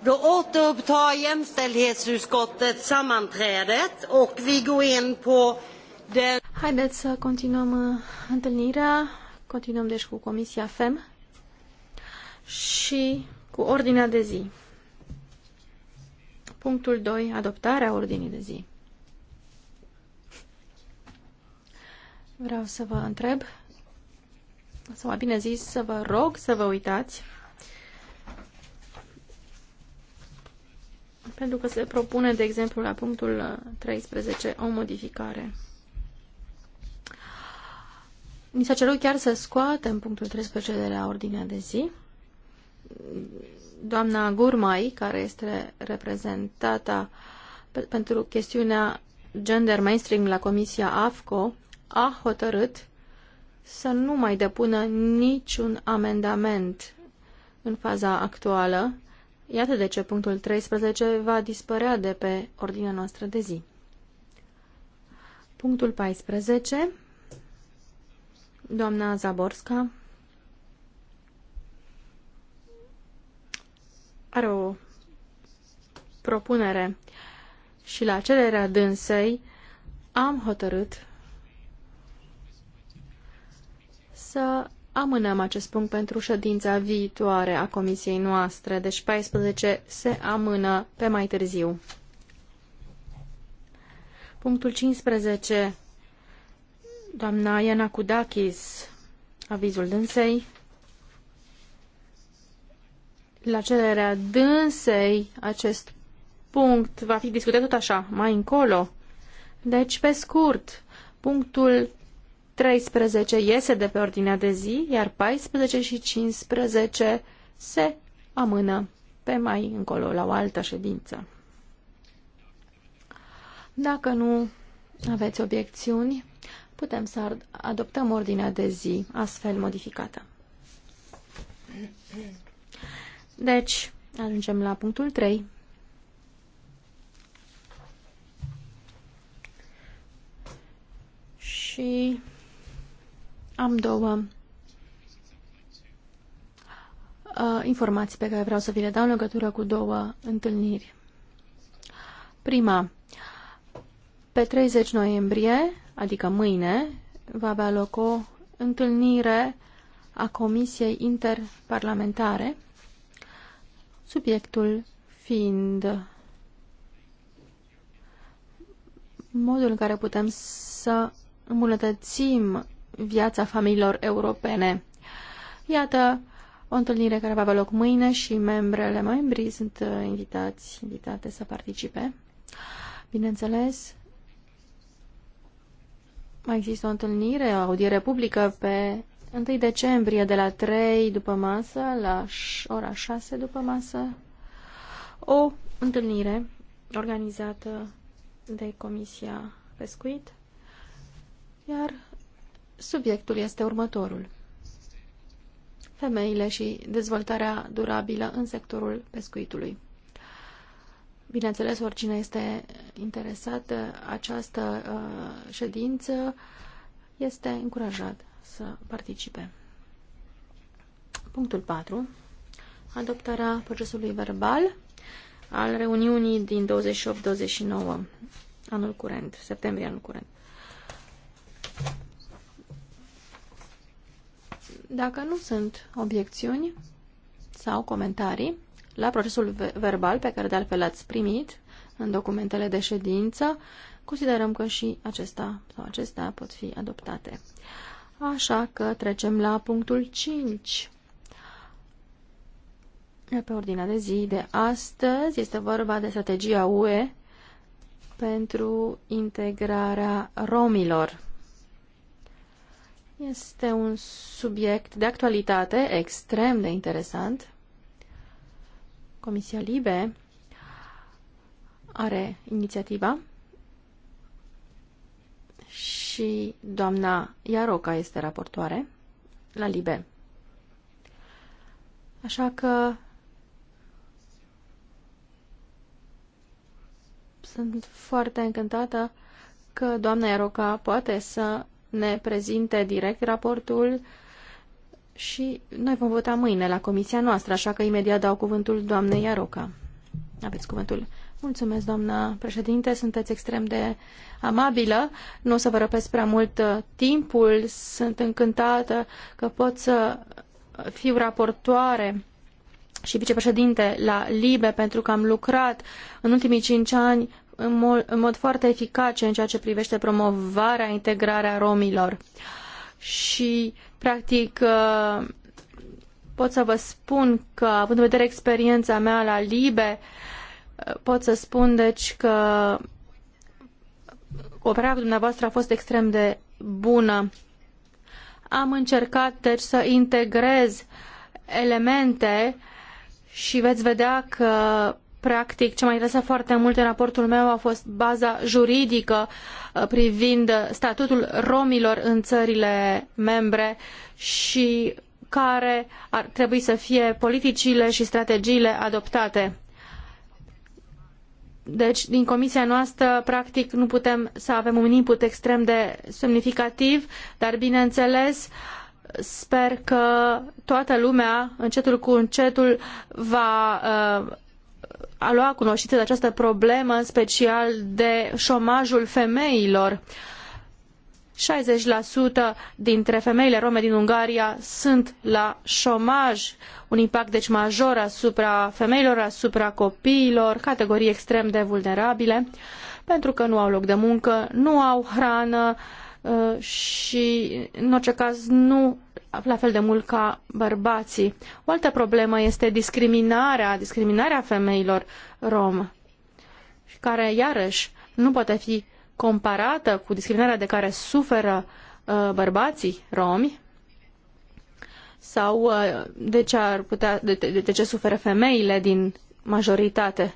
Då återupptar jämställdhetsutskottet sammanträdet och vi går in på den... Haideți să continuăm uh, întâlnirea. Continuăm deci cu Comisia FEM și cu ordinea de zi. Punctul 2. Adoptarea ordinii de zi. Vreau să vă întreb, sau mai bine zis, să vă rog să vă uitați pentru că se propune, de exemplu, la punctul 13 uh, o modificare. Ni s-a cerut chiar să scoatem punctul 13 de la ordinea de zi. Doamna Gurmai, care este reprezentată pe pentru chestiunea gender mainstream la Comisia AFCO, a hotărât să nu mai depună niciun amendament în faza actuală Iată de ce punctul 13 va dispărea de pe ordinea noastră de zi. Punctul 14. Doamna Zaborska are o propunere și la cererea dânsei am hotărât să amânăm acest punct pentru ședința viitoare a comisiei noastre, deci 14 se amână pe mai târziu. Punctul 15. Doamna Iana Kudakis, avizul dânsei. La cererea dânsei, acest punct va fi discutat tot așa, mai încolo. Deci, pe scurt, punctul 13 iese de pe ordinea de zi, iar 14 și 15 se amână pe mai încolo, la o altă ședință. Dacă nu aveți obiecțiuni, putem să adoptăm ordinea de zi astfel modificată. Deci, ajungem la punctul 3. Și am două uh, informații pe care vreau să vi le dau în legătură cu două întâlniri. Prima, pe 30 noiembrie, adică mâine, va avea loc o întâlnire a Comisiei Interparlamentare, subiectul fiind modul în care putem să îmbunătățim viața familiilor europene. Iată o întâlnire care va avea loc mâine și membrele, membrii sunt uh, invitați, invitate să participe. Bineînțeles, mai există o întâlnire, o audiere publică pe 1 decembrie de la 3 după masă la ora 6 după masă. O întâlnire organizată de Comisia Pescuit, iar Subiectul este următorul. Femeile și dezvoltarea durabilă în sectorul pescuitului. Bineînțeles, oricine este interesat, această uh, ședință este încurajat să participe. Punctul 4. Adoptarea procesului verbal al reuniunii din 28-29 anul curent, septembrie anul curent. Dacă nu sunt obiecțiuni sau comentarii la procesul verbal pe care de altfel l-ați primit în documentele de ședință, considerăm că și acesta sau acestea pot fi adoptate. Așa că trecem la punctul 5. Pe ordinea de zi de astăzi este vorba de strategia UE pentru integrarea romilor. Este un subiect de actualitate extrem de interesant. Comisia Libe are inițiativa și doamna Iaroca este raportoare la Libe. Așa că sunt foarte încântată că doamna Iaroca poate să ne prezinte direct raportul și noi vom vota mâine la comisia noastră, așa că imediat dau cuvântul doamnei Iaroca. Aveți cuvântul. Mulțumesc, doamna președinte, sunteți extrem de amabilă. Nu o să vă răpesc prea mult uh, timpul. Sunt încântată că pot să fiu raportoare și vicepreședinte la LIBE pentru că am lucrat în ultimii cinci ani în mod, în mod foarte eficace în ceea ce privește promovarea, integrarea romilor. Și, practic, uh, pot să vă spun că, având în vedere experiența mea la LIBE, uh, pot să spun, deci, că cooperarea cu dumneavoastră a fost extrem de bună. Am încercat, deci, să integrez elemente și veți vedea că Practic, ce m-a interesat foarte mult în raportul meu a fost baza juridică uh, privind statutul romilor în țările membre și care ar trebui să fie politicile și strategiile adoptate. Deci, din comisia noastră, practic, nu putem să avem un input extrem de semnificativ, dar, bineînțeles, sper că toată lumea, încetul cu încetul, va uh, a lua cunoștință de această problemă, în special de șomajul femeilor. 60% dintre femeile rome din Ungaria sunt la șomaj, un impact deci major asupra femeilor, asupra copiilor, categorii extrem de vulnerabile, pentru că nu au loc de muncă, nu au hrană uh, și, în orice caz, nu la fel de mult ca bărbații. O altă problemă este discriminarea, discriminarea femeilor rom, care iarăși nu poate fi comparată cu discriminarea de care suferă uh, bărbații romi sau uh, de, ce ar putea, de, de, de ce suferă femeile din majoritate.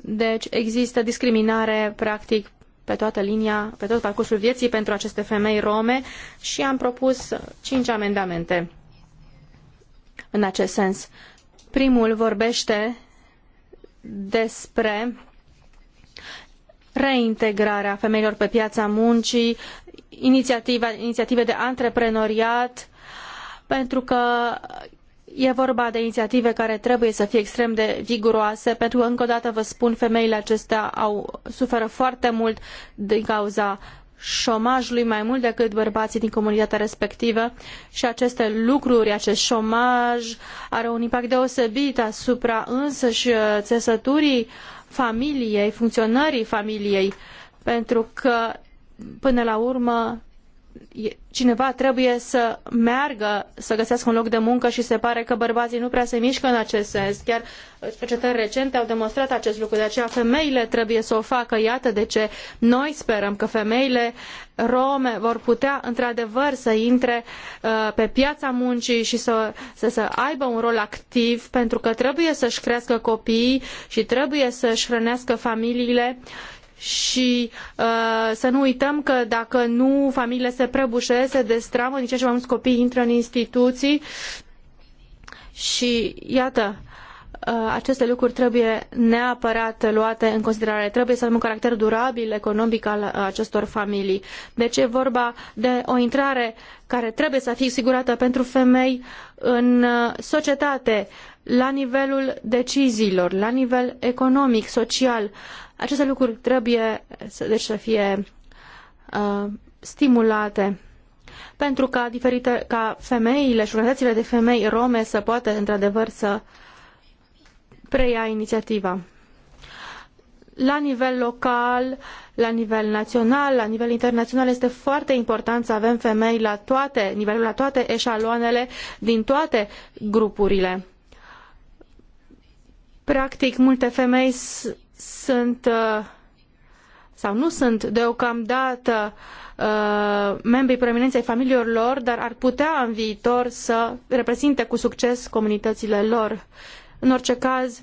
Deci există discriminare practic pe toată linia, pe tot parcursul vieții pentru aceste femei rome și am propus cinci amendamente în acest sens. Primul vorbește despre reintegrarea femeilor pe piața muncii, inițiative de antreprenoriat, pentru că E vorba de inițiative care trebuie să fie extrem de viguroase, pentru că, încă o dată vă spun, femeile acestea au, suferă foarte mult din cauza șomajului mai mult decât bărbații din comunitatea respectivă și aceste lucruri, acest șomaj are un impact deosebit asupra însăși uh, țesăturii familiei, funcționării familiei, pentru că până la urmă cineva trebuie să meargă să găsească un loc de muncă și se pare că bărbații nu prea se mișcă în acest sens. Chiar uh, cercetări recente au demonstrat acest lucru, de aceea femeile trebuie să o facă. Iată de ce noi sperăm că femeile rome vor putea într-adevăr să intre uh, pe piața muncii și să, să, să aibă un rol activ pentru că trebuie să-și crească copiii și trebuie să-și hrănească familiile și uh, să nu uităm că dacă nu, familiile se prăbușe, se destramă, din ce ce mai mulți copii intră în instituții și iată, uh, aceste lucruri trebuie neapărat luate în considerare. Trebuie să avem un caracter durabil economic al acestor familii. Deci e vorba de o intrare care trebuie să fie sigurată pentru femei în uh, societate, la nivelul deciziilor, la nivel economic, social. Uh, aceste lucruri trebuie să, deci, să fie uh, stimulate pentru ca, diferite, ca femeile și organizațiile de femei rome să poată într-adevăr să preia inițiativa. La nivel local, la nivel național, la nivel internațional este foarte important să avem femei la toate nivelurile, la toate eșaloanele, din toate grupurile. Practic, multe femei sunt uh, sau nu sunt deocamdată uh, membrii proeminenți ai familiilor lor, dar ar putea în viitor să reprezinte cu succes comunitățile lor. În orice caz,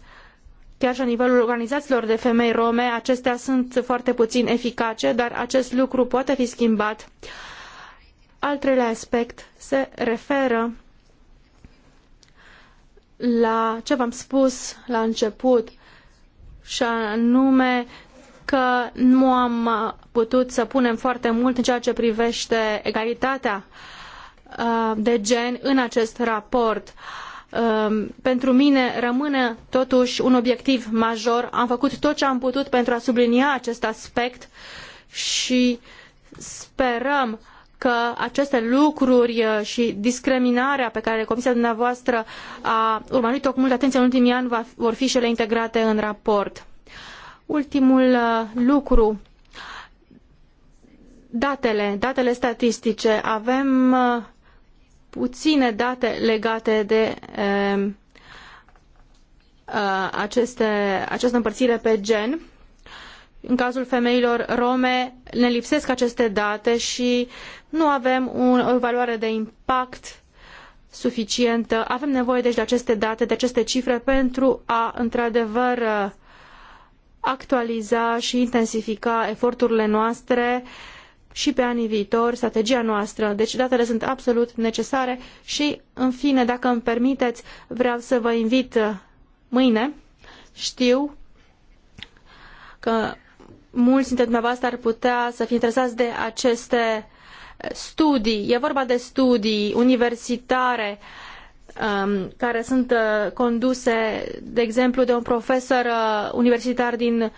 chiar și la nivelul organizațiilor de femei rome, acestea sunt foarte puțin eficace, dar acest lucru poate fi schimbat. Al treilea aspect se referă la ce v-am spus la început, uh, și anume că nu am putut să punem foarte mult în ceea ce privește egalitatea uh, de gen în acest raport. Uh, pentru mine rămâne totuși un obiectiv major. Am făcut tot ce am putut pentru a sublinia acest aspect și sperăm uh, că aceste lucruri uh, și discriminarea pe care Comisia dumneavoastră a urmărit-o cu multă atenție în ultimii ani va, vor fi și ele integrate în raport. Ultimul uh, lucru, datele, datele statistice. Avem uh, puține date legate de aceste, această împărțire pe gen în cazul femeilor rome ne lipsesc aceste date și nu avem o evaluare de impact suficientă. Avem nevoie deci de aceste date, de aceste cifre pentru a într-adevăr actualiza și intensifica eforturile noastre și pe anii viitori strategia noastră. Deci datele sunt absolut necesare și, în fine, dacă îmi permiteți, vreau să vă invit mâine. Știu că mulți dintre dumneavoastră ar putea să fi interesați de aceste studii. E vorba de studii universitare um, care sunt uh, conduse, de exemplu, de un profesor uh, universitar din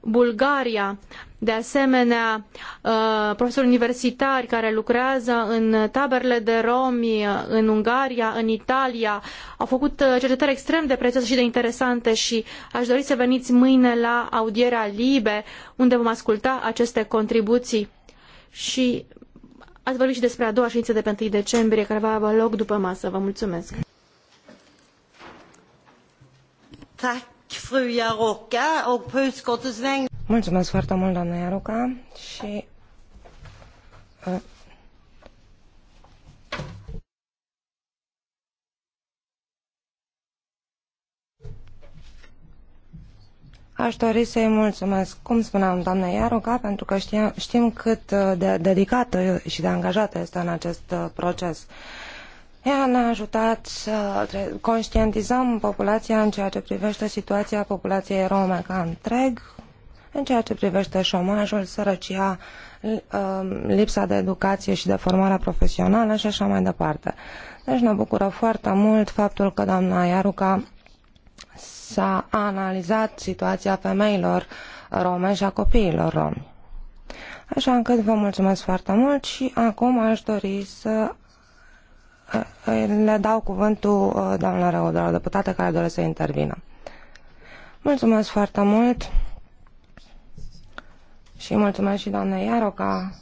Bulgaria. De asemenea, uh, profesori universitari care lucrează în taberele de romi uh, în Ungaria, în Italia, au făcut uh, cercetări extrem de prețioase și de interesante și aș dori să veniți mâine la audierea Libe, unde vom asculta aceste contribuții. Și ați vorbit și despre a doua ședință de pe 1 decembrie, care va avea loc după masă. Vă mulțumesc! Tak fru Jaroka och på utskottets vägnar. Mulțumesc foarte mult, doamna Iaroca, și uh, Aș dori să-i mulțumesc, cum spuneam, doamna Iaroca, pentru că știam, știm cât de dedicată și de angajată este în acest uh, proces. Uh, ea ne-a ajutat să conștientizăm populația în ceea ce privește situația populației rome ca întreg, în ceea ce privește șomajul, sărăcia, um, lipsa de educație și de formare profesională și așa mai departe. Deci ne bucură foarte mult faptul că doamna Iaruca s-a analizat situația femeilor rome și a copiilor romi. Așa încât vă mulțumesc foarte mult și acum aș dori să le dau cuvântul uh, doamnelor deputate care doresc să intervină. Mulțumesc foarte mult și mulțumesc și doamnei Iaroca.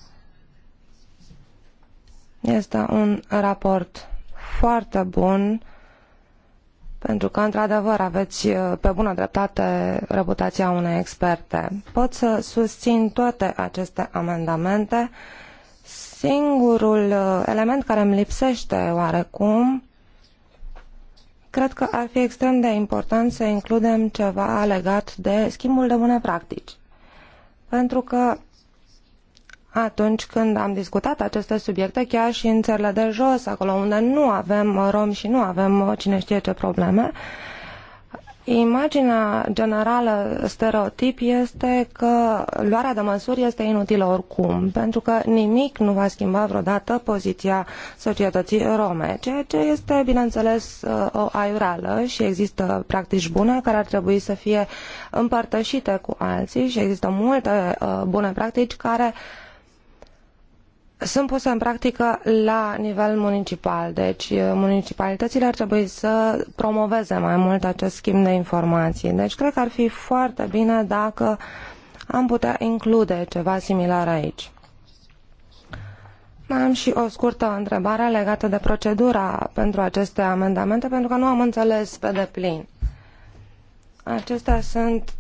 Este un raport foarte bun pentru că, într-adevăr, aveți uh, pe bună dreptate reputația unei experte. Pot să susțin toate aceste amendamente Singurul uh, element care îmi lipsește oarecum, cred că ar fi extrem de important să includem ceva legat de schimbul de bune practici. Pentru că atunci când am discutat aceste subiecte, chiar și în țările de jos, acolo unde nu avem uh, romi și nu avem uh, cine știe ce probleme, uh, Imaginea generală stereotip este că luarea de măsuri este inutilă oricum, pentru că nimic nu va schimba vreodată poziția societății rome, ceea ce este, bineînțeles, uh, o aiurală și există practici bune care ar trebui să fie împărtășite cu alții și există multe uh, bune practici care uh, sunt puse în practică la nivel municipal. Deci eh, municipalitățile ar trebui să promoveze mai mult acest schimb de informații. Deci cred că ar fi foarte bine dacă am putea include ceva similar aici. Mai am și o scurtă întrebare legată de procedura pentru aceste amendamente, pentru că nu am înțeles pe deplin. Acestea sunt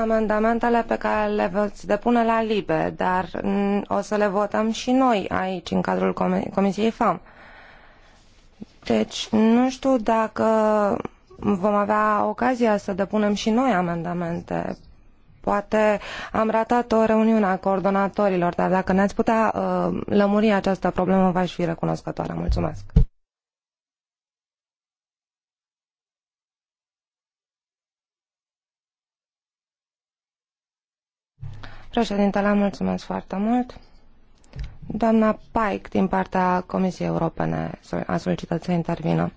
amendamentele pe care le veți depune la LIBE, dar mm, o să le votăm și noi aici, în cadrul Com Comisiei FAM. Deci, nu știu dacă vom avea ocazia să depunem și noi amendamente. Poate am ratat o reuniune a coordonatorilor, dar dacă ne-ați putea uh, lămuri această problemă, v-aș fi recunoscătoare. Mulțumesc! Președintele, mulțumesc foarte mult. Doamna Pike, din partea Comisiei Europene, a solicitat să intervină.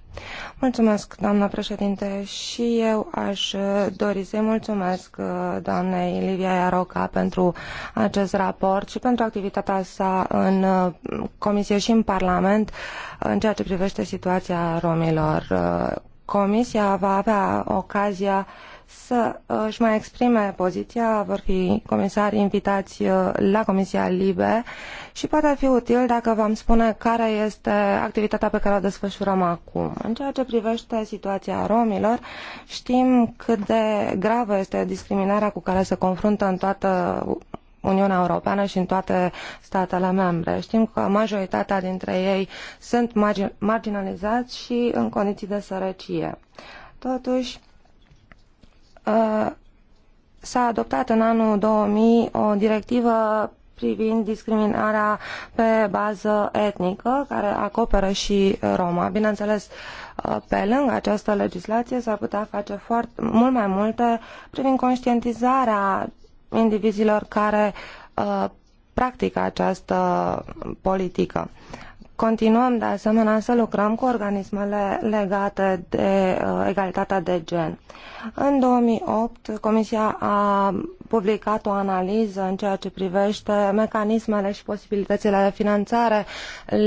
Mulțumesc, doamna președinte, și eu aș uh, dori să-i mulțumesc uh, doamnei Livia Iaroca pentru acest raport și pentru activitatea sa în uh, Comisie și în Parlament în ceea ce privește situația romilor. Comisia va avea ocazia să uh, își mai exprime poziția, vor fi comisari invitați uh, la Comisia Libe și poate ar fi util dacă v-am spune care este activitatea pe care o desfășurăm acum. În ceea ce privește situația romilor, știm cât de gravă este discriminarea cu care se confruntă în toată Uniunea Europeană și în toate statele membre. Știm că majoritatea dintre ei sunt marginalizați și în condiții de sărăcie. Totuși, Uh, s-a adoptat în anul 2000 o directivă privind discriminarea pe bază etnică, care acoperă și Roma. Bineînțeles, uh, pe lângă această legislație s-ar putea face foarte, mult mai multe privind conștientizarea indivizilor care uh, practică această politică. Uh, Continuăm de asemenea să lucrăm cu organismele legate de uh, egalitatea de gen. În 2008, Comisia a publicat o analiză în ceea ce privește mecanismele și posibilitățile de finanțare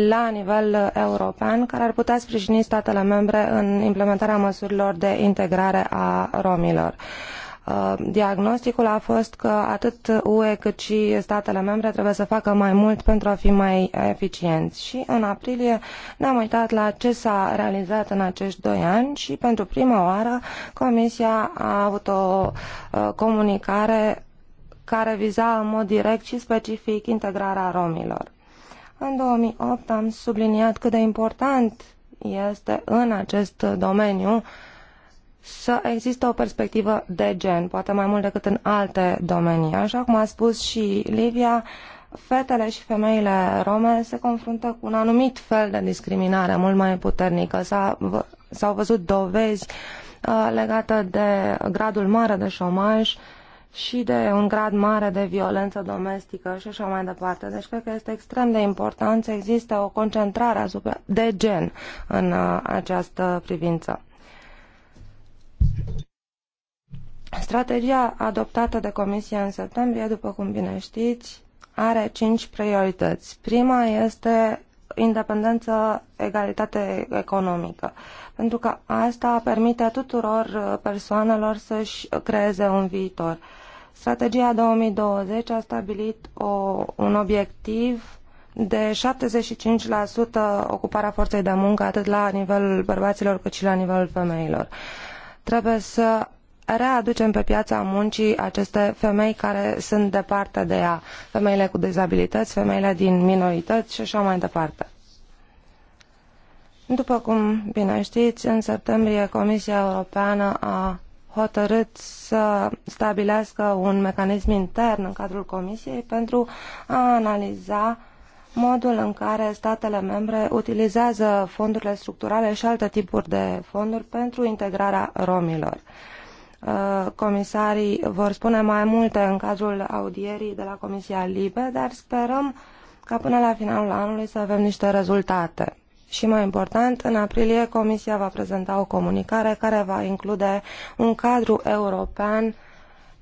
la nivel european care ar putea sprijini statele membre în implementarea măsurilor de integrare a romilor. Uh, Uh, diagnosticul a fost că atât UE cât și statele membre trebuie să facă mai mult pentru a fi mai eficienți. Și în aprilie ne-am uitat la ce s-a realizat în acești doi ani și pentru prima oară Comisia a avut o uh, comunicare care viza în mod direct și specific integrarea romilor. În 2008 am subliniat cât de important este în acest domeniu uh, să existe o perspectivă de gen, poate mai mult decât în alte domenii. Așa cum a spus și Livia, fetele și femeile rome se confruntă cu un anumit fel de discriminare mult mai puternică. S-au văzut dovezi uh, legate de gradul mare de șomaj și de un grad mare de violență domestică și așa mai departe. Deci cred că este extrem de important să existe o concentrare asupra de gen în uh, această privință. Strategia adoptată de Comisie în septembrie, după cum bine știți, are cinci priorități. Prima este independență, egalitate economică. Pentru că asta permite tuturor uh, persoanelor să-și creeze un viitor. Strategia 2020 a stabilit o, un obiectiv de 75% ocuparea forței de muncă atât la nivelul bărbaților cât și la nivelul femeilor. Trebuie să readucem pe piața muncii aceste femei care sunt departe de ea, femeile cu dizabilități, femeile din minorități și aa mai departe. După cum bine știți, în septembrie Comisia Europeană a hotărât să stabilească un mecanism intern în cadrul Comisiei pentru a analiza modul în care statele membre utilizează fondurile structurale și alte tipuri de fonduri pentru integrarea romilor. Uh, comisarii vor spune mai multe în cadrul audierii de la Comisia Libe, dar sperăm ca până la finalul anului să avem niște rezultate. Și mai important, în aprilie Comisia va prezenta o comunicare care va include un cadru european uh,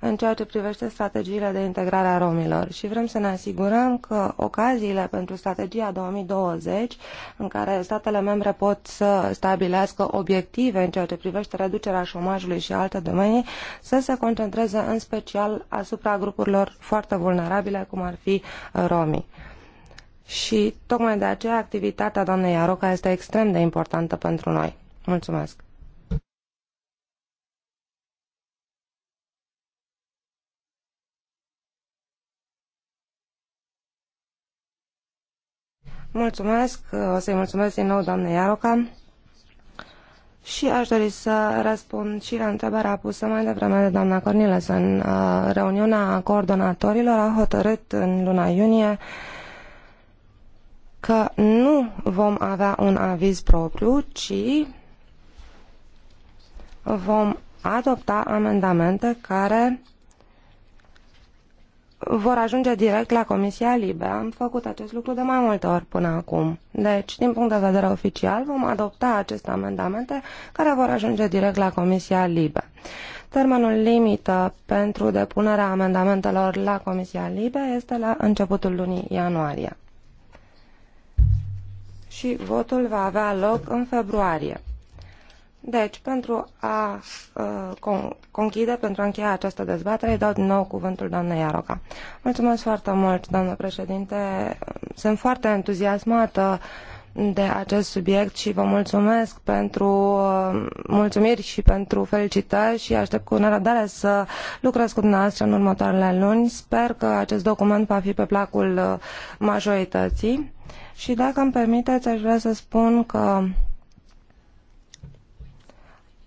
în ceea ce privește strategiile de integrare a romilor și vrem să ne asigurăm că ocaziile pentru strategia 2020, în care statele membre pot să stabilească obiective în ceea ce privește reducerea șomajului și alte domenii, să se concentreze în special asupra grupurilor foarte vulnerabile, cum ar fi uh, romii. Și tocmai de aceea activitatea doamnei Iaroca este extrem de importantă pentru noi. Mulțumesc! Mulțumesc, uh, o să-i mulțumesc din nou doamnei Iaroca și aș dori să răspund și la întrebarea pusă mai devreme de doamna în uh, Reuniunea coordonatorilor a hotărât în luna iunie că nu vom avea un aviz propriu, ci vom adopta amendamente care vor ajunge direct la Comisia Libe. Am făcut acest lucru de mai multe ori până acum. Deci, din punct de vedere oficial, vom adopta aceste amendamente care vor ajunge direct la Comisia Libe. Termenul limită pentru depunerea amendamentelor la Comisia Libe este la începutul lunii ianuarie. Și votul va avea loc în februarie. Deci, pentru a uh, conchide, pentru a încheia această dezbatere, îi dau din nou cuvântul doamnei Iaroca. Mulțumesc foarte mult, doamnă președinte. Sunt foarte entuziasmată de acest subiect și vă mulțumesc pentru uh, mulțumiri și pentru felicitări și aștept cu nerăbdare să lucrez cu dumneavoastră în următoarele luni. Sper că acest document va fi pe placul uh, majorității și dacă îmi permiteți, aș vrea să spun că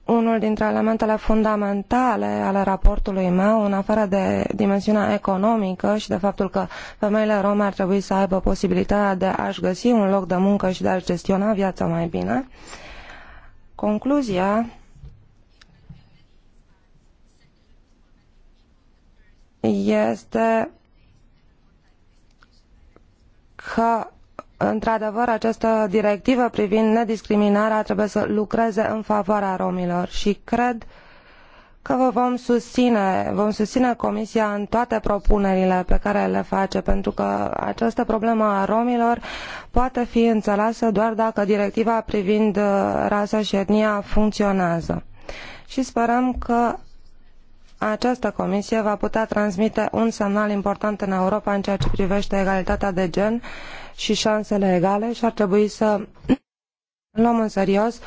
unul dintre elementele fundamentale ale raportului meu, în afară de dimensiunea economică și de faptul că femeile rome ar trebui să aibă posibilitatea de a-și găsi un loc de muncă și de a-și gestiona viața mai bine, concluzia este că într adevăr această directivă privind nediscriminarea trebuie să lucreze în favoarea romilor i cred că vă vom susine vom susine comisia în toate propunerile pe care le face pentru că această problemă a romilor poate fi îneleasă doar dacă directiva privind uh, rasa i etnia funcionează i sperăm că această comisie va putea transmite un semnal important în europa în ceea ce privete egalitatea de gen i și șansele egale și ar trebui să luăm în serios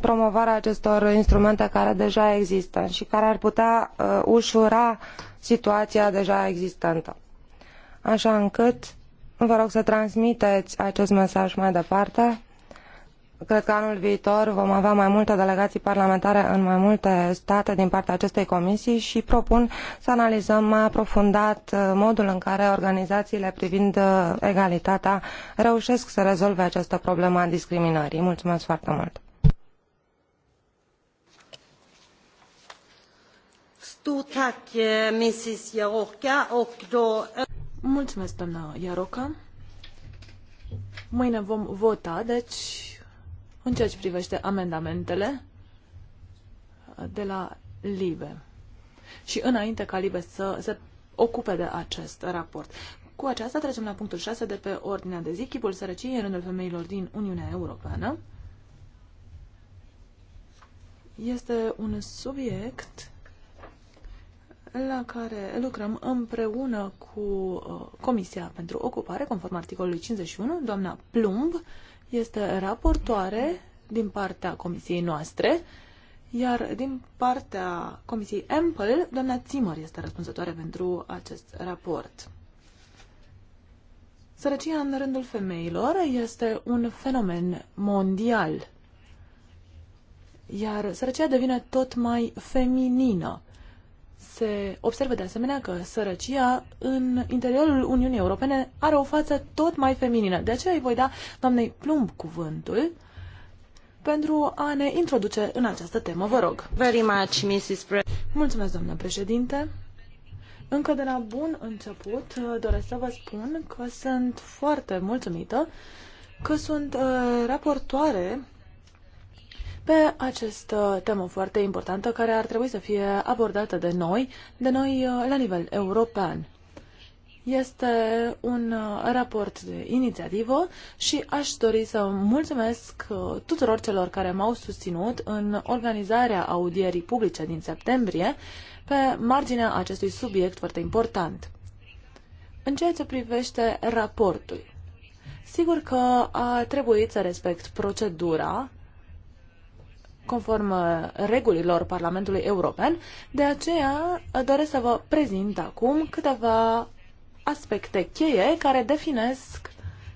promovarea acestor instrumente care deja există și care ar putea uh, ușura situația deja existentă. Așa încât vă rog să transmiteți acest mesaj mai departe Cred că anul viitor vom avea mai multe delegaii parlamentare în mai multe state din partea acestei comisii și propun să analizăm mai aprofundat uh, modul în care organizațiile privind uh, egalitatea reușesc să rezolve această problemă a discriminării. Mulțumesc foarte mult! Eh, eh, Mulțumesc, doamna Iaroca. Mâine vom vota, deci în ceea ce privește amendamentele uh, de la LIBE și înainte ca LIBE să se ocupe de acest raport. Cu aceasta trecem la punctul 6 de pe ordinea de zi, chipul sărăciei în rândul femeilor din Uniunea Europeană. Este un subiect la care lucrăm împreună cu uh, Comisia pentru Ocupare, conform articolului 51, doamna Plumb, este raportoare din partea comisiei noastre, iar din partea comisiei Ample, doamna Zimmer este răspunzătoare pentru acest raport. Sărăcia în rândul femeilor este un fenomen mondial, iar sărăcia devine tot mai feminină se observă de asemenea că sărăcia în interiorul Uniunii Europene are o față tot mai feminină. De aceea îi voi da doamnei Plumb cuvântul pentru a ne introduce în această temă. Vă rog. Very much, Mrs. Pre- Mulțumesc, doamnă președinte. Încă de la bun început uh, doresc să vă spun că sunt foarte mulțumită că sunt uh, raportoare pe această temă foarte importantă care ar trebui să fie abordată de noi, de noi uh, la nivel european. Este un uh, raport de inițiativă și aș dori să mulțumesc uh, tuturor celor care m-au susținut în organizarea audierii publice din septembrie pe marginea acestui subiect foarte important. În ceea ce privește raportul, sigur că a trebuit să respect procedura conform uh, regulilor Parlamentului European. De aceea uh, doresc să vă prezint acum câteva aspecte cheie care definesc,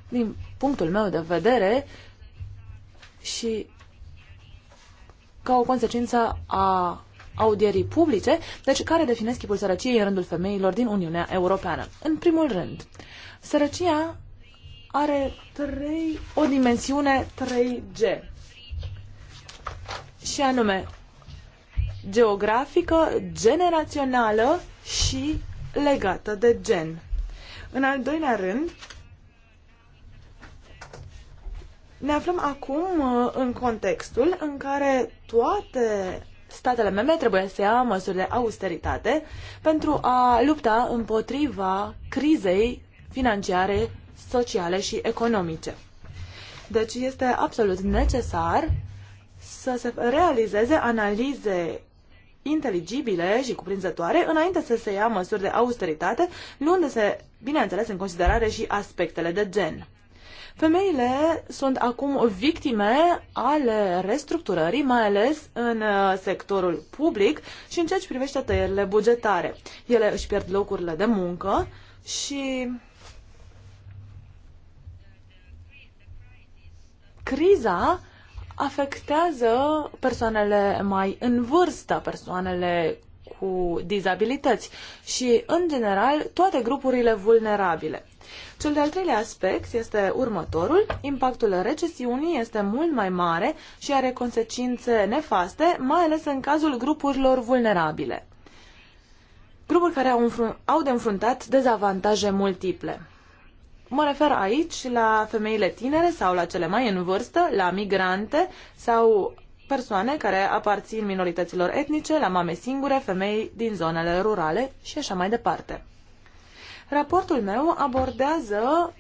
din punctul meu de vedere, și ca o consecință a audierii publice, deci care definesc chipul sărăciei în rândul femeilor din Uniunea Europeană. În primul rând, sărăcia are trei, o dimensiune 3G și anume geografică, generațională și legată de gen. În al doilea rând, ne aflăm acum uh, în contextul în care toate statele membre trebuie să ia măsuri de austeritate pentru a lupta împotriva crizei financiare, sociale și economice. Deci este absolut necesar să se realizeze analize inteligibile și cuprinzătoare înainte să se ia măsuri de austeritate, luându-se, bineînțeles, în considerare și aspectele de gen. Femeile sunt acum victime ale restructurării, mai ales în uh, sectorul public și în ceea ce privește tăierile bugetare. Ele își pierd locurile de muncă și criza afectează persoanele mai în vârstă, persoanele cu dizabilități și, în general, toate grupurile vulnerabile. Cel de-al treilea aspect este următorul. Impactul recesiunii este mult mai mare și are consecințe nefaste, mai ales în cazul grupurilor vulnerabile. Grupuri care au, au de înfruntat dezavantaje multiple. Mă refer aici la femeile tinere sau la cele mai în vârstă, la migrante sau persoane care aparțin minorităților etnice, la mame singure, femei din zonele rurale și așa mai departe. Raportul meu abordează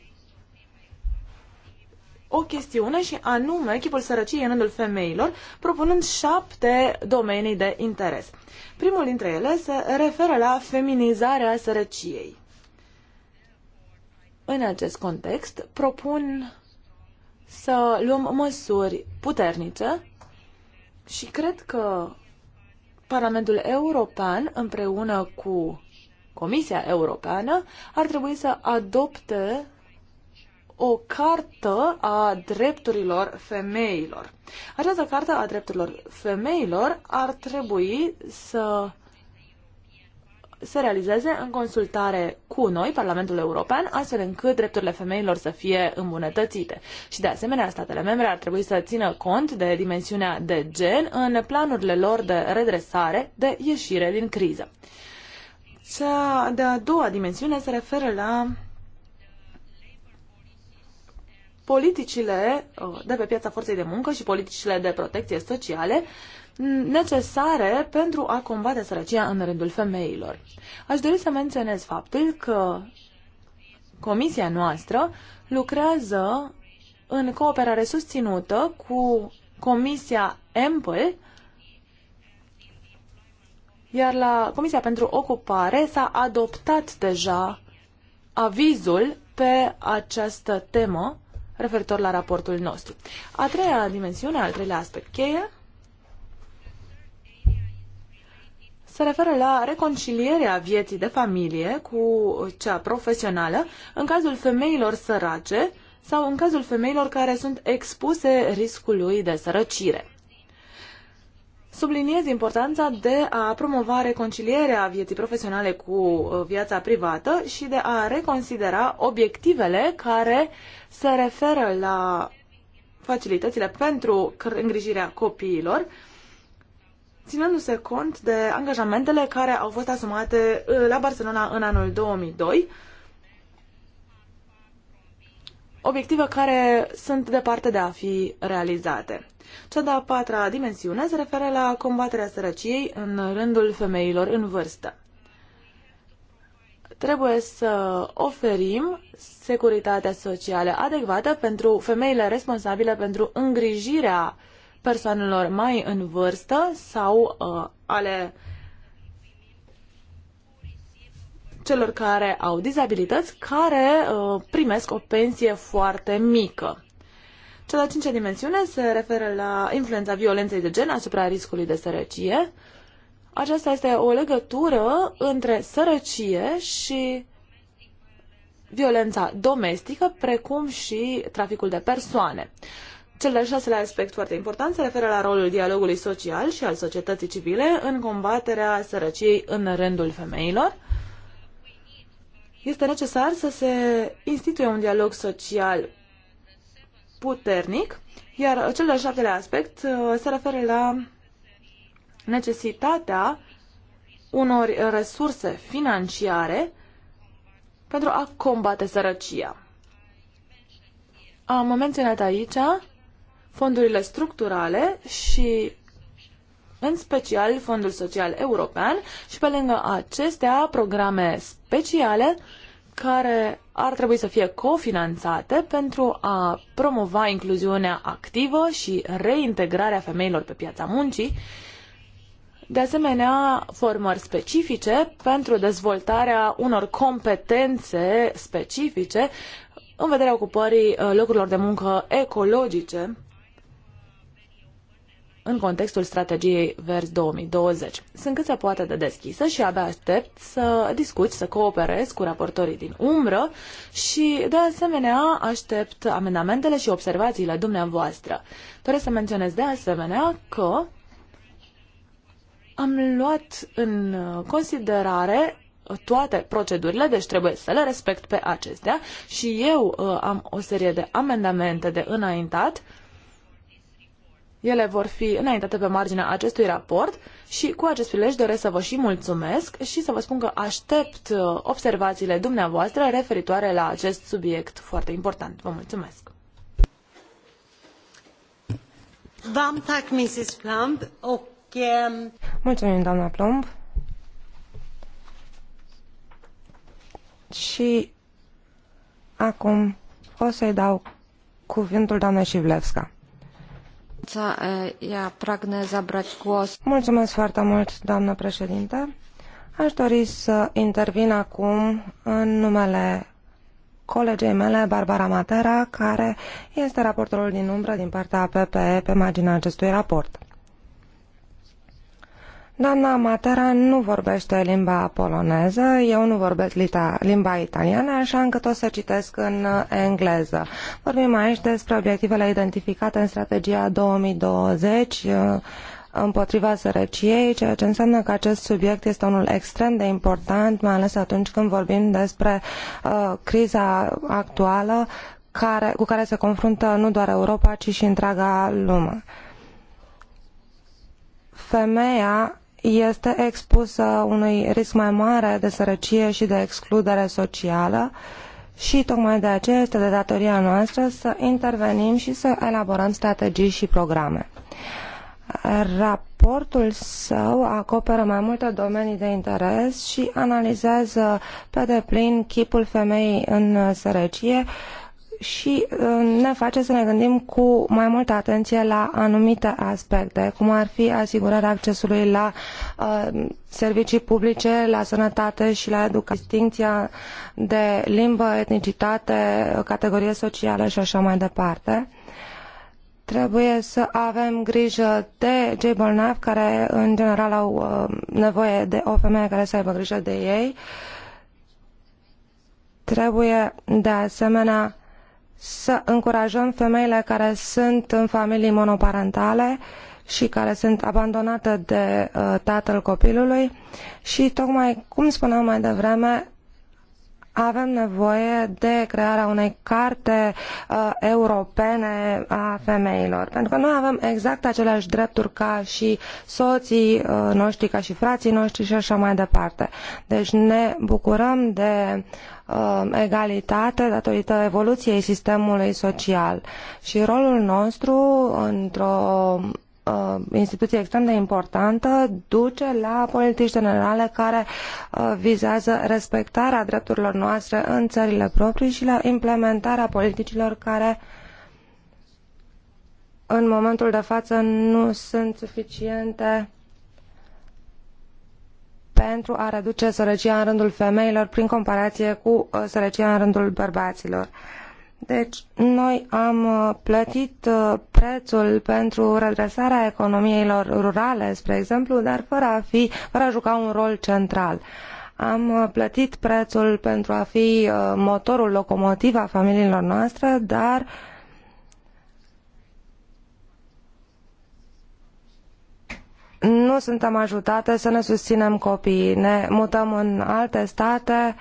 o chestiune și anume chipul sărăciei în rândul femeilor, propunând șapte domenii de interes. Primul dintre ele se referă la feminizarea sărăciei. În acest context, propun să luăm măsuri puternice și cred că Parlamentul European, împreună cu Comisia Europeană, ar trebui să adopte o cartă a drepturilor femeilor. Această carte a drepturilor femeilor ar trebui să se realizeze în consultare cu noi, Parlamentul European, astfel încât drepturile femeilor să fie îmbunătățite. Și de asemenea, statele membre ar trebui să țină cont de dimensiunea de gen în planurile lor de redresare, de ieșire din criză. Cea de-a doua dimensiune se referă la politicile uh, de pe piața forței de muncă și politicile de protecție sociale necesare pentru a combate sărăcia în rândul femeilor. Aș dori să menționez faptul că comisia noastră lucrează în cooperare susținută cu Comisia Ample, iar la Comisia pentru Ocupare s-a adoptat deja avizul pe această temă referitor la raportul nostru. A treia dimensiune, al treilea aspect cheie, se referă la reconcilierea vieții de familie cu cea profesională în cazul femeilor sărace sau în cazul femeilor care sunt expuse riscului de sărăcire. Subliniez importanța de a promova reconcilierea vieții profesionale cu uh, viața privată și de a reconsidera obiectivele care se referă la facilitățile pentru îngrijirea copiilor, ținându-se cont de angajamentele care au fost asumate uh, la Barcelona în anul 2002, obiective care sunt departe de a fi realizate. Cea de-a patra dimensiune se referă la combaterea sărăciei în rândul femeilor în vârstă. Trebuie să oferim securitatea socială adecvată pentru femeile responsabile pentru îngrijirea uh, persoanelor mai în vârstă sau uh, ale celor care au dizabilități, care uh, primesc o pensie foarte mică. Cea de-a cincea dimensiune se referă la influența violenței de gen asupra riscului de sărăcie. Aceasta este o legătură între sărăcie și violența domestică, precum și traficul de persoane. Cel de-al șaselea aspect foarte important se referă la rolul dialogului social și al societății civile în combaterea sărăciei în rândul femeilor. Este necesar să se instituie un dialog social puternic, iar cel de-al șaptelea aspect uh, se referă la necesitatea unor resurse financiare pentru a combate sărăcia. Am menționat aici fondurile structurale și în special Fondul Social European și pe lângă acestea programe speciale care ar trebui să fie cofinanțate pentru a promova incluziunea activă și reintegrarea femeilor pe piața muncii, de asemenea formări specifice pentru dezvoltarea unor competențe specifice în vederea ocupării uh, locurilor de muncă ecologice în contextul strategiei Vers 2020. Sunt cât se poate de deschisă și abia aștept să discut, să cooperez cu raportorii din umbră și, de asemenea, aștept amendamentele și observațiile dumneavoastră. Doresc să menționez, de asemenea, că am luat în considerare toate procedurile, deci trebuie să le respect pe acestea și eu uh, am o serie de amendamente de înaintat ele vor fi înaintate pe marginea acestui raport și cu acest prilej doresc să vă și mulțumesc și să vă spun că aștept uh, observațiile dumneavoastră referitoare la acest subiect foarte important. Vă mulțumesc! Ehm, Mulțumim, doamna Plumb. Și acum o să-i dau cuvântul doamnei Șivlevska. Mulțumesc foarte mult, doamnă președinte. Aș dori să intervin acum în numele colegei mele, Barbara Matera, care este raportorul din umbră din partea PPE, pe marginea acestui raport. Doamna Matera nu vorbește limba poloneză, eu nu vorbesc lita, limba italiană, așa încât o să citesc în uh, engleză. Vorbim aici despre obiectivele identificate în strategia 2020 uh, împotriva sărăciei, ceea ce înseamnă că acest subiect este unul extrem de important, mai ales atunci când vorbim despre uh, criza actuală care, cu care se confruntă nu doar Europa, ci și întreaga lume femeia este expusă unui risc mai mare de sărăcie și de excludere socială și tocmai de aceea este de datoria noastră să intervenim și să elaborăm strategii și programe. Raportul său acoperă mai multe domenii de interes și analizează pe deplin chipul femeii în sărăcie și uh, ne face să ne gândim cu mai multă atenție la anumite aspecte, cum ar fi asigurarea accesului la uh, servicii publice, la sănătate și la educație, distinția de limbă, etnicitate, categorie socială și așa mai departe trebuie să avem grijă de cei bolnavi care în general au uh, nevoie de o femeie care să aibă grijă de ei. Trebuie de asemenea să încurajăm femeile care sunt în familii monoparentale și care sunt abandonate de uh, tatăl copilului și tocmai, cum spuneam mai devreme, avem nevoie de crearea unei carte uh, europene a femeilor, pentru că noi avem exact aceleași drepturi ca și soții uh, noștri, ca și frații noștri și așa mai departe. Deci ne bucurăm de Um, egalitate datorită evoluției sistemului social. Și rolul nostru într-o um, instituție extrem de importantă duce la politici generale care uh, vizează respectarea drepturilor noastre în țările proprii și la implementarea politicilor care în momentul de față nu sunt suficiente pentru a reduce sărăcia în rândul femeilor prin comparație cu uh, sărăcia în rândul bărbaților. Deci, noi am uh, plătit uh, prețul pentru redresarea economiilor rurale, spre exemplu, dar fără a, fi, fără a juca un rol central. Am plătit prețul pentru a fi motorul, locomotiva familiilor noastre, dar uh, nu suntem ajutate să ne susținem copiii. Ne mutăm în alte state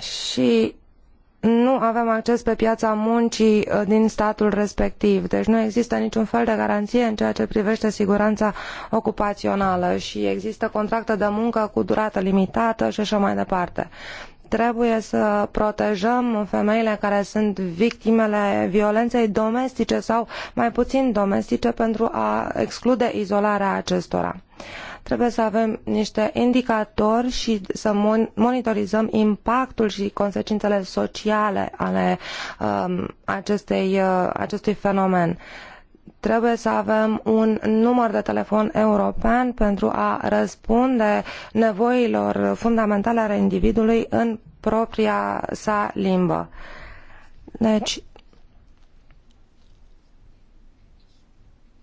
și nu avem acces pe piața muncii uh, din statul respectiv. Deci nu există niciun fel de garanție în ceea ce privește siguranța ocupațională și există contracte de muncă cu durată limitată și așa mai departe. Trebuie să protejăm femeile care sunt victimele violenței domestice sau mai puțin domestice pentru a exclude izolarea acestora. Trebuie să avem niște indicatori și să monitorizăm impactul și consecințele sociale ale um, acestei, uh, acestui fenomen trebuie să avem un număr de telefon european pentru a răspunde nevoilor fundamentale ale individului în propria sa limbă. Deci,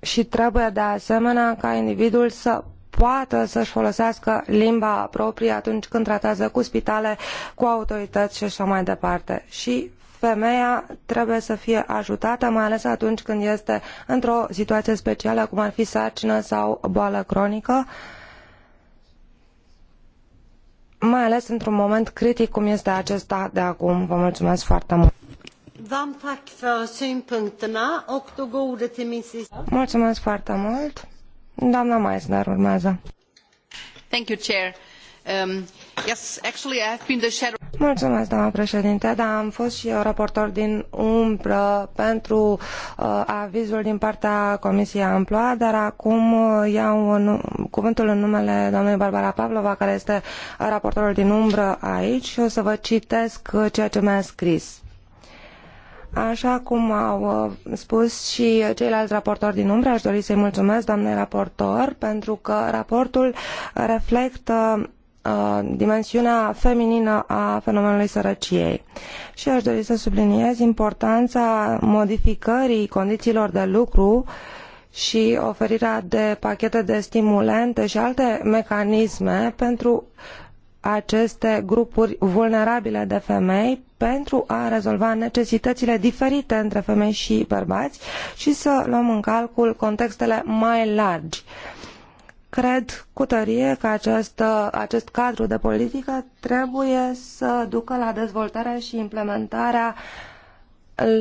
și trebuie de asemenea ca individul să poată să-și folosească limba proprie atunci când tratează cu spitale, cu autorități și așa mai departe. Și femeia trebuie să fie ajutată, mai ales atunci când este într-o situație specială, cum ar fi sarcină sau boală cronică, mai ales într-un moment critic cum este acesta de acum. Vă mulțumesc foarte mult! Mulțumesc foarte mult! Doamna Meissner urmează. Thank you, Chair. Um... Mulțumesc, doamna președinte, dar am fost și eu raportor din umbră pentru uh, avizul din partea Comisiei Amploa, dar acum uh, iau cuvântul în numele doamnei Barbara Pavlova, care este raportorul din umbră aici și o să vă citesc uh, ceea ce mi-a scris. Așa cum au uh, spus și ceilalți raportori din umbră, aș dori să-i mulțumesc doamnei raportor pentru că raportul reflectă Uh, dimensiunea feminină a fenomenului sărăciei. Și aș dori să subliniez importanța modificării condițiilor de lucru și oferirea de pachete de stimulente și alte mecanisme pentru aceste grupuri vulnerabile de femei pentru a rezolva necesitățile diferite între femei și bărbați și să luăm în calcul contextele mai largi. Uh, cred cu tărie că acest, acest cadru de politică trebuie să ducă la dezvoltarea și implementarea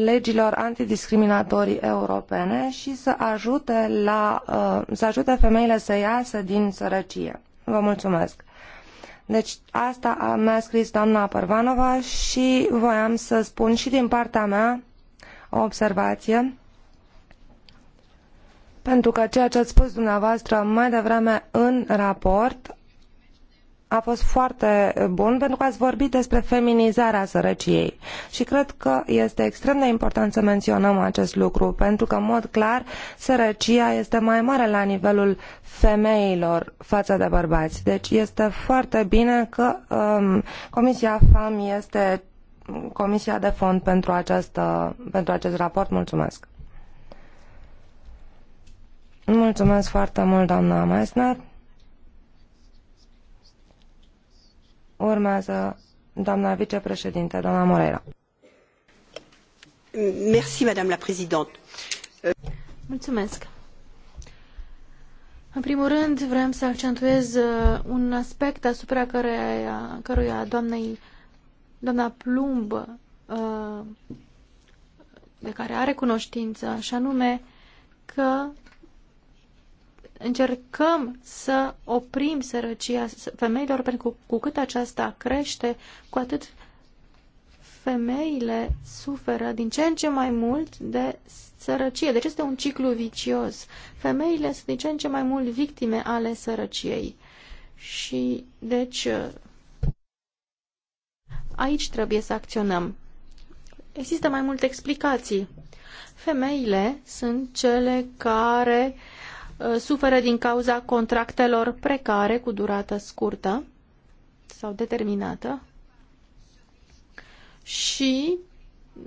legilor antidiscriminatorii europene și să ajute, la, uh, să ajute femeile să iasă din sărăcie. Vă mulțumesc! Deci asta mi-a scris doamna Parvanova și voiam să spun și din partea mea o observație pentru că ceea ce ați spus dumneavoastră mai devreme în raport a fost foarte bun pentru că ați vorbit despre feminizarea sărăciei și cred că este extrem de important să menționăm acest lucru pentru că, în mod clar, sărăcia este mai mare la nivelul femeilor față de bărbați. Deci este foarte bine că um, Comisia FAM este comisia de fond pentru, această, pentru acest raport. Mulțumesc! Mulțumesc foarte mult, doamna Mesner. Urmează doamna vicepreședinte, doamna Moreira. Merci, madame la présidente. Mulțumesc. În primul rând, vreau să accentuez uh, un aspect asupra căruia, căruia doamnei, doamna Plumb, uh, de care are cunoștință, și anume că încercăm să oprim sărăcia femeilor, pentru că cu cât aceasta crește, cu atât femeile suferă din ce în ce mai mult de sărăcie. Deci este un ciclu vicios. Femeile sunt din ce în ce mai mult victime ale sărăciei. Și, deci, aici trebuie să acționăm. Există mai multe explicații. Femeile sunt cele care uh, Uh, suferă din cauza contractelor precare cu durată scurtă sau determinată și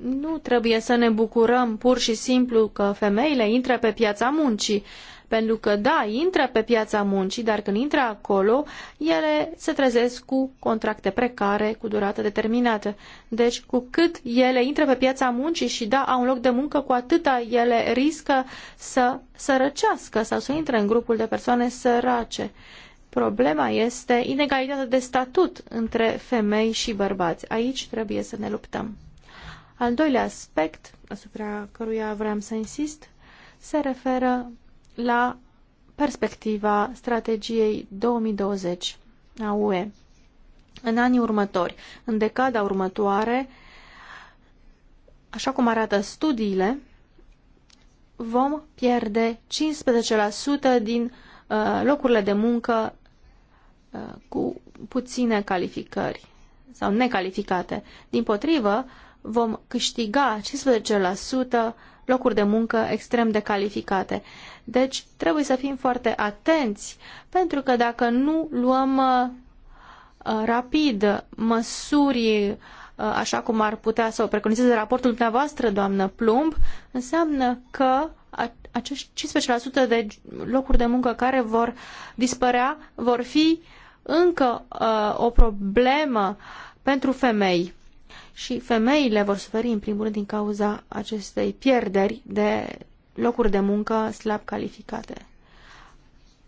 nu trebuie să ne bucurăm pur și simplu că femeile intră pe piața muncii. Pentru că, da, intră pe piața muncii, dar când intră acolo, ele se trezesc cu contracte precare, cu durată determinată. Deci, cu cât ele intră pe piața muncii și, da, au un loc de muncă, cu atâta ele riscă să sărăcească sau să intre în grupul de persoane sărace. Problema este inegalitatea de statut între femei și bărbați. Aici trebuie să ne luptăm. Al doilea aspect, asupra căruia vreau să insist, se referă la perspectiva strategiei 2020 a UE. În anii următori, în decada următoare, așa cum arată studiile, vom pierde 15% din uh, locurile de muncă uh, cu puține calificări sau necalificate. Din potrivă, vom câștiga 15% locuri de muncă extrem de calificate. Deci trebuie să fim foarte atenți, pentru că dacă nu luăm uh, uh, rapid măsuri uh, așa cum ar putea să o preconizeze raportul dumneavoastră, doamnă Plumb, înseamnă că acești 15% de locuri de muncă care vor dispărea vor fi încă uh, o problemă pentru femei și femeile vor suferi în primul rând din cauza acestei pierderi de locuri de muncă slab calificate.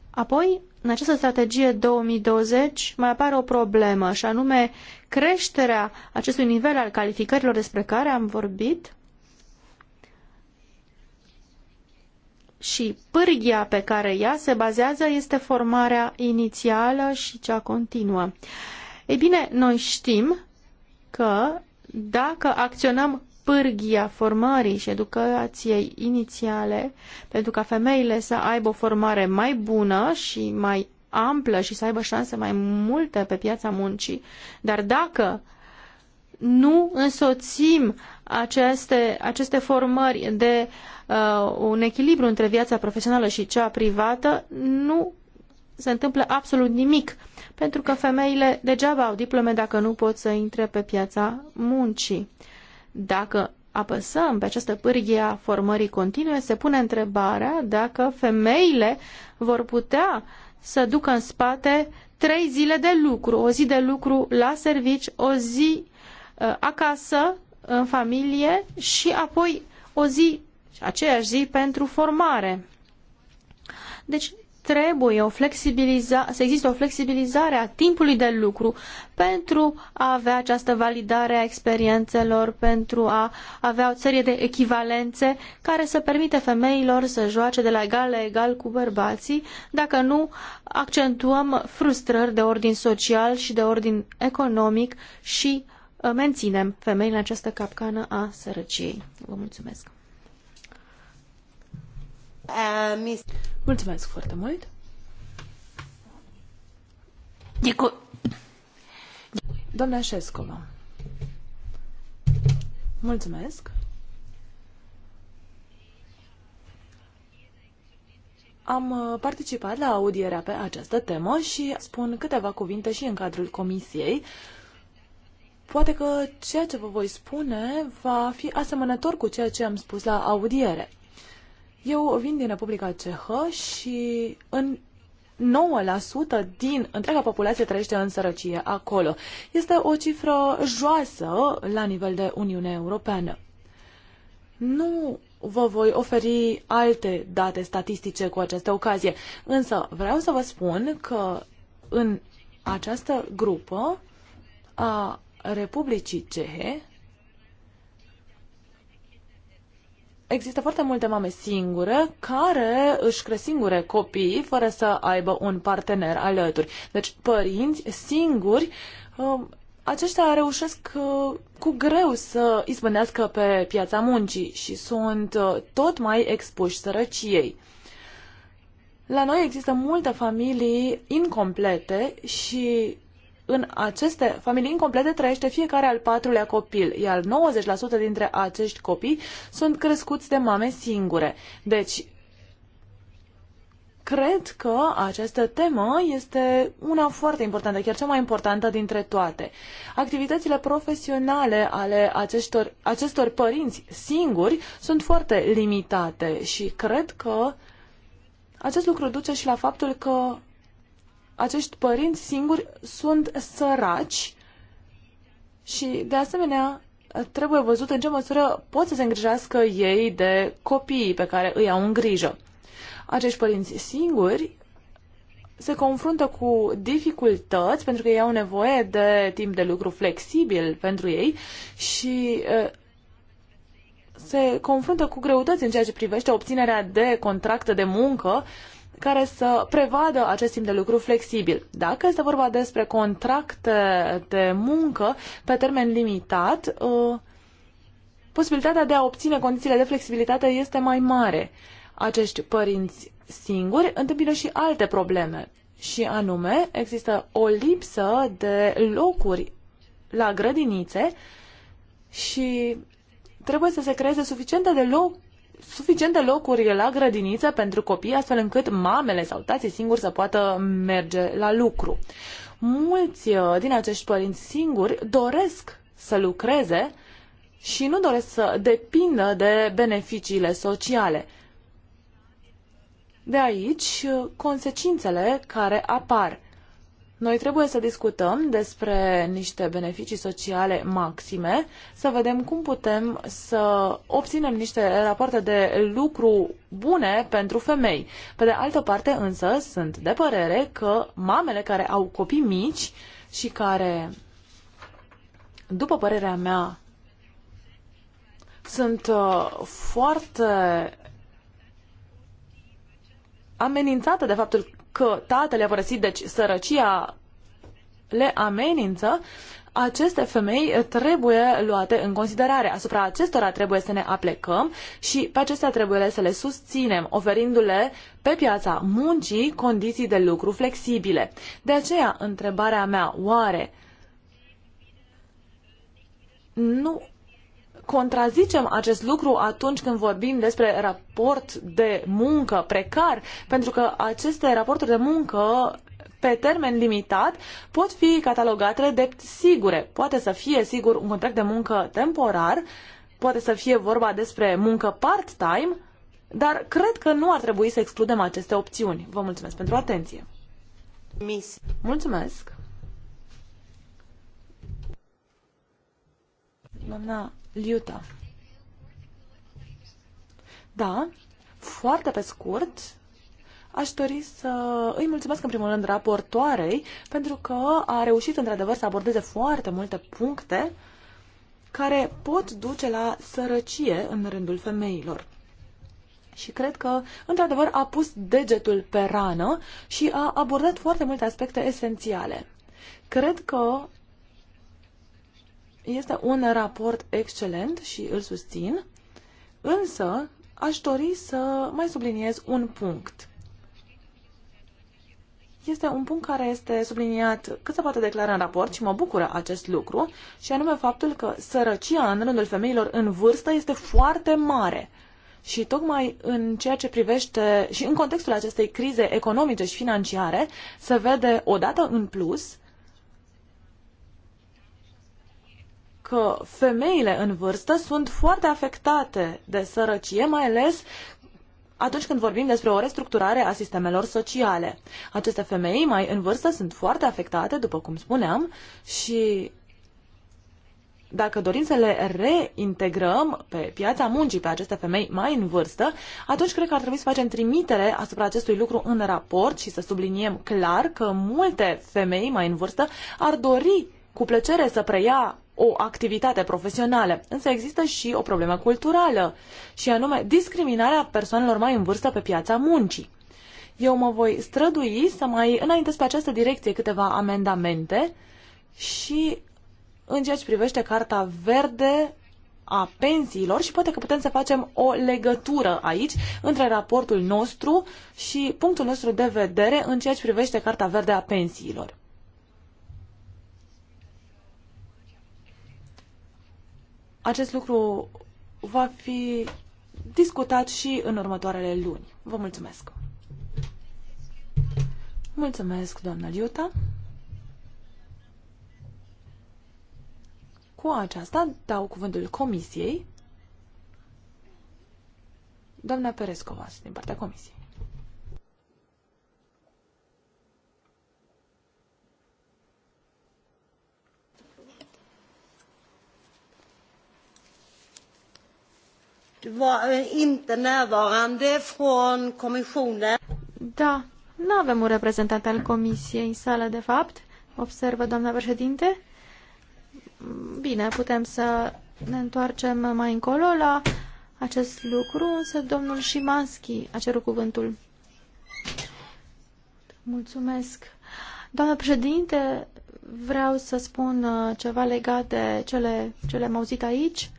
Apoi, în această strategie 2020 mai apare o problemă și anume creșterea acestui nivel al calificărilor despre care am vorbit și pârghia pe care ea se bazează este formarea inițială și cea continuă. Ei bine, noi știm că dacă acționăm pârghia formării și educației inițiale, pentru ca femeile să aibă o formare mai bună și mai amplă și să aibă șanse mai multe pe piața muncii, dar dacă nu însoțim aceste, aceste formări de uh, un echilibru între viața profesională și cea privată, nu se întâmplă absolut nimic, pentru că femeile degeaba au diplome dacă nu pot să intre pe piața muncii. Dacă apăsăm pe această pârghie a formării continue, se pune întrebarea dacă femeile vor putea să ducă în spate trei zile de lucru, o zi de lucru la servici, o zi uh, acasă, în familie și apoi o zi, aceeași zi, pentru formare. Deci trebuie o flexibiliza- să existe o flexibilizare a timpului de lucru pentru a avea această validare a experiențelor, pentru a avea o serie de echivalențe care să permite femeilor să joace de la egal la egal cu bărbații, dacă nu accentuăm frustrări de ordin social și de ordin economic și uh, menținem femeile în această capcană a sărăciei. Vă mulțumesc! Mulțumesc foarte mult. Dicu... Doamna Șescova. Mulțumesc. Am uh, participat la audierea pe această temă și spun câteva cuvinte și în cadrul comisiei. Poate că ceea ce vă voi spune va fi asemănător cu ceea ce am spus la audiere. Eu vin din Republica Cehă și în 9% din întreaga populație trăiește în sărăcie acolo. Este o cifră joasă la nivel de Uniune Europeană. Nu vă voi oferi alte date statistice cu această ocazie, însă vreau să vă spun că în această grupă a Republicii Cehe există foarte multe mame singure care își cresc singure copii fără să aibă un partener alături. Deci părinți singuri, um, aceștia reușesc uh, cu greu să izbândească pe piața muncii și sunt uh, tot mai expuși sărăciei. La noi există multe familii incomplete și în aceste familii incomplete trăiește fiecare al patrulea copil, iar 90% dintre acești copii sunt crescuți de mame singure. Deci, cred că această temă este una foarte importantă, chiar cea mai importantă dintre toate. Activitățile profesionale ale acestor, acestor părinți singuri sunt foarte limitate și cred că acest lucru duce și la faptul că acești părinți singuri sunt săraci și, de asemenea, trebuie văzut în ce măsură pot să se îngrijească ei de copiii pe care îi au în grijă. Acești părinți singuri se confruntă cu dificultăți pentru că ei au nevoie de timp de lucru flexibil pentru ei și se confruntă cu greutăți în ceea ce privește obținerea de contract de muncă uh, care să prevadă acest timp de lucru flexibil. Dacă este vorba despre contracte de muncă pe termen limitat, uh, posibilitatea de a obține condițiile de flexibilitate este mai mare. Acești părinți singuri întâmpină și alte probleme. Și anume, există o lipsă de locuri la grădinițe și trebuie să se creeze suficiente de locuri suficiente locuri la grădiniță pentru copii, astfel încât mamele sau tații singuri să poată merge la lucru. Mulți uh, din acești părinți singuri doresc să lucreze și nu doresc să depindă de beneficiile sociale. De aici uh, consecințele care apar. Noi trebuie să discutăm despre niște beneficii sociale maxime, să vedem cum putem să obținem niște rapoarte de lucru bune pentru femei. Pe de altă parte, însă, sunt de părere că mamele care au copii mici și care, după părerea mea, sunt uh, foarte amenințată de faptul că tatăl a părăsit, deci sărăcia le amenință, aceste femei trebuie luate în considerare. Asupra acestora trebuie să ne aplecăm și pe acestea trebuie să le susținem, oferindu-le pe piața muncii condiții de lucru flexibile. De aceea, întrebarea mea, oare nu contrazicem acest lucru atunci când vorbim despre raport de muncă precar, pentru că aceste raporturi de muncă pe termen limitat pot fi catalogate de sigure. Poate să fie, sigur, un contract de muncă temporar, poate să fie vorba despre muncă part-time, dar cred că nu ar trebui să excludem aceste opțiuni. Vă mulțumesc pentru atenție. Miss. Mulțumesc. Doamna Liuta. Da, foarte pe scurt, aș dori să îi mulțumesc în primul rând raportoarei pentru că a reușit într-adevăr să abordeze foarte multe puncte care pot duce la sărăcie în rândul femeilor. Și cred că, într-adevăr, a pus degetul pe rană și a abordat foarte multe aspecte esențiale. Cred că este un raport excelent și îl susțin, însă aș dori să mai subliniez un punct. Este un punct care este subliniat cât se poate declara în raport și mă bucură acest lucru, și anume faptul că sărăcia în rândul femeilor în vârstă este foarte mare. Și tocmai în ceea ce privește și în contextul acestei crize economice și financiare, se vede odată în plus că femeile în vârstă sunt foarte afectate de sărăcie, mai ales atunci când vorbim despre o restructurare a sistemelor sociale. Aceste femei mai în vârstă sunt foarte afectate, după cum spuneam, și dacă dorim să le reintegrăm pe piața muncii pe aceste femei mai în vârstă, atunci cred că ar trebui să facem trimitere asupra acestui lucru în raport și să subliniem clar că multe femei mai în vârstă ar dori cu plăcere să preia o activitate profesională, însă există și o problemă culturală, și anume discriminarea persoanelor mai în vârstă pe piața muncii. Eu mă voi strădui să mai înaintez pe această direcție câteva amendamente și în ceea ce privește Carta Verde a pensiilor și poate că putem să facem o legătură aici între raportul nostru și punctul nostru de vedere în ceea ce privește Carta Verde a pensiilor. acest lucru va fi discutat și în următoarele luni. Vă mulțumesc! Mulțumesc, doamna Liuta! Cu aceasta dau cuvântul Comisiei. Doamna Perescova, din partea Comisiei. Eh, inte närvarande från kommissionen. Da, nu avem un reprezentant al comisiei în sală, de fapt, observă doamna președinte. Bine, putem să ne întoarcem mai încolo la acest lucru, însă domnul Șimanski a cerut cuvântul. Mulțumesc. Doamnă președinte, vreau să spun eh, ceva legat de cele, cele am auzit aici.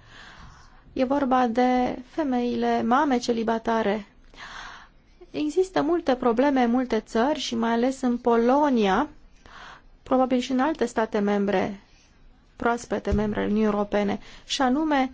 E vorba de femeile, mame celibatare. Există multe probleme în multe țări și mai ales în Polonia, probabil și în alte state membre, proaspete membre ale Uniunii Europene, și anume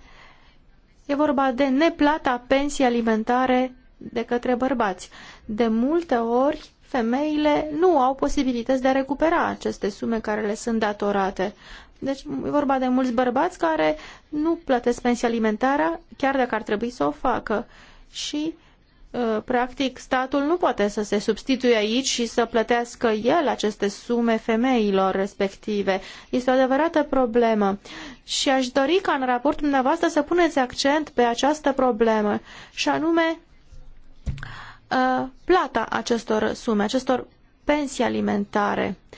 e vorba de neplata pensii alimentare de către bărbați. De multe ori, femeile nu au posibilități de a recupera aceste sume care le sunt datorate. Deci e vorba de mulți bărbați care nu plătesc pensia alimentară, chiar dacă ar trebui să o facă. Și, uh, practic, statul nu poate să se substituie aici și să plătească el aceste sume femeilor respective. Este o adevărată problemă. Și aș dori ca în raportul dumneavoastră să puneți accent pe această problemă, și anume uh, plata acestor sume, acestor pensii alimentare. Uh,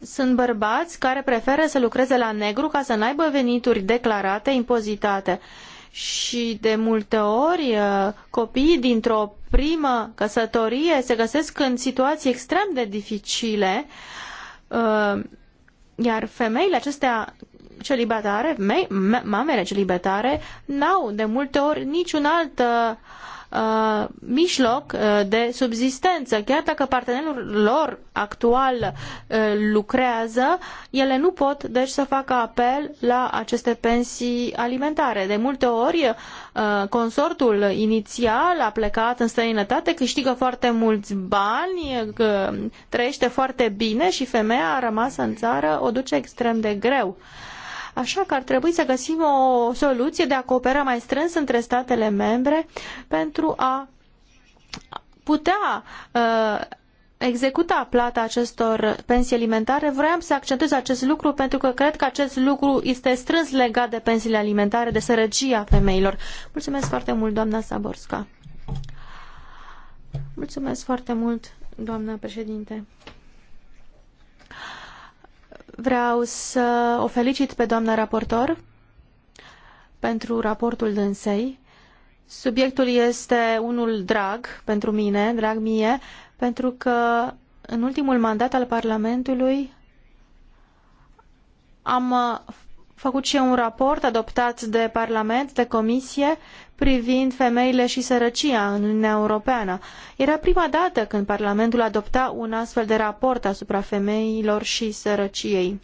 sunt bărbați care preferă să lucreze la negru ca să n-aibă venituri declarate, impozitate. Și de multe ori uh, copiii dintr-o primă căsătorie se găsesc în situații extrem de dificile, uh, iar femeile acestea celibatare, mamele celibatare, n-au de multe ori niciun alt uh, Uh, mijloc uh, de subzistență. Chiar dacă partenerul lor actual uh, lucrează, ele nu pot deci să facă apel la aceste pensii alimentare. De multe ori consortul inițial a plecat în străinătate, câștigă foarte mulți bani, uh, trăiește foarte bine și femeia a rămas în țară o duce extrem de greu. Așa că ar trebui să găsim o soluție de a coopera mai strâns între statele membre pentru a putea uh, executa plata acestor pensii alimentare. Vreau să accentuez acest lucru pentru că cred că acest lucru este strâns legat de pensiile alimentare, de sărăcia femeilor. Mulțumesc foarte mult, doamna Saborska. Mulțumesc foarte mult, doamna președinte. Vreau să o felicit pe doamna raportor pentru raportul dânsei. Subiectul este unul drag pentru mine, drag mie, pentru că în ultimul mandat al Parlamentului am făcut și eu un raport adoptat de Parlament, de Comisie, privind femeile și sărăcia în Uniunea Europeană. Era prima dată când Parlamentul adopta un astfel de raport asupra femeilor și sărăciei.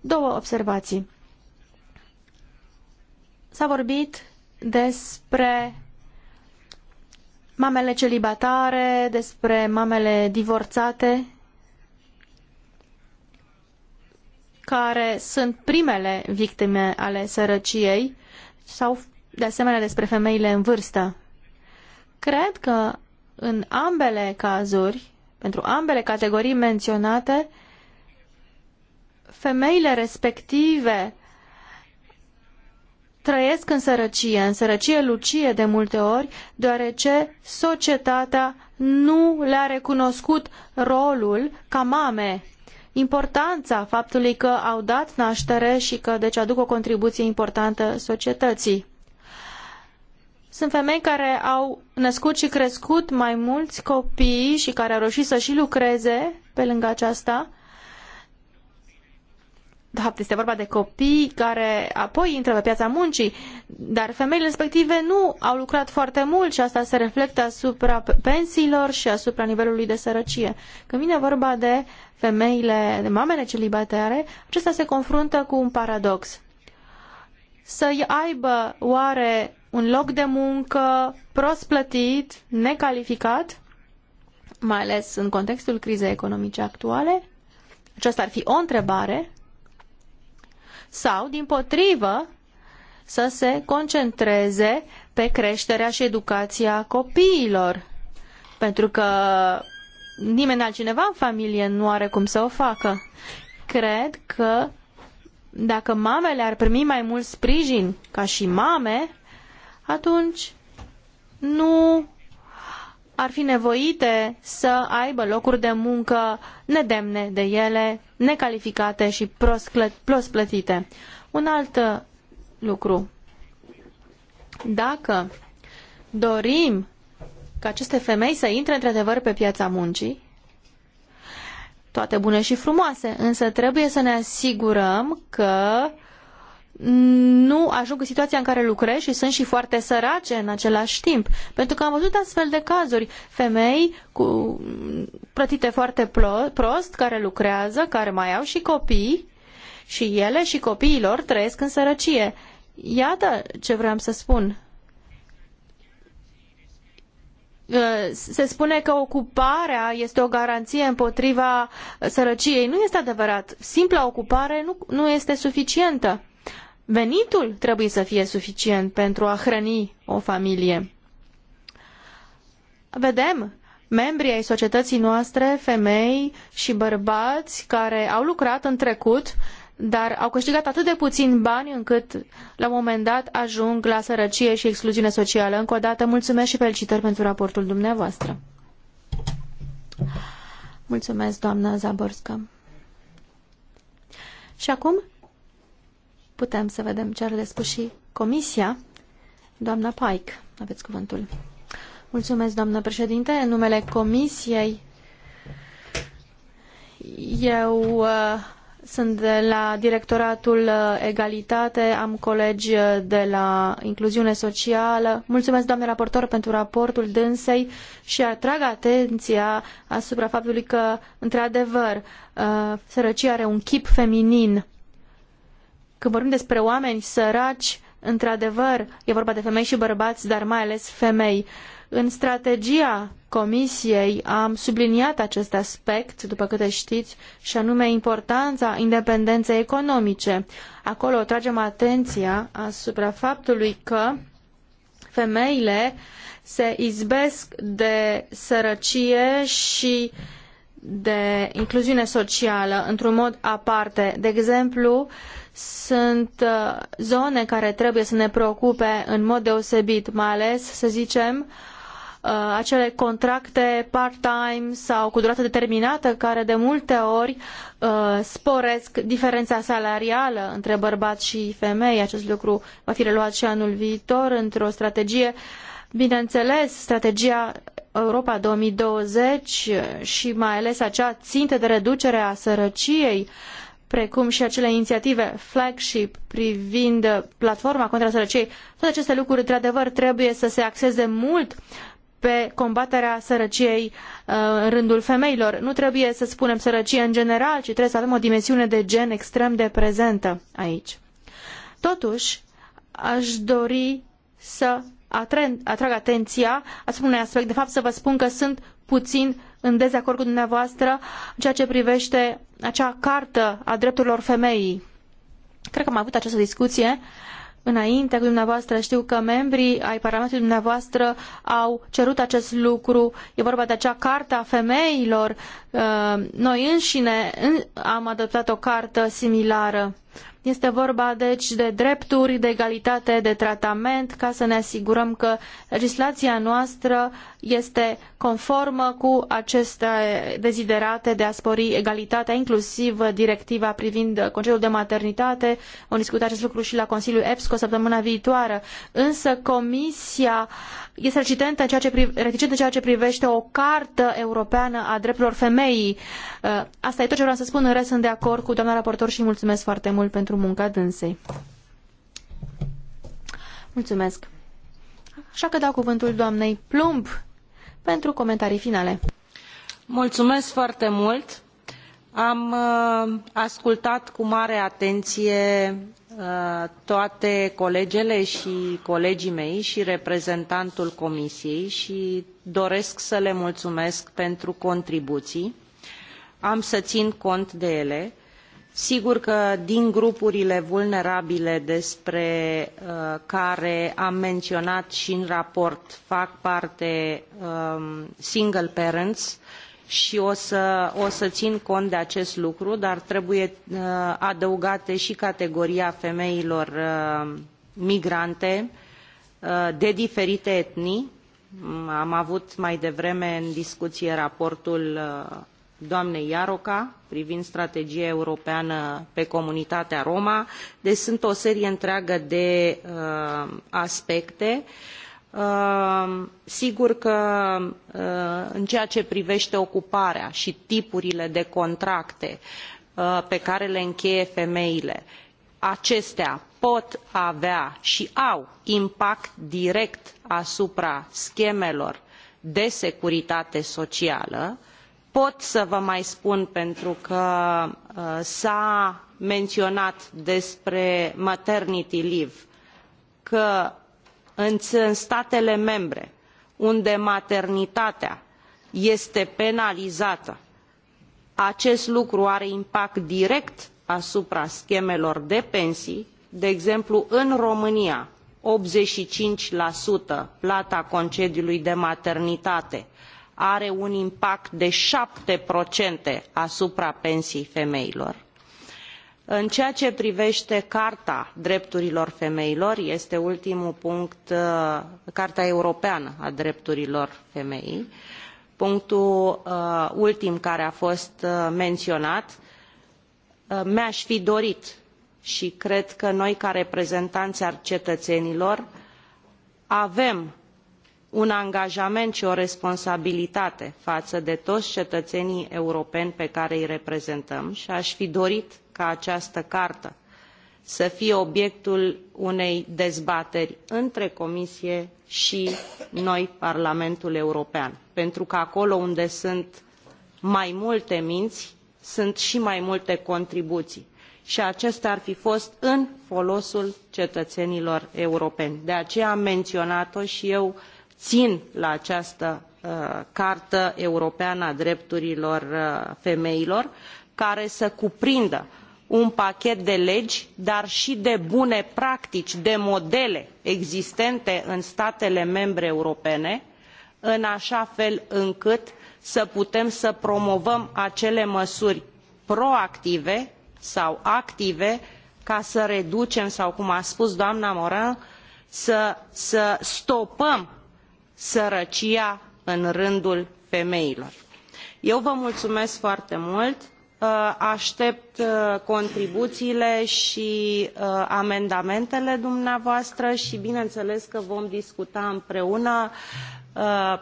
Două observații. S-a vorbit despre mamele celibatare, despre mamele divorțate, care sunt primele victime ale sărăciei sau de asemenea despre femeile în vârstă. Cred că în ambele cazuri, pentru ambele categorii menționate, femeile respective trăiesc în sărăcie, în sărăcie lucie de multe ori, deoarece societatea nu le-a recunoscut rolul ca mame, importanța faptului că au dat naștere și că deci aduc o contribuție importantă societății. Sunt femei care au născut și crescut mai mulți copii și care au reușit să și lucreze pe lângă aceasta. De fapt, este vorba de copii care apoi intră pe piața muncii, dar femeile respective nu au lucrat foarte mult și asta se reflectă asupra pensiilor și asupra nivelului de sărăcie. Când vine vorba de femeile, de mamele celibatare, acestea se confruntă cu un paradox. Să aibă oare un loc de muncă prost plătit, necalificat, mai ales în contextul crizei economice actuale? Aceasta ar fi o întrebare. Sau, din potrivă, să se concentreze pe creșterea și educația copiilor. Pentru că nimeni altcineva în familie nu are cum să o facă. Cred că dacă mamele ar primi mai mult sprijin ca și mame, atunci nu ar fi nevoite să aibă locuri de muncă nedemne de ele, necalificate și prost plătite. Un alt uh, lucru. Dacă dorim ca aceste femei să intre într-adevăr pe piața muncii, toate bune și frumoase, însă trebuie să ne asigurăm că nu ajung în situația în care lucrez și sunt și foarte sărace în același timp. Pentru că am văzut astfel de cazuri. Femei cu plătite foarte prost, care lucrează, care mai au și copii și ele și copiilor trăiesc în sărăcie. Iată ce vreau să spun. Uh, se spune că ocuparea este o garanție împotriva sărăciei. Nu este adevărat. Simpla ocupare nu, nu este suficientă venitul trebuie să fie suficient pentru a hrăni o familie. Vedem membrii ai societății noastre, femei și bărbați care au lucrat în trecut, dar au câștigat atât de puțin bani încât la un moment dat ajung la sărăcie și excluziune socială. Încă o dată mulțumesc și felicitări pentru raportul dumneavoastră. Mulțumesc, doamna Zaborska. Și acum putem să vedem ce are de spus și Comisia. Doamna Pike, aveți cuvântul. Mulțumesc, doamnă președinte. În numele Comisiei, eu uh, sunt de la Directoratul uh, Egalitate, am colegi uh, de la Incluziune Socială. Mulțumesc, doamne raportor, pentru raportul dânsei și atrag atenția asupra faptului că, într-adevăr, uh, sărăcia are un chip feminin când vorbim despre oameni săraci, într-adevăr, e vorba de femei și bărbați, dar mai ales femei. În strategia Comisiei am subliniat acest aspect, după câte știți, și anume importanța independenței economice. Acolo tragem atenția asupra faptului că femeile se izbesc de sărăcie și de incluziune socială într-un mod aparte. De exemplu, sunt uh, zone care trebuie să ne preocupe în mod deosebit, mai ales, să zicem, uh, acele contracte part-time sau cu durată determinată care de multe ori uh, sporesc diferența salarială între bărbați și femei. Acest lucru va fi reluat și anul viitor într-o strategie. Bineînțeles, strategia Europa 2020 și mai ales acea ținte de reducere a sărăciei precum și acele inițiative flagship privind platforma contra sărăciei, toate aceste lucruri, într-adevăr, trebuie să se axeze mult pe combaterea sărăciei uh, în rândul femeilor. Nu trebuie să spunem sărăcie în general, ci trebuie să avem o dimensiune de gen extrem de prezentă aici. Totuși, aș dori să atrag atenția asupra unui aspect. De fapt, să vă spun că sunt puțin în dezacord cu dumneavoastră în ceea ce privește acea cartă a drepturilor femeii. Cred că am avut această discuție înainte cu dumneavoastră. Știu că membrii ai Parlamentului dumneavoastră au cerut acest lucru. E vorba de acea carte a femeilor. Uh, noi înșine am adoptat o cartă similară este vorba deci de drepturi, de egalitate de tratament, ca să ne asigurăm că legislația noastră este conformă cu aceste deziderate de a spori egalitatea, inclusiv directiva privind concediul de maternitate. Vom discuta acest lucru și la Consiliul EPSCO săptămâna viitoare. Însă Comisia uh, este reticentă în, ceea ce reticent în ceea ce privește o cartă europeană a drepturilor femeii. Uh, asta e tot ce vreau să spun, în rest sunt de acord cu doamna raportor și mulțumesc foarte mult pentru munca dânsei. Mulțumesc. Așa că dau cuvântul doamnei Plumb pentru comentarii finale. Mulțumesc foarte mult. Am uh, ascultat cu mare atenție Uh, toate colegele și colegii mei și reprezentantul Comisiei și doresc să le mulțumesc pentru contribuții. Am să țin cont de ele. Sigur că din grupurile vulnerabile despre uh, care am menționat și în raport fac parte um, single parents, și o să, o să țin cont de acest lucru, dar trebuie uh, adăugate și categoria femeilor uh, migrante uh, de diferite etnii. Mm, am avut mai devreme în discuție raportul doamnei Iaroca privind strategia europeană pe comunitatea Roma. Deci sunt o serie întreagă de aspecte. Uh, Ehm, sigur că ehm, în ceea ce privete ocuparea i tipurile de contracte ehm, pe care le încheie femeile acestea pot avea i au impact direct asupra schemelor de securitate socială pot să vă mai spun pentru că s a menionat despre maternity leave că în statele membre unde maternitatea este penalizată acest lucru are impact direct asupra schemelor de pensii de exemplu în românia optzeci și cinci plata concediului de maternitate are un impact de șapte asupra pensiei femeilor în ceea ce privete carta drepturilor femeilor este ultimul punct uh, carta europeană a drepturilor femeii punctul uh, ultim care a fost uh, menionat mi a fi dorit i cred că noi ca reprezentani ai cetăenilor avem un angajament i o responsabilitate faă de toi cetăenii europeni pe care îi reprezentăm i a fi dorit ca această cartă să fie obiectul unei dezbateri între comisie i noi parlamentul european pentru că acolo unde sunt mai multe mini sunt i mai multe contribuii i acesta ar fi fost în folosul cetăenilor europeni. de aceea am menionat o i eu in la această uh, cartă europeană a drepturilor uh, femeilor care să cuprindă un pachet de legi dar i de bune practici de modele existente în statele membre europene în aa fel încât să putem să promovăm acele măsuri proactive sau active ca să reducem sau cum a spus doamna morin să, să stopăm sărăcia în rândul femeilor. eu vă mulumesc foarte mult Uh, atept uh, contribuiile i uh, amendamentele dumneavoastră i bineîneles că vom discuta împreună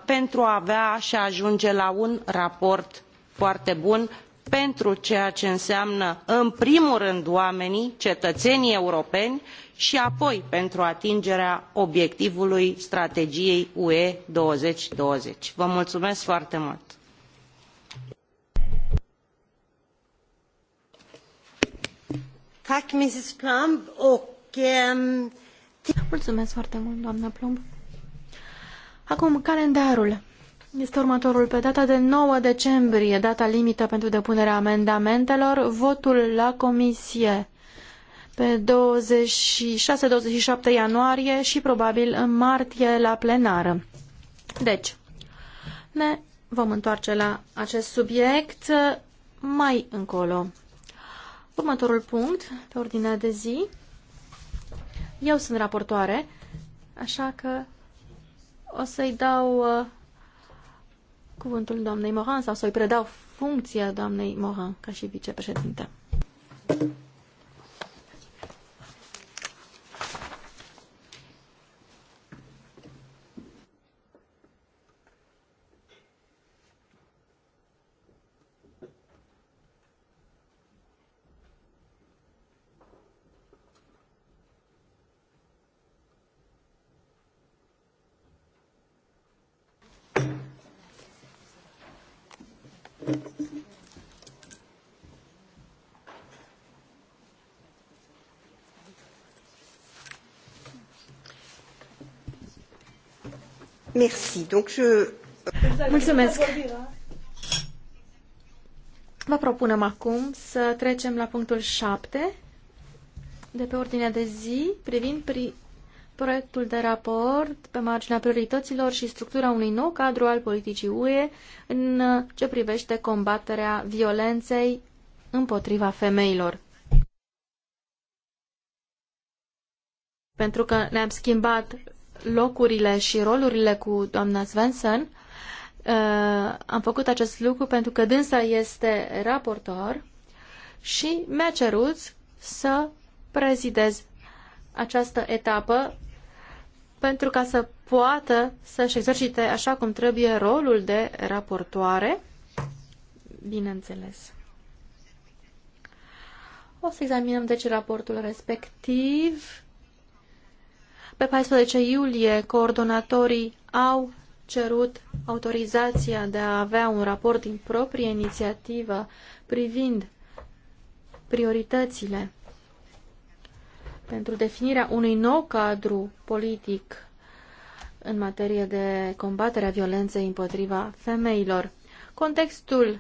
pentru a avea i a ajunge la un raport foarte bun pentru ceea ce înseamnă în primul rând oamenii cetăenii europeni i apoi pentru atingerea obiectivului strategiei ue două mii douăzeci vă mulumesc foarte mult. Ehm, Mulțumesc foarte mult, Plumb. Acum, calendarul. Este următorul. Pe data de 9 decembrie, data limită pentru depunerea amendamentelor, votul la comisie pe 26-27 ianuarie și probabil în martie la plenară. Deci, ne vom întoarce la acest subiect mai încolo. Următorul punct pe ordinea de zi. Eu sunt raportoare, așa că o să-i dau uh, cuvântul doamnei Moran sau să-i predau funcția doamnei Moran ca și vicepreședinte. Merci. Donc je... Mulțumesc. Vă propunem acum să trecem la punctul 7 de pe ordinea de zi privind pri proiectul de raport pe marginea priorităților și structura unui nou cadru al politicii UE în ce privește combaterea violenței împotriva femeilor. Pentru că ne-am schimbat locurile și rolurile cu doamna Svensson. Uh, am făcut acest lucru pentru că dânsa este raportor și mi-a cerut să prezidez această etapă pentru ca să poată să-și exercite așa cum trebuie rolul de raportoare, bineînțeles. O să examinăm deci raportul respectiv pe 14 iulie, coordonatorii au cerut autorizația de a avea un raport din proprie inițiativă privind prioritățile pentru definirea unui nou cadru politic în materie de combatere a violenței împotriva femeilor. Contextul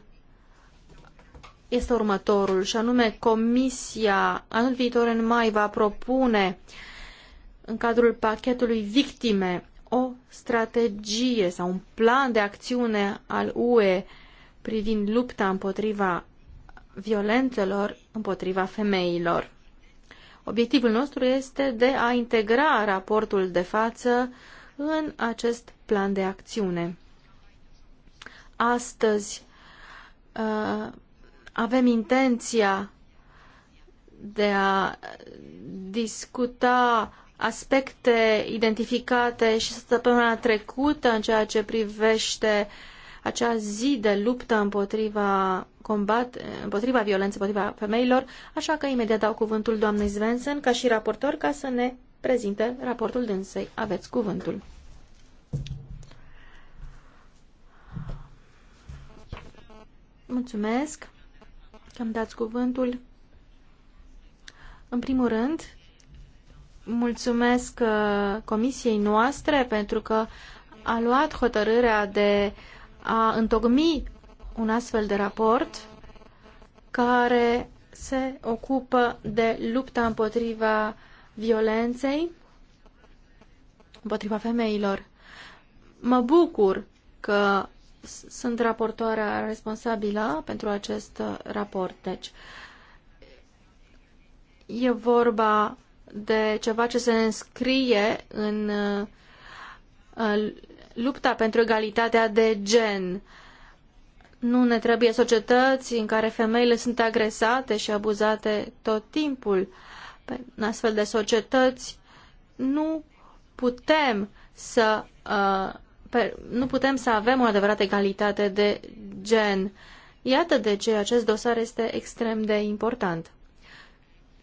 este următorul, și anume Comisia anul viitor în mai va propune uh, în cadrul pachetului victime o strategie sau un plan de acțiune al UE privind lupta împotriva violențelor împotriva femeilor. Obiectivul nostru este de a integra raportul de față în acest plan de acțiune. Astăzi uh, avem intenția de a discuta aspecte identificate și săptămâna trecută în ceea ce privește acea zi de luptă împotriva combat, împotriva violenței împotriva femeilor, așa că imediat dau cuvântul doamnei Svensson ca și raportor ca să ne prezinte raportul dânsei. Aveți cuvântul. Mulțumesc că îmi dați cuvântul. În primul rând, mulțumesc uh, comisiei noastre pentru că a luat hotărârea de a întocmi un astfel de raport care se ocupă de lupta împotriva violenței, împotriva femeilor. Mă bucur că sunt raportoarea responsabilă pentru acest uh, raport. Deci, e vorba de ceva ce se înscrie în uh, lupta pentru egalitatea de gen. Nu ne trebuie societăți în care femeile sunt agresate și abuzate tot timpul. În astfel de societăți nu putem să uh, nu putem să avem o adevărată egalitate de gen. Iată de ce acest dosar este extrem de important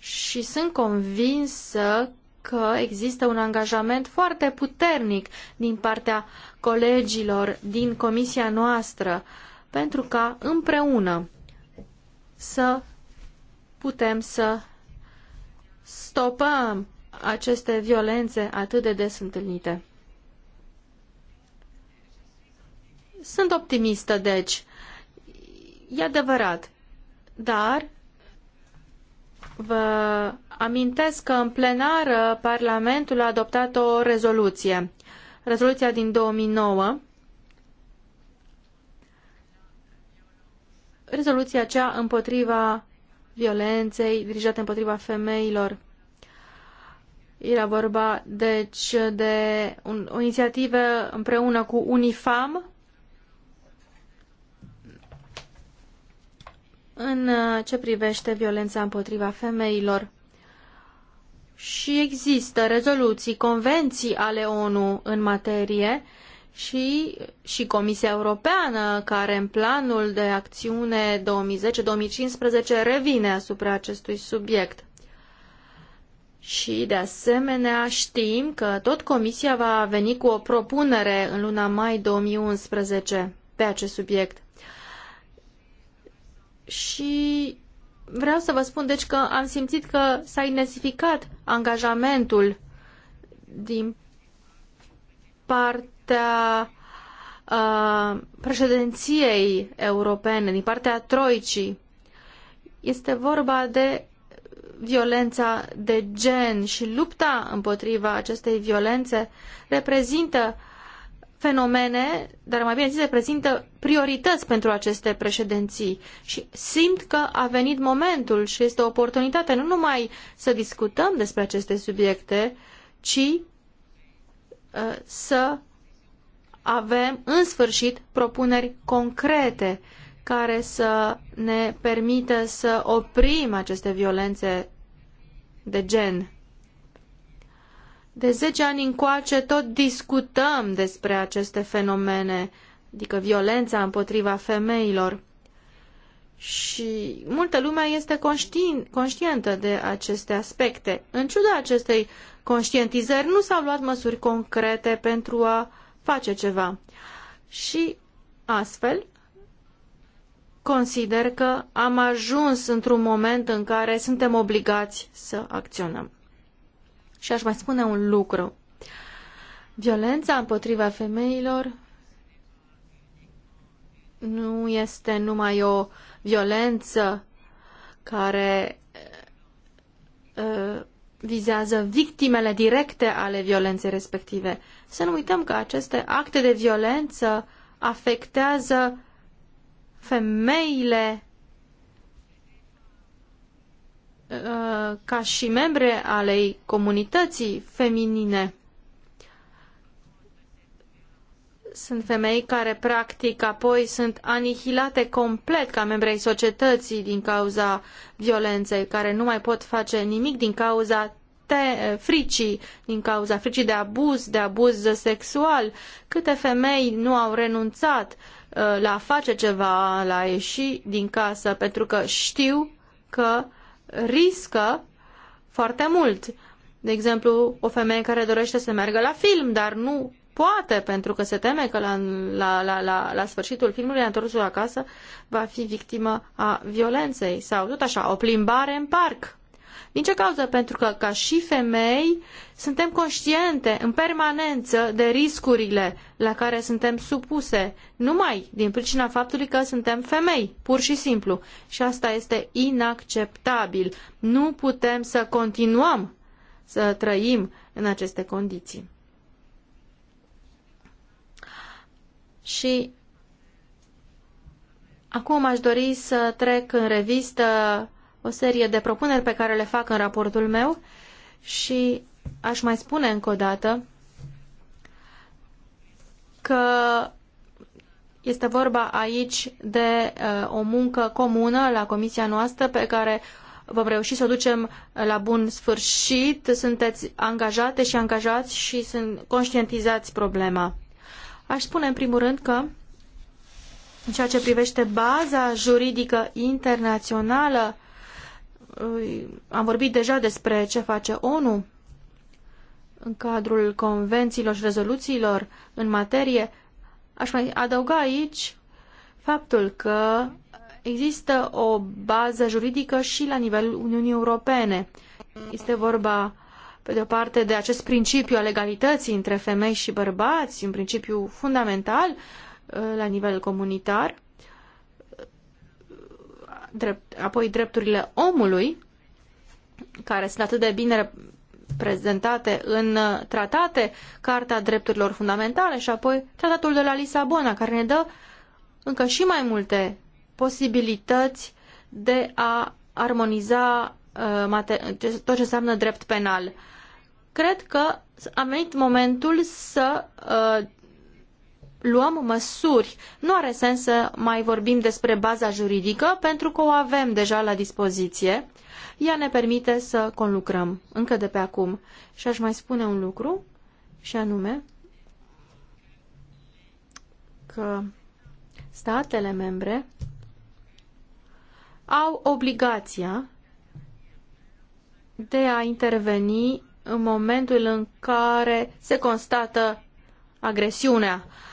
și sunt convinsă că există un angajament foarte puternic din partea colegilor din comisia noastră pentru ca împreună să putem să stopăm aceste violențe atât de des întâlnite. Sunt optimistă, deci. E adevărat. Dar Vă amintesc că în plenară Parlamentul a adoptat o rezoluție, rezoluția din 2009, rezoluția aceea împotriva violenței dirijate împotriva femeilor. Era vorba, deci, de un, o inițiativă împreună cu UNIFAM, în uh, ce privește violența împotriva femeilor. Și există rezoluții, convenții ale ONU în materie și, și Comisia Europeană, care în planul de acțiune 2010-2015 revine asupra acestui subiect. Și, de asemenea, știm că tot Comisia va veni cu o propunere în luna mai 2011 pe acest subiect și vreau să vă spun deci că am simțit că s-a intensificat angajamentul din partea uh, președinției europene, din partea troicii. Este vorba de violența de gen și lupta împotriva acestei violențe reprezintă fenomene, dar mai bine zis, reprezintă priorități pentru aceste președinții și simt că a venit momentul și este o oportunitate nu numai să discutăm despre aceste subiecte, ci uh, să avem în sfârșit propuneri concrete care să ne permită să oprim aceste violențe de gen. De zece ani încoace tot discutăm despre aceste fenomene, adică violența împotriva femeilor. Și multă lume este conștientă de aceste aspecte. În ciuda acestei conștientizări, nu s-au luat măsuri concrete pentru a face ceva. Și astfel, consider că am ajuns într-un moment în care suntem obligați să acționăm. Și aș mai spune un lucru. Violența împotriva femeilor nu este numai o violență care uh, vizează victimele directe ale violenței respective. Să nu uităm că aceste acte de violență afectează femeile Uh, ca și membre ale comunității feminine. Sunt femei care practic apoi sunt anihilate complet ca membre ai societății din cauza violenței, care nu mai pot face nimic din cauza te- fricii, din cauza fricii de abuz, de abuz sexual. Câte femei nu au renunțat uh, la a face ceva, la a ieși din casă, pentru că știu că uh, riscă foarte mult. De exemplu, o femeie care dorește să meargă la film, dar nu poate pentru că se teme că la, la, la, la, la sfârșitul filmului, întorsul acasă, va fi victimă a violenței. Sau tot așa, o plimbare în parc din ce cauză? Pentru că, ca și femei, suntem conștiente în permanență de riscurile la care suntem supuse, numai din pricina faptului că suntem femei, pur și simplu. Și asta este inacceptabil. Nu putem să continuăm să trăim în aceste condiții. Și acum aș dori să trec în revistă o serie de propuneri pe care le fac în raportul meu și aș mai spune încă o dată că este vorba aici de uh, o muncă comună la comisia noastră pe care vom reuși să o ducem la bun sfârșit. Sunteți angajate și angajați și sunt conștientizați problema. Aș spune în primul rând că în ceea ce privește baza juridică internațională am vorbit deja despre ce face ONU în cadrul convențiilor și rezoluțiilor în materie. Aș mai adăuga aici faptul că există o bază juridică și la nivelul Uniunii Europene. Este vorba, pe de o parte, de acest principiu al legalității între femei și bărbați, un principiu fundamental uh, la nivel comunitar, drept, apoi drepturile omului, care sunt atât de bine prezentate în uh, tratate, Carta Drepturilor Fundamentale și apoi Tratatul de la Lisabona, care ne dă încă și mai multe posibilități de a armoniza uh, tot ce înseamnă drept penal. Cred că a venit momentul să uh, luăm măsuri. Nu are sens să mai vorbim despre baza juridică, pentru că o avem deja la dispoziție. Ea ne permite să conlucrăm încă de pe acum. Și aș mai spune un lucru, și anume că statele membre au obligația de a interveni în momentul în care se constată agresiunea. Uh,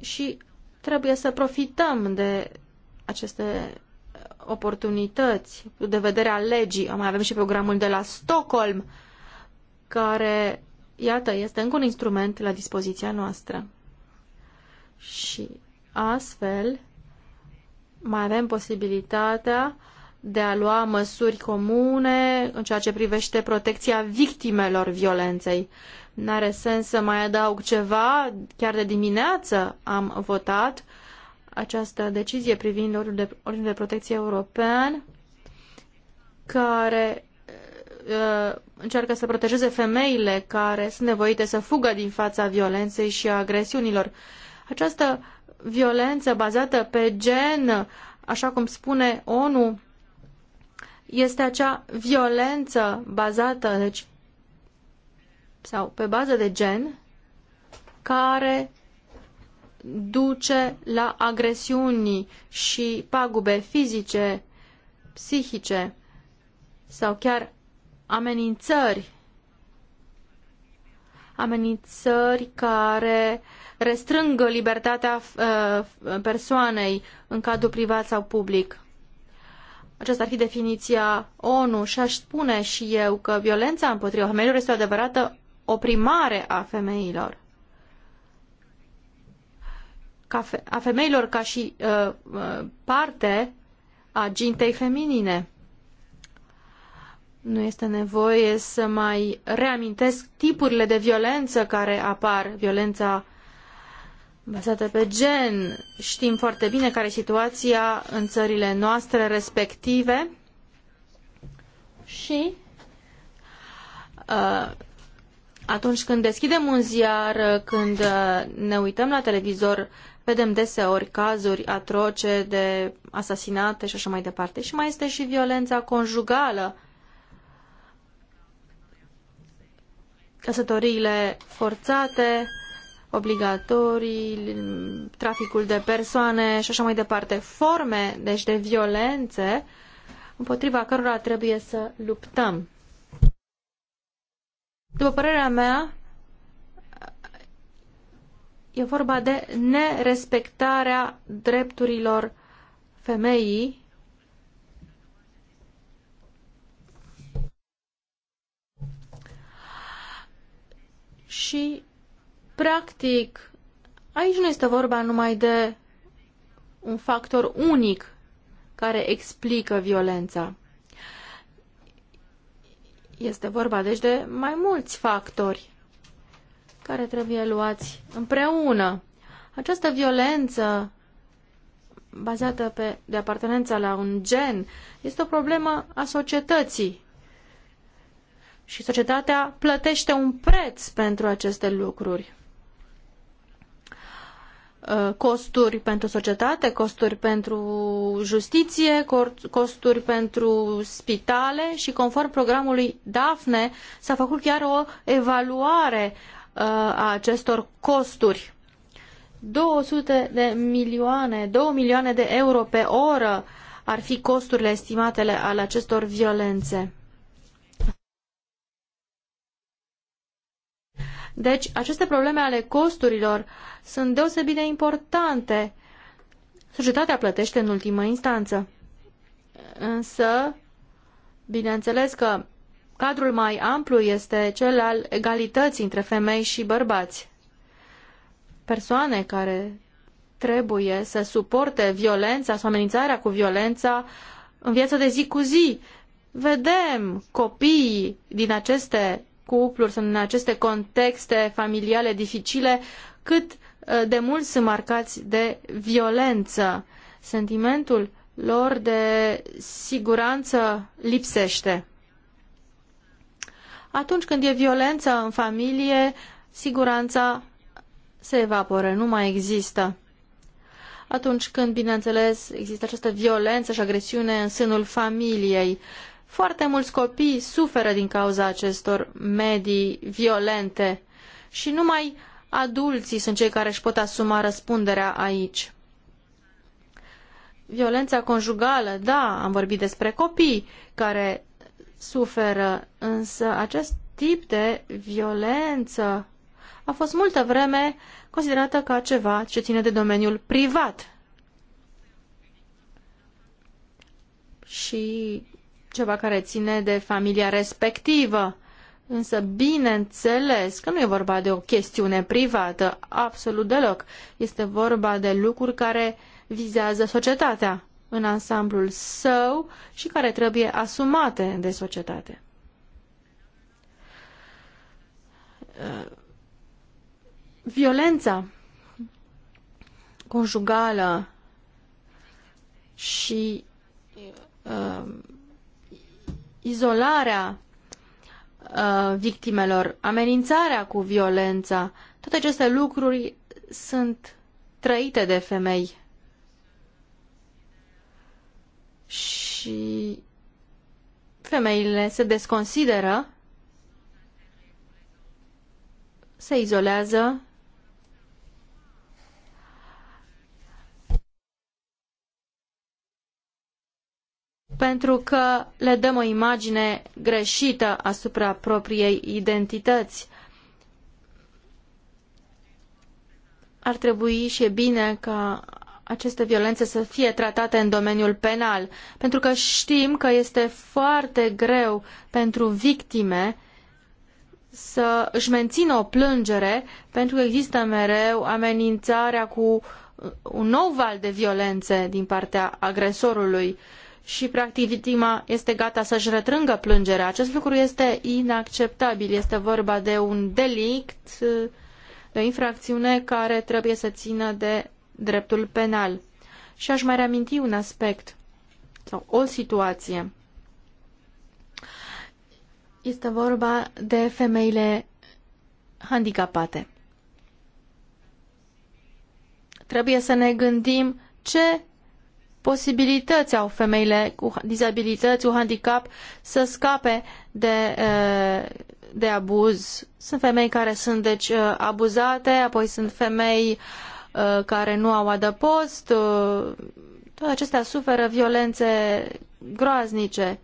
și trebuie să profităm de aceste oportunități de vedere a legii. Mai avem și programul de la Stockholm, care, iată, este încă un instrument la dispoziția noastră. Și astfel mai avem posibilitatea uh, de a lua măsuri comune în ceea ce privește protecția victimelor violenței. N-are sens să mai adaug ceva, chiar de dimineață am votat această decizie privind ordinul de, de protecție european care uh, încearcă să protejeze femeile care sunt nevoite să fugă din fața violenței și a agresiunilor. Această violență bazată pe gen, așa cum spune ONU, este acea violență bazată, deci, sau pe bază de gen, care duce la agresiuni și pagube fizice, psihice sau chiar amenințări. Amenințări care restrângă libertatea uh, persoanei în cadrul privat sau public. Aceasta ar fi definiția ONU și aș spune și eu că violența împotriva femeilor este o adevărată oprimare a femeilor. Ca fe a femeilor ca și uh, uh parte a gintei feminine. Nu este nevoie să mai reamintesc tipurile de violență care apar. Violența Bazată pe gen. Știm foarte bine care e situația în țările noastre respective și uh, atunci când deschidem un ziar, când uh, ne uităm la televizor, vedem deseori cazuri atroce de asasinate și așa mai departe. Și mai este și violența conjugală, căsătoriile forțate, obligatorii, traficul de persoane și așa mai departe, forme, deci de violențe, împotriva cărora trebuie să luptăm. După părerea mea, e vorba de nerespectarea drepturilor femeii și Practic, aici nu este vorba numai de un factor unic care explică violența. Este vorba deci de mai mulți factori care trebuie luați împreună. Această violență bazată pe, de apartenența la un gen este o problemă a societății. Și societatea plătește un preț pentru aceste lucruri. Uh, costuri pentru societate, costuri pentru justiție, costuri pentru spitale și conform programului DAFNE s-a făcut chiar o evaluare uh, a acestor costuri. 200 de milioane, 2 milioane de euro pe oră ar fi costurile estimatele ale acestor violențe. Deci, aceste probleme ale costurilor sunt deosebit de importante. Societatea plătește în ultimă instanță. Însă, bineînțeles că cadrul mai amplu este cel al egalității între femei și bărbați. Persoane care trebuie să suporte violența sau amenințarea cu violența în viața de zi cu zi. Vedem copiii din aceste cupluri sunt în aceste contexte familiale dificile, cât uh, de mult sunt marcați de violență. Sentimentul lor de siguranță lipsește. Atunci când e violență în familie, siguranța se evaporă, nu mai există. Atunci când, bineînțeles, există această violență și agresiune în sânul familiei, foarte mulți copii suferă din cauza acestor medii violente și numai adulții sunt cei care își pot asuma răspunderea aici. Violența conjugală, da, am vorbit despre copii care suferă, însă acest tip de violență a fost multă vreme considerată ca ceva ce ține de domeniul privat. Și ceva care ține de familia respectivă. Însă, bineînțeles că nu e vorba de o chestiune privată, absolut deloc. Este vorba de lucruri care vizează societatea în ansamblul său și care trebuie asumate de societate. Violența conjugală și uh, izolarea uh, victimelor, amenințarea cu violența, toate aceste lucruri sunt trăite de femei. Și femeile se desconsideră, se izolează pentru că le dăm o imagine greșită asupra propriei identități. Ar trebui și e bine ca aceste violențe să fie tratate în domeniul penal, pentru că știm că este foarte greu pentru victime să își mențină o plângere, pentru că există mereu amenințarea cu un nou val de violențe din partea agresorului. Uh, și practic victima este gata să-și retrângă plângerea. Acest lucru este inacceptabil. Este vorba de un delict, de o infracțiune care trebuie să țină de dreptul penal. Și aș mai reaminti un aspect sau o situație. Este vorba de femeile handicapate. Trebuie să ne gândim ce posibilități au femeile cu dizabilități, cu handicap să scape de, de abuz. Sunt femei care sunt deci abuzate, apoi sunt femei care nu au adăpost. Toate acestea suferă violențe groaznice.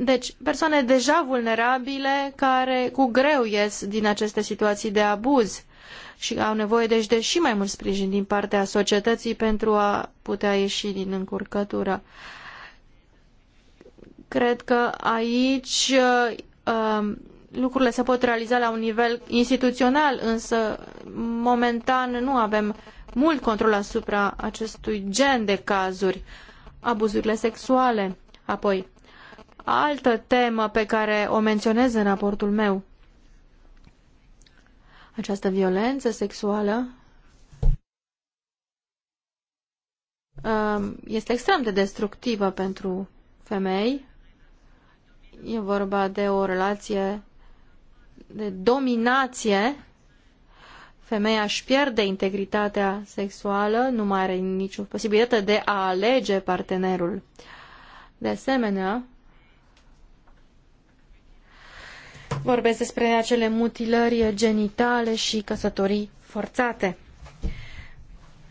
Deci, persoane deja vulnerabile care cu greu ies din aceste situații de abuz și au nevoie deci de și mai mult sprijin din partea societății pentru a putea ieși din încurcătură. Cred că aici uh, um, lucrurile se pot realiza la un nivel instituțional, însă momentan nu avem mult control asupra acestui gen de cazuri, abuzurile sexuale. Apoi, altă temă pe care o menționez în raportul meu această violență sexuală um, este extrem de destructivă pentru femei. E vorba de o relație de dominație. Femeia își pierde integritatea sexuală, nu mai are nicio posibilitate de a alege partenerul. De asemenea, Vorbesc despre acele mutilări genitale și căsătorii forțate.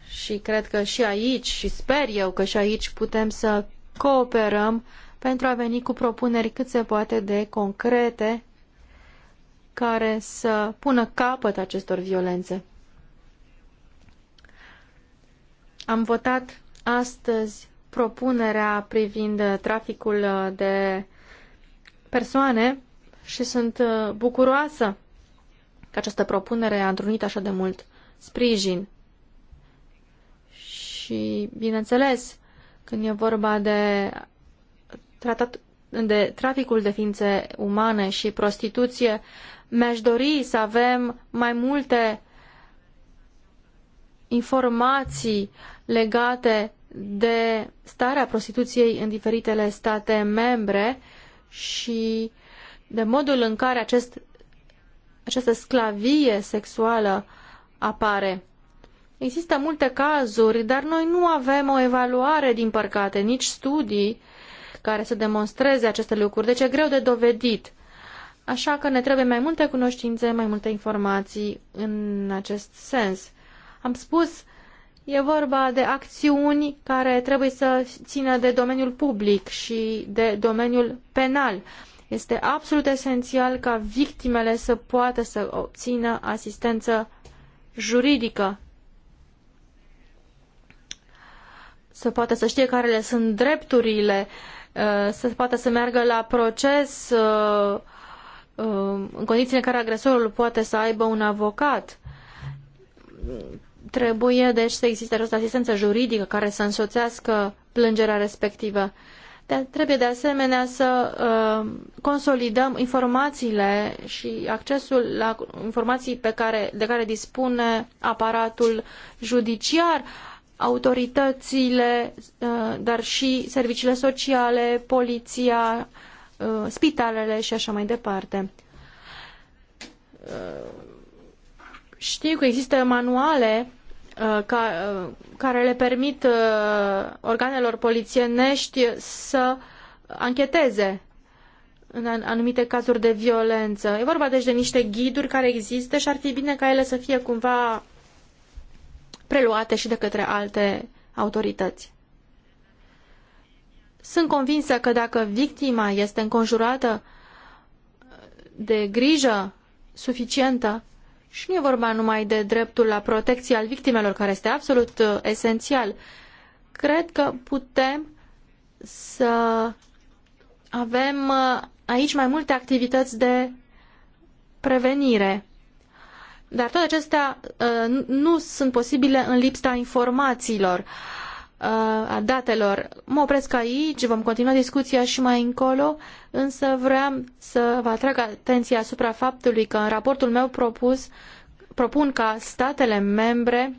Și cred că și aici, și sper eu că și aici putem să cooperăm pentru a veni cu propuneri cât se poate de concrete care să pună capăt acestor violențe. Am votat astăzi propunerea privind traficul de persoane și sunt uh, bucuroasă că această propunere a întrunit așa de mult sprijin. Și, bineînțeles, când e vorba de, tratat, de traficul de ființe umane și prostituție, mi-aș dori să avem mai multe informații legate de starea prostituției în diferitele state membre și de modul în care acest, această sclavie sexuală apare. Există multe cazuri, dar noi nu avem o evaluare, din păcate, nici studii care să demonstreze aceste lucruri, deci e greu de dovedit. Așa că ne trebuie mai multe cunoștințe, mai multe informații în acest sens. Am spus, e vorba de acțiuni care trebuie să țină de domeniul public și de domeniul penal. Este absolut esențial ca victimele să poată să obțină asistență juridică, să poată să știe care le sunt drepturile, uh, să poată să meargă la proces uh, uh, în condițiile în care agresorul poate să aibă un avocat. Trebuie, deci, să existe această asistență juridică care să însoțească plângerea respectivă trebuie de asemenea să uh, consolidăm informațiile și accesul la informații pe care, de care dispune aparatul judiciar, autoritățile, uh, dar și serviciile sociale, poliția, uh, spitalele și așa mai departe. Uh, știu că există manuale Uh, uh, care le permit uh, organelor polițienești să ancheteze în anumite cazuri de violență. E vorba deci de niște ghiduri care există și ar fi bine ca ele să fie cumva preluate și de către alte autorități. Sunt convinsă că dacă victima este înconjurată de grijă suficientă, și nu e vorba numai de dreptul la protecție al victimelor, care este absolut uh, esențial. Cred că putem să avem uh, aici mai multe activități de prevenire. Dar toate acestea uh, nu sunt posibile în lipsa informațiilor a datelor. Mă opresc aici, vom continua discuția și mai încolo, însă vreau să vă atrag atenția asupra faptului că în raportul meu propus, propun ca statele membre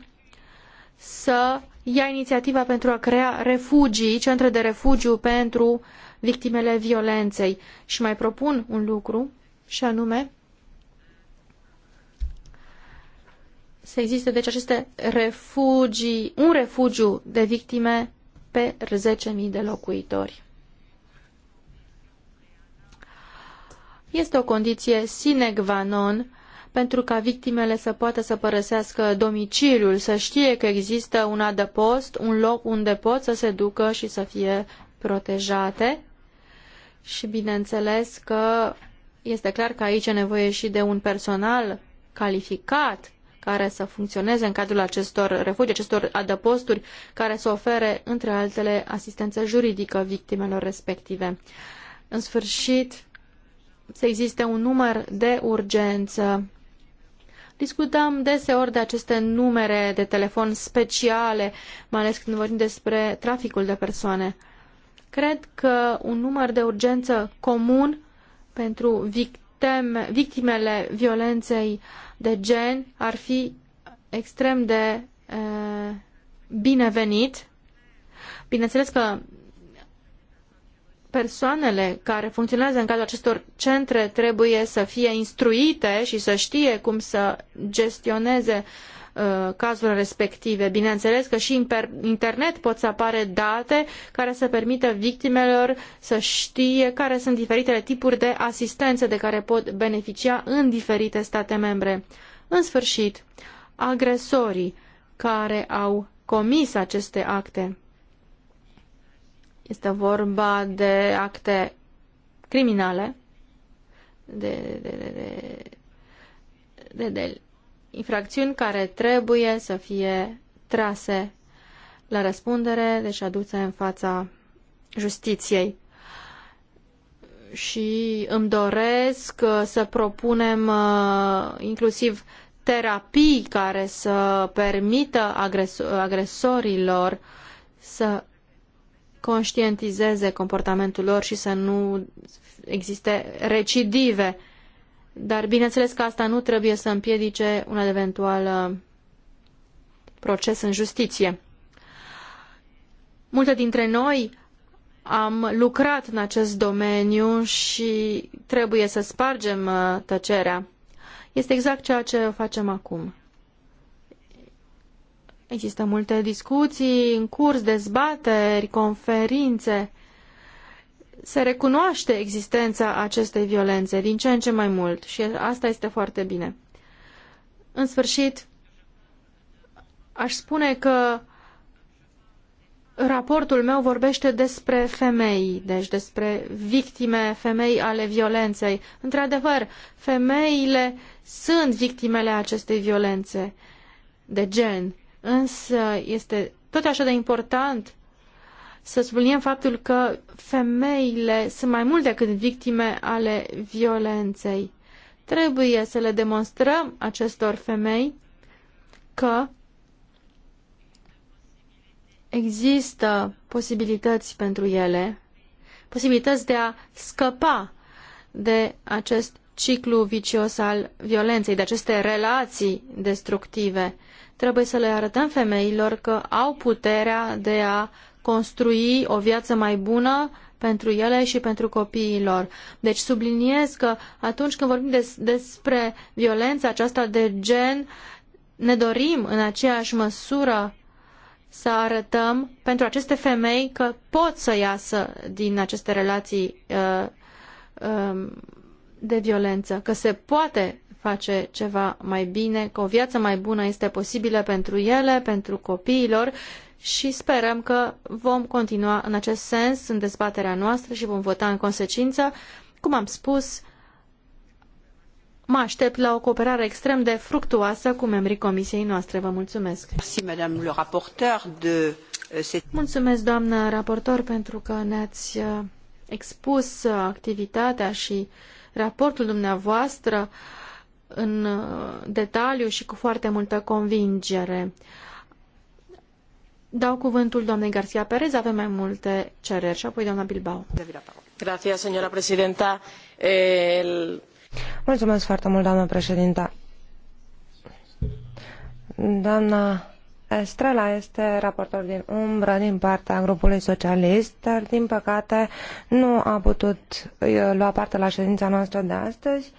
să ia inițiativa pentru a crea refugii, centre de refugiu pentru victimele violenței. Și mai propun un lucru, și anume să existe deci aceste refugii, un refugiu de victime pe 10.000 de locuitori. Este o condiție sine qua non pentru ca victimele să poată să părăsească domiciliul, să știe că există un adăpost, un loc unde pot să se ducă și să fie protejate. Și bineînțeles că este clar că aici e nevoie și de un personal calificat care să funcționeze în cadrul acestor refugii, acestor adăposturi, care să ofere, între altele, asistență juridică victimelor respective. În sfârșit, să existe un număr de urgență. Discutăm deseori de aceste numere de telefon speciale, mai ales când vorbim despre traficul de persoane. Cred că un număr de urgență comun pentru victime tem victimele violenței de gen ar fi extrem de e, binevenit. Bineînțeles că persoanele care funcționează în cadrul acestor centre trebuie să fie instruite și să știe cum să gestioneze uh, Uh, cazurile respective. Bineînțeles că și în internet pot să apare date care să permită victimelor să știe care sunt diferitele tipuri de asistență de care pot beneficia în diferite state membre. În sfârșit, agresorii care au comis aceste acte. Este vorba de acte criminale, de, de, de, de, de, de infracțiuni care trebuie să fie trase la răspundere, deci aduse în fața justiției. Și îmi doresc uh, să propunem uh, inclusiv terapii care să permită agresorilor să conștientizeze comportamentul lor și să nu existe recidive dar bineînțeles că asta nu trebuie să împiedice un eventual uh, proces în justiție. Multe dintre noi am lucrat în acest domeniu și trebuie să spargem uh, tăcerea. Este exact ceea ce facem acum. Există multe discuții în curs, dezbateri, conferințe se recunoaște existența acestei violențe din ce în ce mai mult și asta este foarte bine. În sfârșit, aș spune că raportul meu vorbește despre femei, deci despre victime, femei ale violenței. Într-adevăr, femeile sunt victimele acestei violențe de gen, însă este tot așa de important să subliniem faptul că femeile sunt mai mult decât victime ale violenței. Trebuie să le demonstrăm acestor femei că există posibilități pentru ele, posibilități de a scăpa de acest ciclu vicios al violenței, de aceste relații destructive. Trebuie să le arătăm femeilor că au puterea de a construi o viață mai bună pentru ele și pentru copiii lor. Deci subliniez că atunci când vorbim des, despre violența aceasta de gen, ne dorim în aceeași măsură să arătăm pentru aceste femei că pot să iasă din aceste relații uh, uh, de violență, că se poate face ceva mai bine, că o viață mai bună este posibilă pentru ele, pentru copiilor și sperăm că vom continua în acest sens în dezbaterea noastră și vom vota în consecință. Cum am spus, mă aștept la o cooperare extrem de fructuoasă cu membrii comisiei noastre. Vă mulțumesc! Euh, mulțumesc, doamnă raportor, pentru că ne-ați uh, expus uh, activitatea și raportul dumneavoastră în uh, detaliu și cu foarte multă convingere. Dau cuvântul doamnei García Pérez avem mai multe cereri și apoi doamna Bilbao. Gracias, señora presidenta. El... Mulțumesc foarte mult, doamnă președinta. Doamna Estrela este raportor din umbră din partea grupului socialist, dar din păcate nu a putut uh, lua parte la ședința noastră de astăzi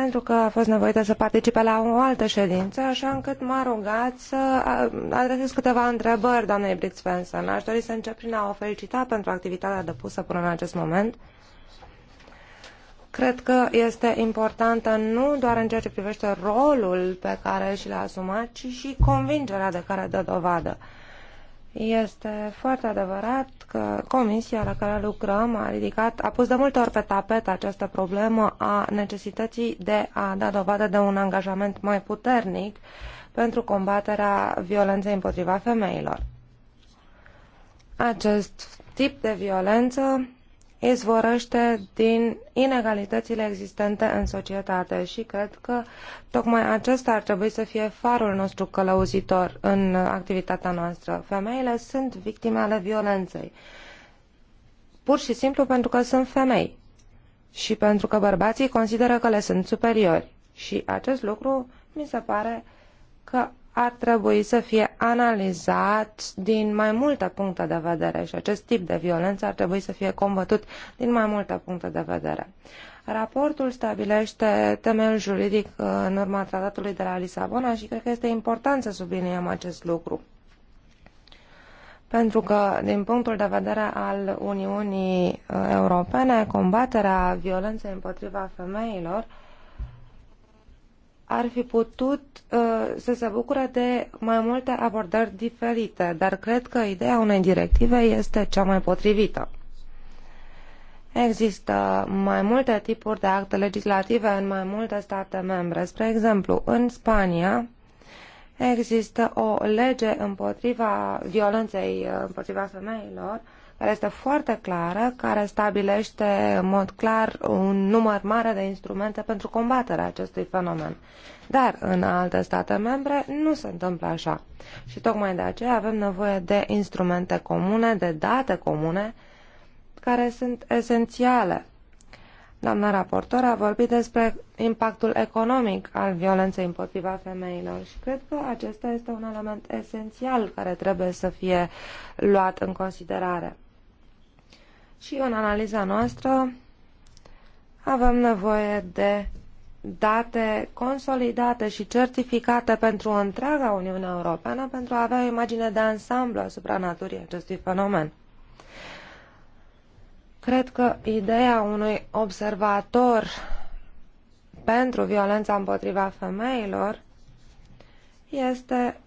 pentru că a fost nevoită să participe la o altă ședință, așa încât m-a rugat să adresez câteva întrebări doamnei Brix Svensson. Aș dori să încep prin a o felicita pentru activitatea depusă până în acest moment. Cred că este importantă nu doar în ceea ce privește rolul pe care și l-a asumat, ci și convingerea de care dă dovadă. Uh, este foarte adevărat că comisia la care lucrăm a ridicat, a pus de multe ori pe tapet această problemă a necesității de a da dovadă de un angajament mai puternic pentru combaterea violenței împotriva femeilor. Acest tip de violență izvorăște din inegalitățile existente în societate și cred că tocmai acesta ar trebui să fie farul nostru călăuzitor în activitatea noastră. Femeile sunt victime ale violenței, pur și simplu pentru că sunt femei și pentru că bărbații consideră că le sunt superiori. Și acest lucru mi se pare că ar trebui să fie analizat din mai multe puncte de vedere și acest tip de violență ar trebui să fie combătut din mai multe puncte de vedere. Raportul stabilește temeiul juridic în urma tratatului de la Lisabona și cred că este important să subliniem acest lucru. Pentru că, din punctul de vedere al Uniunii Europene, combaterea violenței împotriva femeilor ar fi putut uh, să se bucure de mai multe abordări diferite, dar cred că ideea unei directive este cea mai potrivită. Există mai multe tipuri de acte legislative în mai multe state membre. Spre exemplu, în Spania există o lege împotriva violenței împotriva femeilor care este foarte clară, care stabilește în mod clar un număr mare de instrumente pentru combaterea acestui fenomen. Dar în alte state membre nu se întâmplă așa. Și tocmai de aceea avem nevoie de instrumente comune, de date comune, care sunt esențiale. Doamna raportor a vorbit despre impactul economic al violenței împotriva femeilor și cred că acesta este un element esențial care trebuie să fie luat în considerare. Și în analiza noastră avem nevoie de date consolidate și certificate pentru întreaga Uniune Europeană pentru a avea o imagine de ansamblu asupra naturii acestui fenomen. Cred că ideea unui observator pentru violența împotriva femeilor este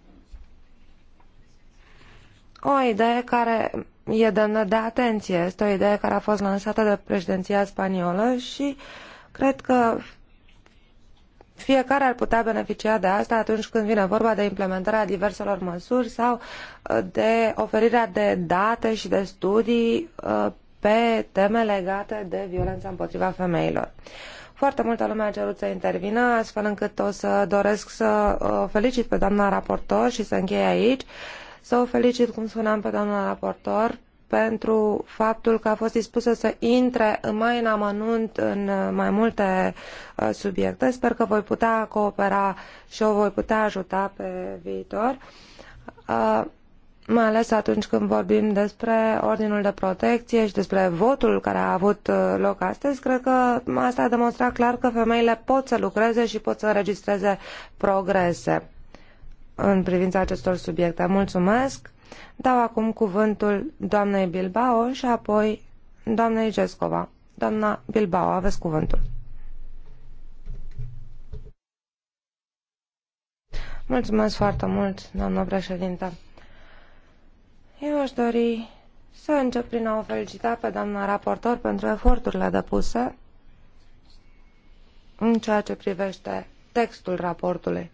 o idee care e demnă de atenție. Este o idee care a fost lansată de președinția spaniolă și cred că fiecare ar putea beneficia de asta atunci când vine vorba de implementarea diverselor măsuri sau uh, de oferirea de date și de studii uh, pe teme legate de violența împotriva femeilor. Foarte multă lume a cerut să intervină, astfel încât o să doresc să uh, felicit pe doamna raportor și să închei aici să o felicit, cum spuneam, pe doamna raportor pentru faptul că a fost dispusă să intre mai în amănunt în uh, mai multe uh, subiecte. Sper că voi putea coopera și o voi putea ajuta pe viitor, uh, mai ales atunci când vorbim despre ordinul de protecție și despre votul care a avut loc astăzi. Cred că asta a demonstrat clar că femeile pot să lucreze și pot să înregistreze progrese în privința acestor subiecte. Mulțumesc! Dau acum cuvântul doamnei Bilbao și apoi doamnei Gescova. Doamna Bilbao, aveți cuvântul. Mulțumesc foarte mult, doamna președintă. Eu aș dori să încep prin a o felicita pe doamna raportor pentru eforturile depuse în ceea ce privește textul raportului.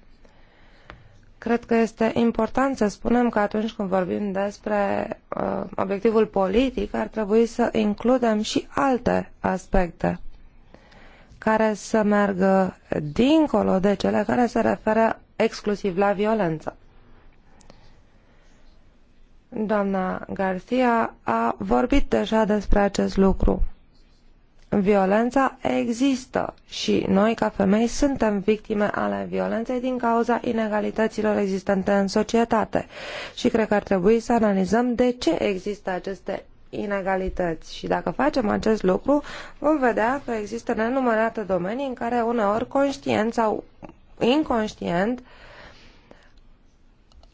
Cred că este important să spunem că atunci când vorbim despre uh, obiectivul politic, ar trebui să includem și alte aspecte care să meargă dincolo de cele care se referă exclusiv la violență. Doamna Garcia a vorbit deja despre acest lucru violența există și noi ca femei suntem victime ale violenței din cauza inegalităților existente în societate și cred că ar trebui să analizăm de ce există aceste inegalități și dacă facem acest lucru vom vedea că există nenumărate domenii în care uneori conștient sau inconștient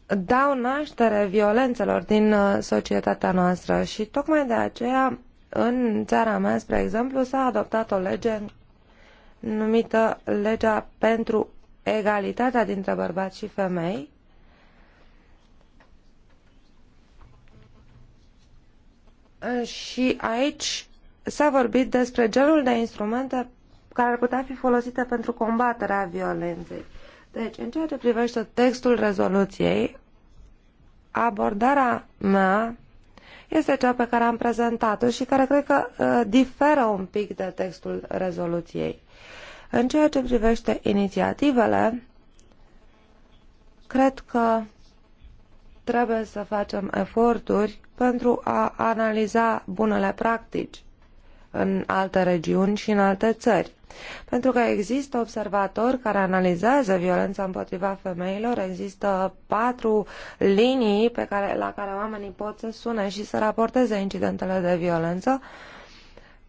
dau naștere violențelor din uh, societatea noastră și tocmai de aceea în țara mea, spre exemplu, s-a adoptat o lege numită Legea pentru Egalitatea dintre Bărbați și Femei, Și aici s-a vorbit despre genul de instrumente care ar putea fi folosite pentru combaterea violenței. Deci, în ceea ce privește textul rezoluției, abordarea mea este cea pe care am prezentat-o și care cred că uh, diferă un pic de textul rezoluției. În ceea ce privește inițiativele, cred că trebuie să facem eforturi pentru a analiza bunele practici în alte regiuni și în alte țări. Pentru că există observatori care analizează violența împotriva femeilor, există patru linii pe care, la care oamenii pot să sune și să raporteze incidentele de violență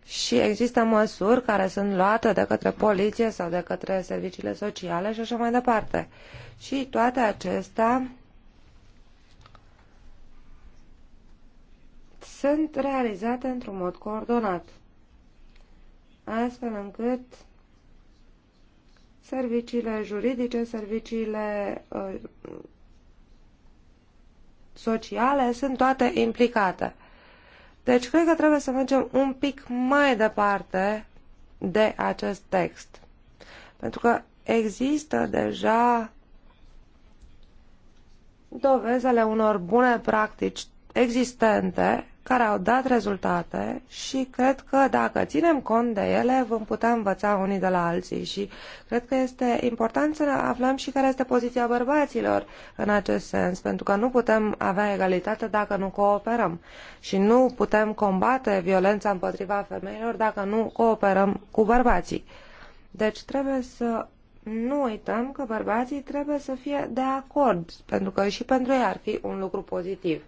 și există măsuri care sunt luate de către poliție sau de către serviciile sociale și așa mai departe. Și toate acestea sunt realizate într-un mod coordonat astfel încât serviciile juridice, serviciile uh, sociale sunt toate implicate. Deci cred că trebuie să mergem un pic mai departe de acest text. Pentru că există deja dovezele unor bune practici existente care au dat rezultate și cred că dacă ținem cont de ele, vom putea învăța unii de la alții și cred că este important să aflăm și care este poziția bărbaților în acest sens, pentru că nu putem avea egalitate dacă nu cooperăm și nu putem combate violența împotriva femeilor dacă nu cooperăm cu bărbații. Deci trebuie să nu uităm că bărbații trebuie să fie de acord, pentru că și pentru ei ar fi un lucru pozitiv.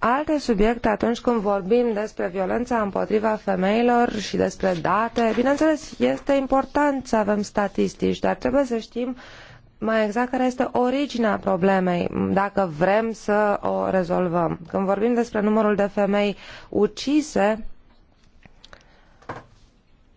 alte subiecte atunci când vorbim despre violența împotriva femeilor și despre date. Bineînțeles, este important să avem statistici, dar trebuie să știm mai exact care este originea problemei, dacă vrem să o rezolvăm. Când vorbim despre numărul de femei ucise,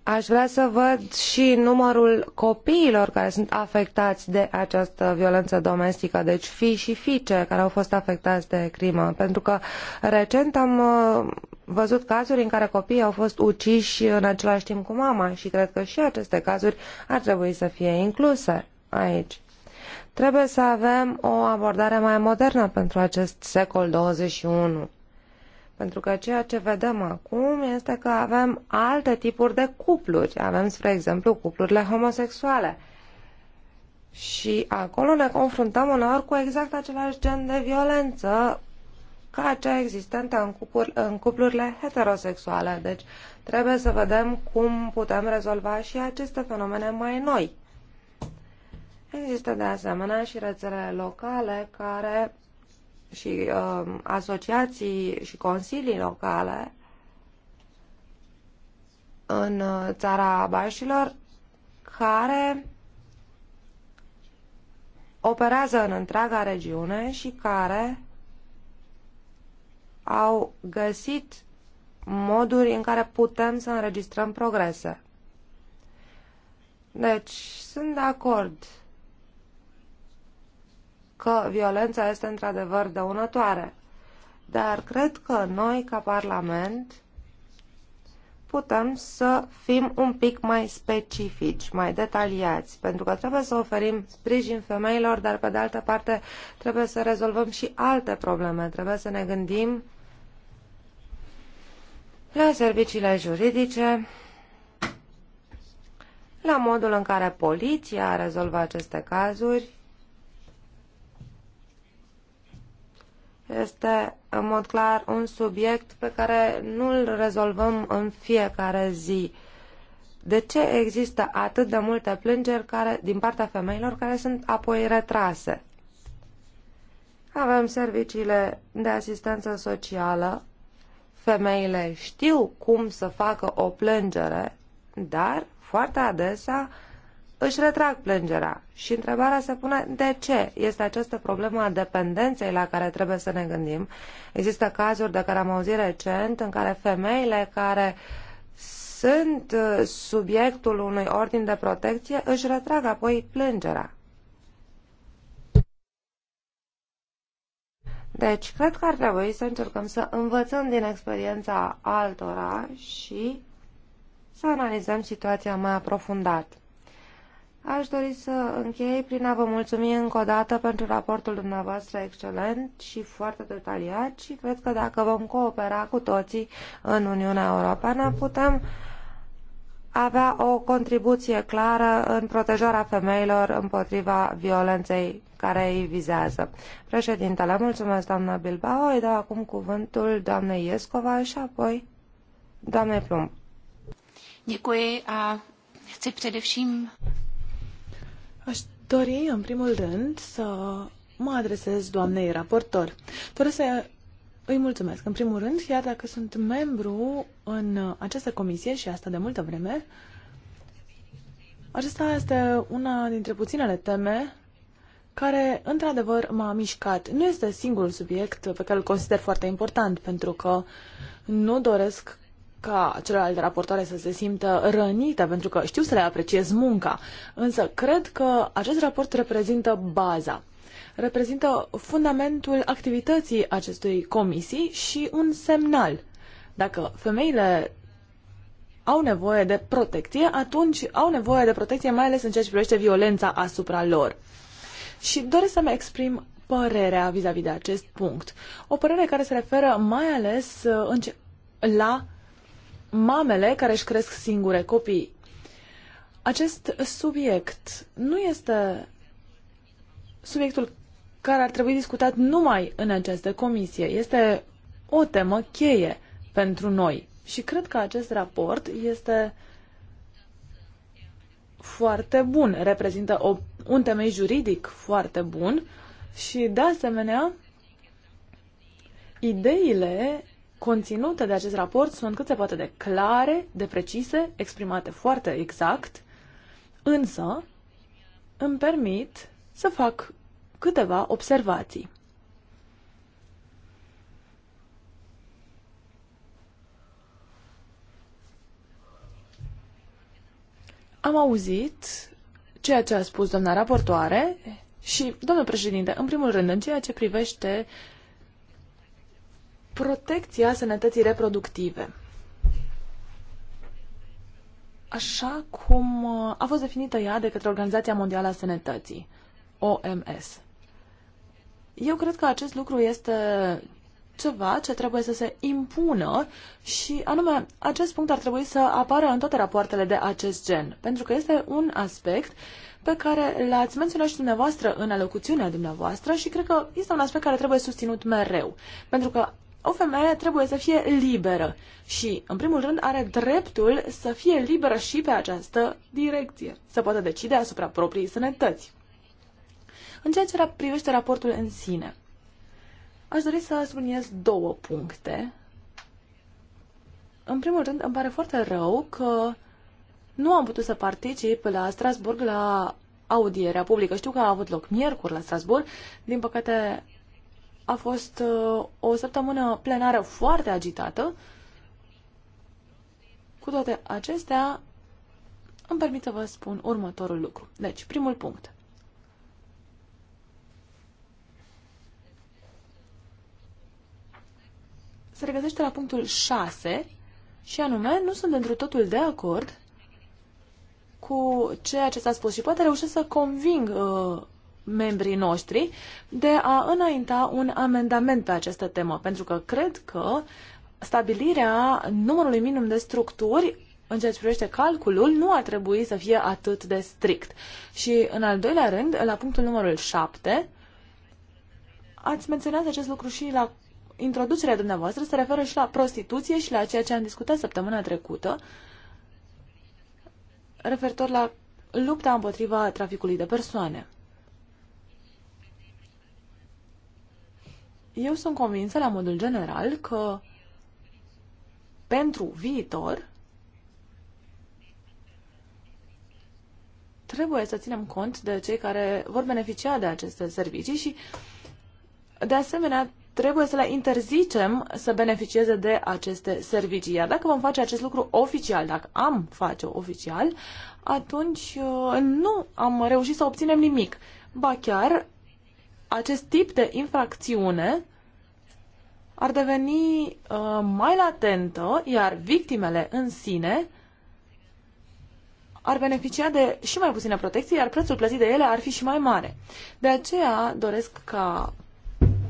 Aș vrea să văd și numărul copiilor care sunt afectați de această violență domestică, deci fii și fiice care au fost afectați de crimă, pentru că recent am uh, văzut cazuri în care copiii au fost uciși în același timp cu mama și cred că și aceste cazuri ar trebui să fie incluse aici. Trebuie să avem o abordare mai modernă pentru acest secol 21 pentru că ceea ce vedem acum este că avem alte tipuri de cupluri. Avem, spre exemplu, cuplurile homosexuale. Și acolo ne confruntăm uneori cu exact același gen de violență ca cea existentă în, cupur, în cuplurile heterosexuale. Deci trebuie să vedem cum putem rezolva și aceste fenomene mai noi. Există de asemenea și rețele locale care și uh, asociații și consilii locale în uh, țara Bașilor care operează în întreaga regiune și care au găsit moduri în care putem să înregistrăm progrese. Deci, sunt de acord că violența este într-adevăr dăunătoare. Dar cred că noi, ca Parlament, putem să fim un pic mai specifici, mai detaliați, pentru că trebuie să oferim sprijin femeilor, dar pe de altă parte trebuie să rezolvăm și alte probleme. Trebuie să ne gândim la serviciile juridice, la modul în care poliția rezolvă aceste cazuri este în mod clar un subiect pe care nu îl rezolvăm în fiecare zi. De ce există atât de multe plângeri care, din partea femeilor care sunt apoi retrase? Avem serviciile de asistență socială, femeile știu cum să facă o plângere, dar foarte adesea își retrag plângerea. Și întrebarea se pune de ce este această problemă a dependenței la care trebuie să ne gândim. Există cazuri de care am auzit recent în care femeile care sunt uh, subiectul unui ordin de protecție își retrag apoi plângerea. Deci, cred că ar trebui să încercăm să învățăm din experiența altora și să analizăm situația mai aprofundat. Aș dori să închei prin a vă mulțumi încă o dată pentru raportul dumneavoastră excelent și foarte detaliat și cred că dacă vom coopera cu toții în Uniunea Europeană putem avea o contribuție clară în protejarea femeilor împotriva violenței care îi vizează. Președintele, mulțumesc doamna Bilbao, îi dau acum cuvântul doamnei Iescova și apoi doamnei Plumb. Děkuji a chci především Aș dori, în primul rând, să mă adresez doamnei raportor. Doresc să îi mulțumesc. În primul rând, chiar dacă sunt membru în această comisie și asta de multă vreme, acesta este una dintre puținele teme care, într-adevăr, m-a mișcat. Nu este singurul subiect pe care îl consider foarte important, pentru că nu doresc ca celelalte raportoare să se simtă rănite, pentru că știu să le apreciez munca, însă cred că acest raport reprezintă baza, reprezintă fundamentul activității acestui comisii și un semnal. Dacă femeile au nevoie de protecție, atunci au nevoie de protecție mai ales în ceea ce privește violența asupra lor. Și doresc să-mi exprim părerea vis-a-vis de acest punct. O părere care se referă mai ales uh, la mamele care își cresc singure copii. Acest subiect nu este subiectul care ar trebui discutat numai în această comisie. Este o temă cheie pentru noi și cred că acest raport este foarte bun, reprezintă o, un temei juridic foarte bun și, de asemenea, ideile conținute de acest raport sunt cât se poate de clare, de precise, exprimate foarte exact, însă îmi permit să fac câteva observații. Am auzit ceea ce a spus doamna raportoare și, domnul președinte, în primul rând, în ceea ce privește protecția sănătății reproductive. Așa cum uh, a fost definită ea de către Organizația Mondială a Sănătății, OMS. Eu cred că acest lucru este ceva ce trebuie să se impună și anume acest punct ar trebui să apară în toate rapoartele de acest gen, pentru că este un aspect pe care l-ați menționat și dumneavoastră în alocuțiunea dumneavoastră și cred că este un aspect care trebuie susținut mereu, pentru că o femeie trebuie să fie liberă și, în primul rând, are dreptul să fie liberă și pe această direcție, să poată decide asupra propriei sănătăți. În ceea ce privește raportul în sine, aș dori să subliniez două puncte. În primul rând, îmi pare foarte rău că nu am putut să particip la Strasburg la audierea publică. Știu că a avut loc miercuri la Strasburg. Din păcate, a fost uh, o săptămână plenară foarte agitată. Cu toate acestea, îmi permit să vă spun următorul lucru. Deci, primul punct. Se regăsește la punctul 6 și anume, nu sunt într totul de acord cu ceea ce s-a spus și poate reușesc să conving uh, membrii noștri de a înainta un amendament pe această temă, pentru că cred că stabilirea numărului minim de structuri în ceea ce privește calculul, nu ar trebui să fie atât de strict. Și, în al doilea rând, la punctul numărul 7, ați menționat acest lucru și la introducerea dumneavoastră, se referă și la prostituție și la ceea ce am discutat săptămâna trecută, referitor la lupta împotriva traficului de persoane. eu sunt convinsă, la modul general, că pentru viitor trebuie să ținem cont de cei care vor beneficia de aceste servicii și, de asemenea, trebuie să le interzicem să beneficieze de aceste servicii. Iar dacă vom face acest lucru oficial, dacă am face oficial, atunci uh, nu am reușit să obținem nimic. Ba chiar acest tip de infracțiune ar deveni uh, mai latentă, iar victimele în sine ar beneficia de și mai puțină protecție, iar prețul plătit de ele ar fi și mai mare. De aceea doresc ca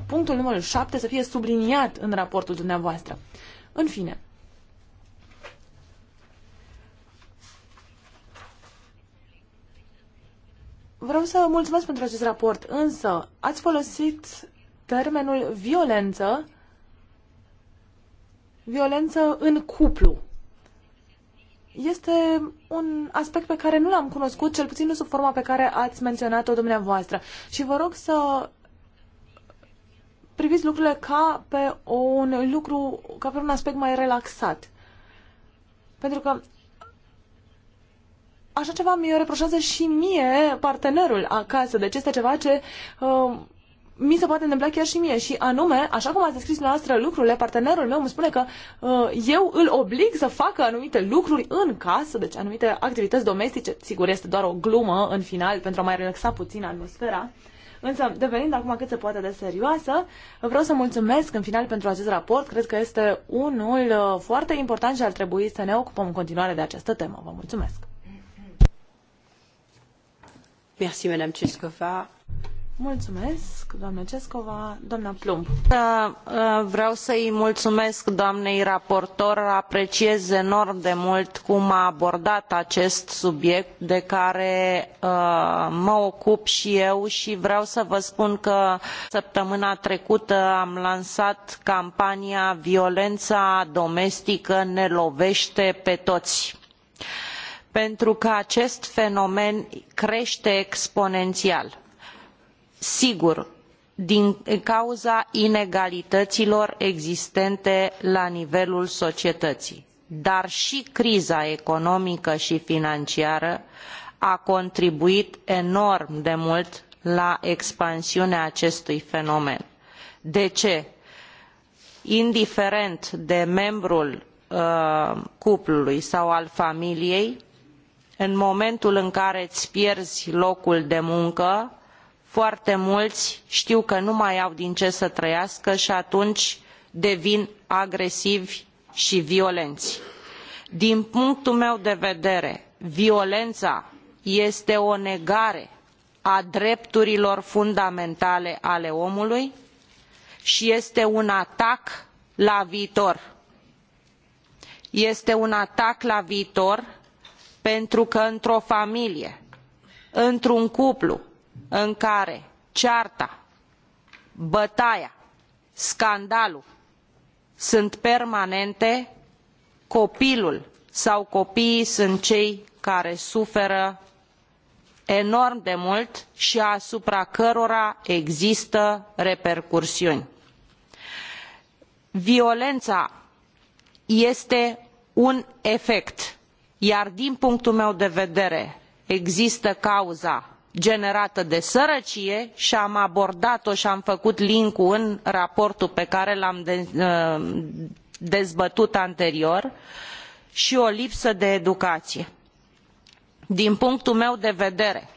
punctul numărul 7 să fie subliniat în raportul dumneavoastră. În fine, Vreau să mulțumesc pentru acest raport, însă ați folosit termenul violență, violență în cuplu. Este un aspect pe care nu l-am cunoscut, cel puțin nu sub forma pe care ați menționat-o dumneavoastră. Și vă rog să priviți lucrurile ca pe un lucru, ca pe un aspect mai relaxat. Pentru că așa ceva mi-o reproșează și mie partenerul acasă. Deci este ceva ce uh, mi se poate întâmpla chiar și mie. Și anume, așa cum ați descris dumneavoastră lucrurile, partenerul meu îmi spune că uh, eu îl oblig să facă anumite lucruri în casă, deci anumite activități domestice. Sigur, este doar o glumă în final pentru a mai relaxa puțin atmosfera. Însă, devenind acum cât se poate de serioasă, vreau să mulțumesc în final pentru acest raport. Cred că este unul uh, foarte important și ar trebui să ne ocupăm în continuare de această temă. Vă mulțumesc! Mulțumesc, Plumb. Da, uh, vreau să îi mulțumesc doamnei raportor. Apreciez enorm de mult cum a abordat acest subiect de care uh, mă ocup și eu și vreau să vă spun că săptămâna trecută am lansat campania Violența domestică ne lovete pe toți pentru că acest fenomen crete exponenial sigur din cauza inegalităilor existente la nivelul societăii dar i criza economică i financiară a contribuit enorm de mult la expansiunea acestui fenomen. de ce? indiferent de membrul uh, cuplului sau al familiei în momentul în care îi pierzi locul de muncă foarte muli tiu că nu mai au din ce să trăiască i atunci devin agresivi i violeni. din punctul meu de vedere violena este o negare a drepturilor fundamentale ale omului i este un atac la viitor este un atac la viitor pentru că într o familie într un cuplu în care cearta bătaia scandalul sunt permanente copilul sau copiii sunt cei care suferă enorm de mult i asupra cărora există repercusiuni. violena este un efect iar din punctul meu de vedere există cauza generată de sărăcie i am abordat o i am făcut link ul în raportul pe care l am uh, dezbătut anterior i o lipsă de educaie. din punctul meu de vedere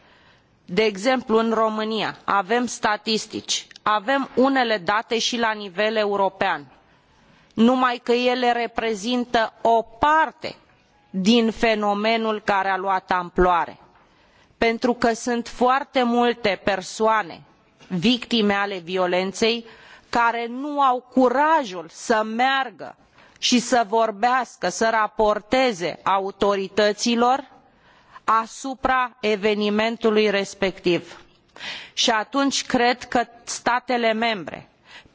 de exemplu în românia avem statistici avem unele date i la nivel european numai că ele reprezintă o parte din fenomenul care a luat amploare pentru că sunt foarte multe persoane victime ale violenei care nu au curajul să meargă i să vorbească să raporteze autorităilor asupra evenimentului respectiv i atunci cred că statele membre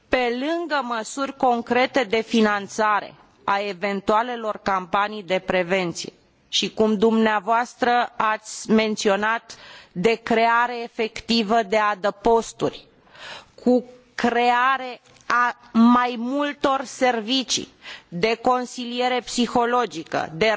pe lângă măsuri concrete de finanare a eventualelor campanii de prevenție i cum dumneavoastră ai menionat de creare efectivă de adăposturi cu creare a mai multor servicii de consiliere psihologică de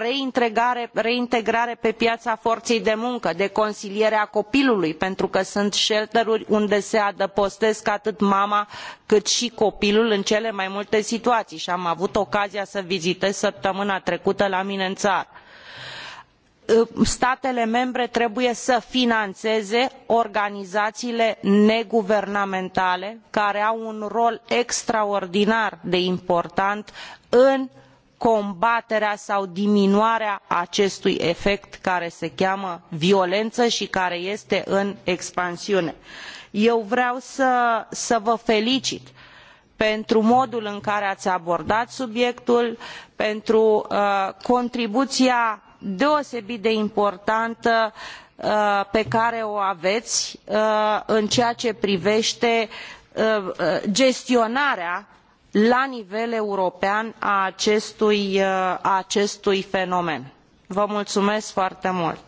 reintegrare, pe piaa forei de muncă de consiliere a copilului pentru că sunt shelteruri unde se adăpostesc atât mama cât i copilul în cele mai multe situaii i am avut ocazia să vizitez săptămâna trecută la mine în ară Uh, statele membre trebuie să finaneze organizaiile neguvernamentale care au un rol extraordinar de important în combaterea sau diminuarea acestui efect care se cheamă violenă i care este în expansiune. eu vreau să, vă felicit pentru modul în care ai abordat subiectul pentru uh, contribuia deosebit de importantă uh, pe care o avei uh, în ceea ce privete uh, gestionarea la nivel european a acestui, acestui fenomen. vă mulumesc foarte mult.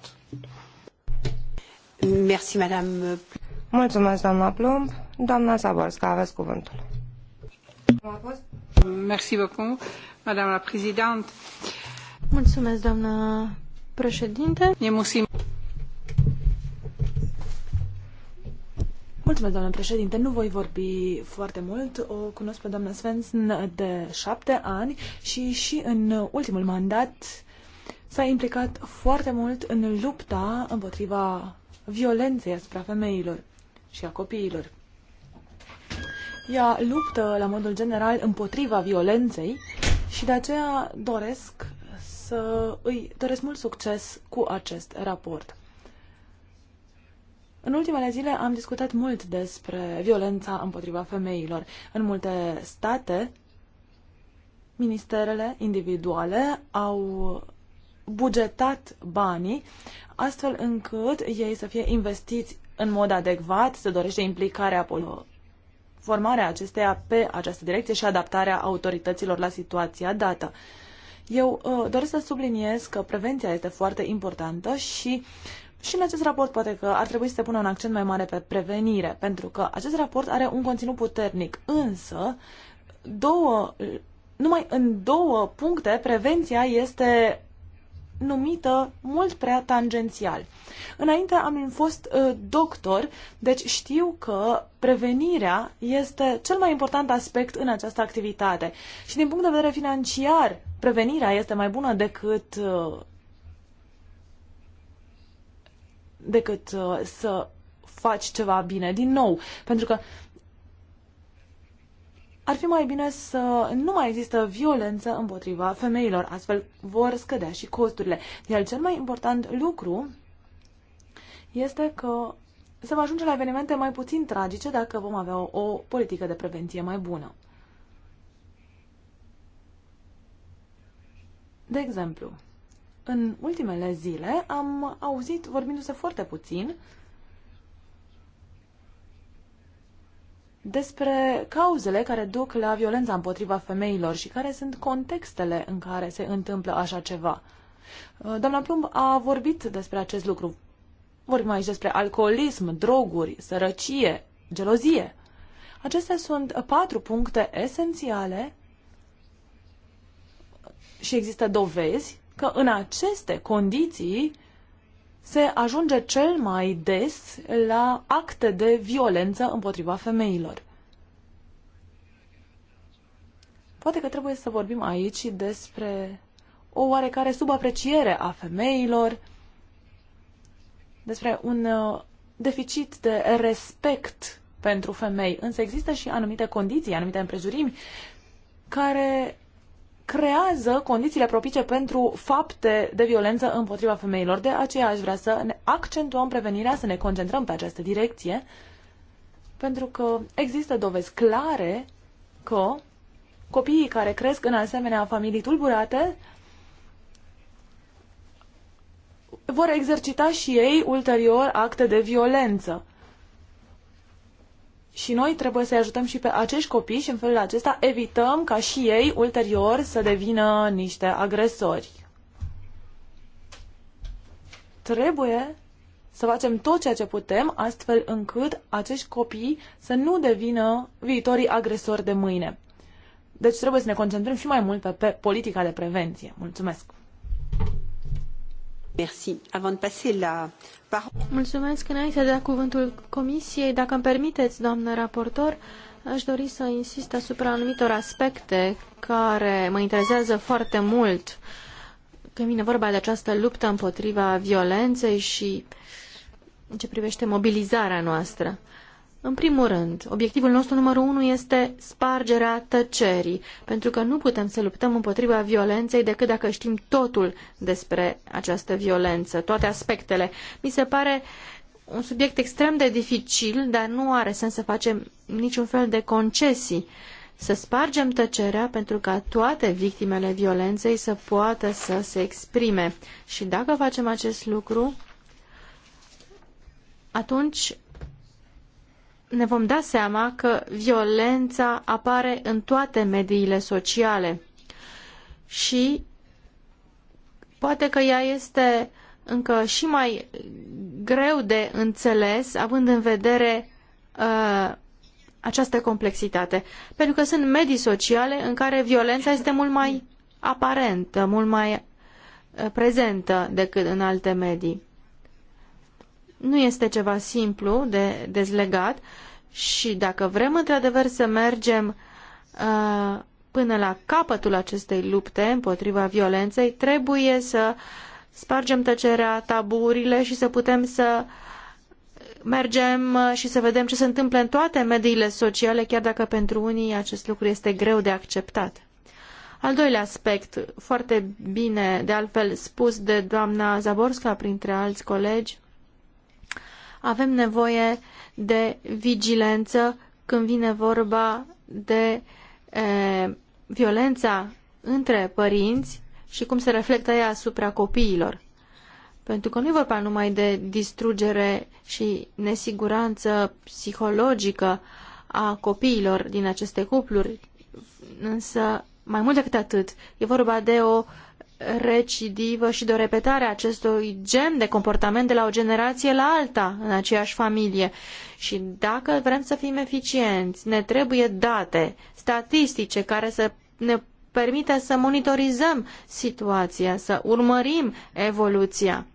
Mulțumesc, doamna Plumb. Doamna Zaborska, aveți cuvântul. Mulțumesc, beaucoup, madame la Mulțumesc, doamnă președinte. Ne musim. Mulțumesc, doamnă președinte. Nu voi vorbi foarte mult. O cunosc pe doamna Svensson de șapte ani și și în ultimul mandat s-a implicat foarte mult în lupta împotriva violenței asupra femeilor și a copiilor. Ea luptă la modul general împotriva violenței și de aceea doresc să îi doresc mult succes cu acest raport. În ultimele zile am discutat mult despre violența împotriva femeilor. În multe state, ministerele individuale au bugetat banii astfel încât ei să fie investiți în mod adecvat, să dorește implicarea formarea acesteia pe această direcție și adaptarea autorităților la situația dată. Eu uh, doresc să subliniez că prevenția este foarte importantă și și în acest raport poate că ar trebui să se pună un accent mai mare pe prevenire, pentru că acest raport are un conținut puternic, însă două, numai în două puncte prevenția este numită mult prea tangențial. Înainte am fost uh, doctor, deci știu că prevenirea este cel mai important aspect în această activitate. Și din punct de vedere financiar, prevenirea este mai bună decât uh, decât uh, să faci ceva bine din nou, pentru că ar fi mai bine să nu mai există violență împotriva femeilor, astfel vor scădea și costurile. Iar cel mai important lucru este că să vă ajunge la evenimente mai puțin tragice dacă vom avea o, o politică de prevenție mai bună. De exemplu, în ultimele zile am auzit, vorbindu-se foarte puțin, uh, despre cauzele care duc la violența împotriva femeilor și care sunt contextele în care se întâmplă așa ceva. Uh, doamna Plumb a vorbit despre acest lucru. Vorbim aici despre alcoolism, droguri, sărăcie, gelozie. Acestea sunt patru puncte esențiale și există dovezi că în aceste condiții se ajunge cel mai des la acte de violență împotriva femeilor. Poate că trebuie să vorbim aici despre o oarecare subapreciere a femeilor, despre un uh, deficit de respect pentru femei. Însă există și anumite condiții, anumite împrejurimi care creează condițiile propice pentru fapte de violență împotriva femeilor. De aceea aș vrea să ne accentuăm prevenirea, să ne concentrăm pe această direcție, pentru că există dovezi clare că copiii care cresc în asemenea familii tulburate vor exercita și ei ulterior acte de violență. Și noi trebuie să-i ajutăm și pe acești copii și în felul acesta evităm ca și ei ulterior să devină niște agresori. Trebuie să facem tot ceea ce putem astfel încât acești copii să nu devină viitorii agresori de mâine. Deci trebuie să ne concentrăm și mai mult pe, pe politica de prevenție. Mulțumesc! Merci. Avant de passer la Mulțumesc. Înainte de a da cuvântul Comisiei, dacă îmi permiteți, doamnă raportor, aș dori să insist asupra anumitor aspecte care mă interesează foarte mult când vine vorba de această luptă împotriva violenței și în ce privește mobilizarea noastră. Uh, în primul rând, obiectivul nostru numărul unu este spargerea tăcerii, pentru că nu putem să luptăm împotriva violenței decât dacă știm totul despre această violență, toate aspectele. Mi se pare un subiect extrem de dificil, dar nu are sens să facem niciun fel de concesii. Să spargem tăcerea pentru ca toate victimele violenței să poată să se exprime. Și dacă facem acest lucru, atunci ne vom da seama că violența apare în toate mediile sociale și poate că ea este încă și mai greu de înțeles, având în vedere uh, această complexitate. Pentru că sunt medii sociale în care violența este mult mai aparentă, mult mai uh, prezentă decât în alte medii nu este ceva simplu de dezlegat și dacă vrem într-adevăr să mergem uh, până la capătul acestei lupte împotriva violenței, trebuie să spargem tăcerea, taburile și să putem să mergem uh, și să vedem ce se întâmplă în toate mediile sociale, chiar dacă pentru unii acest lucru este greu de acceptat. Al doilea aspect, foarte bine de altfel spus de doamna Zaborska printre alți colegi, avem nevoie de vigilență când vine vorba de e, violența între părinți și cum se reflectă ea asupra copiilor. Pentru că nu e vorba numai de distrugere și nesiguranță psihologică a copiilor din aceste cupluri, însă mai mult decât atât, e vorba de o recidivă și de o repetare a acestui gen de comportament de la o generație la alta în aceeași familie. Și dacă vrem să fim eficienți, ne trebuie date statistice care să ne permită să monitorizăm situația, să urmărim evoluția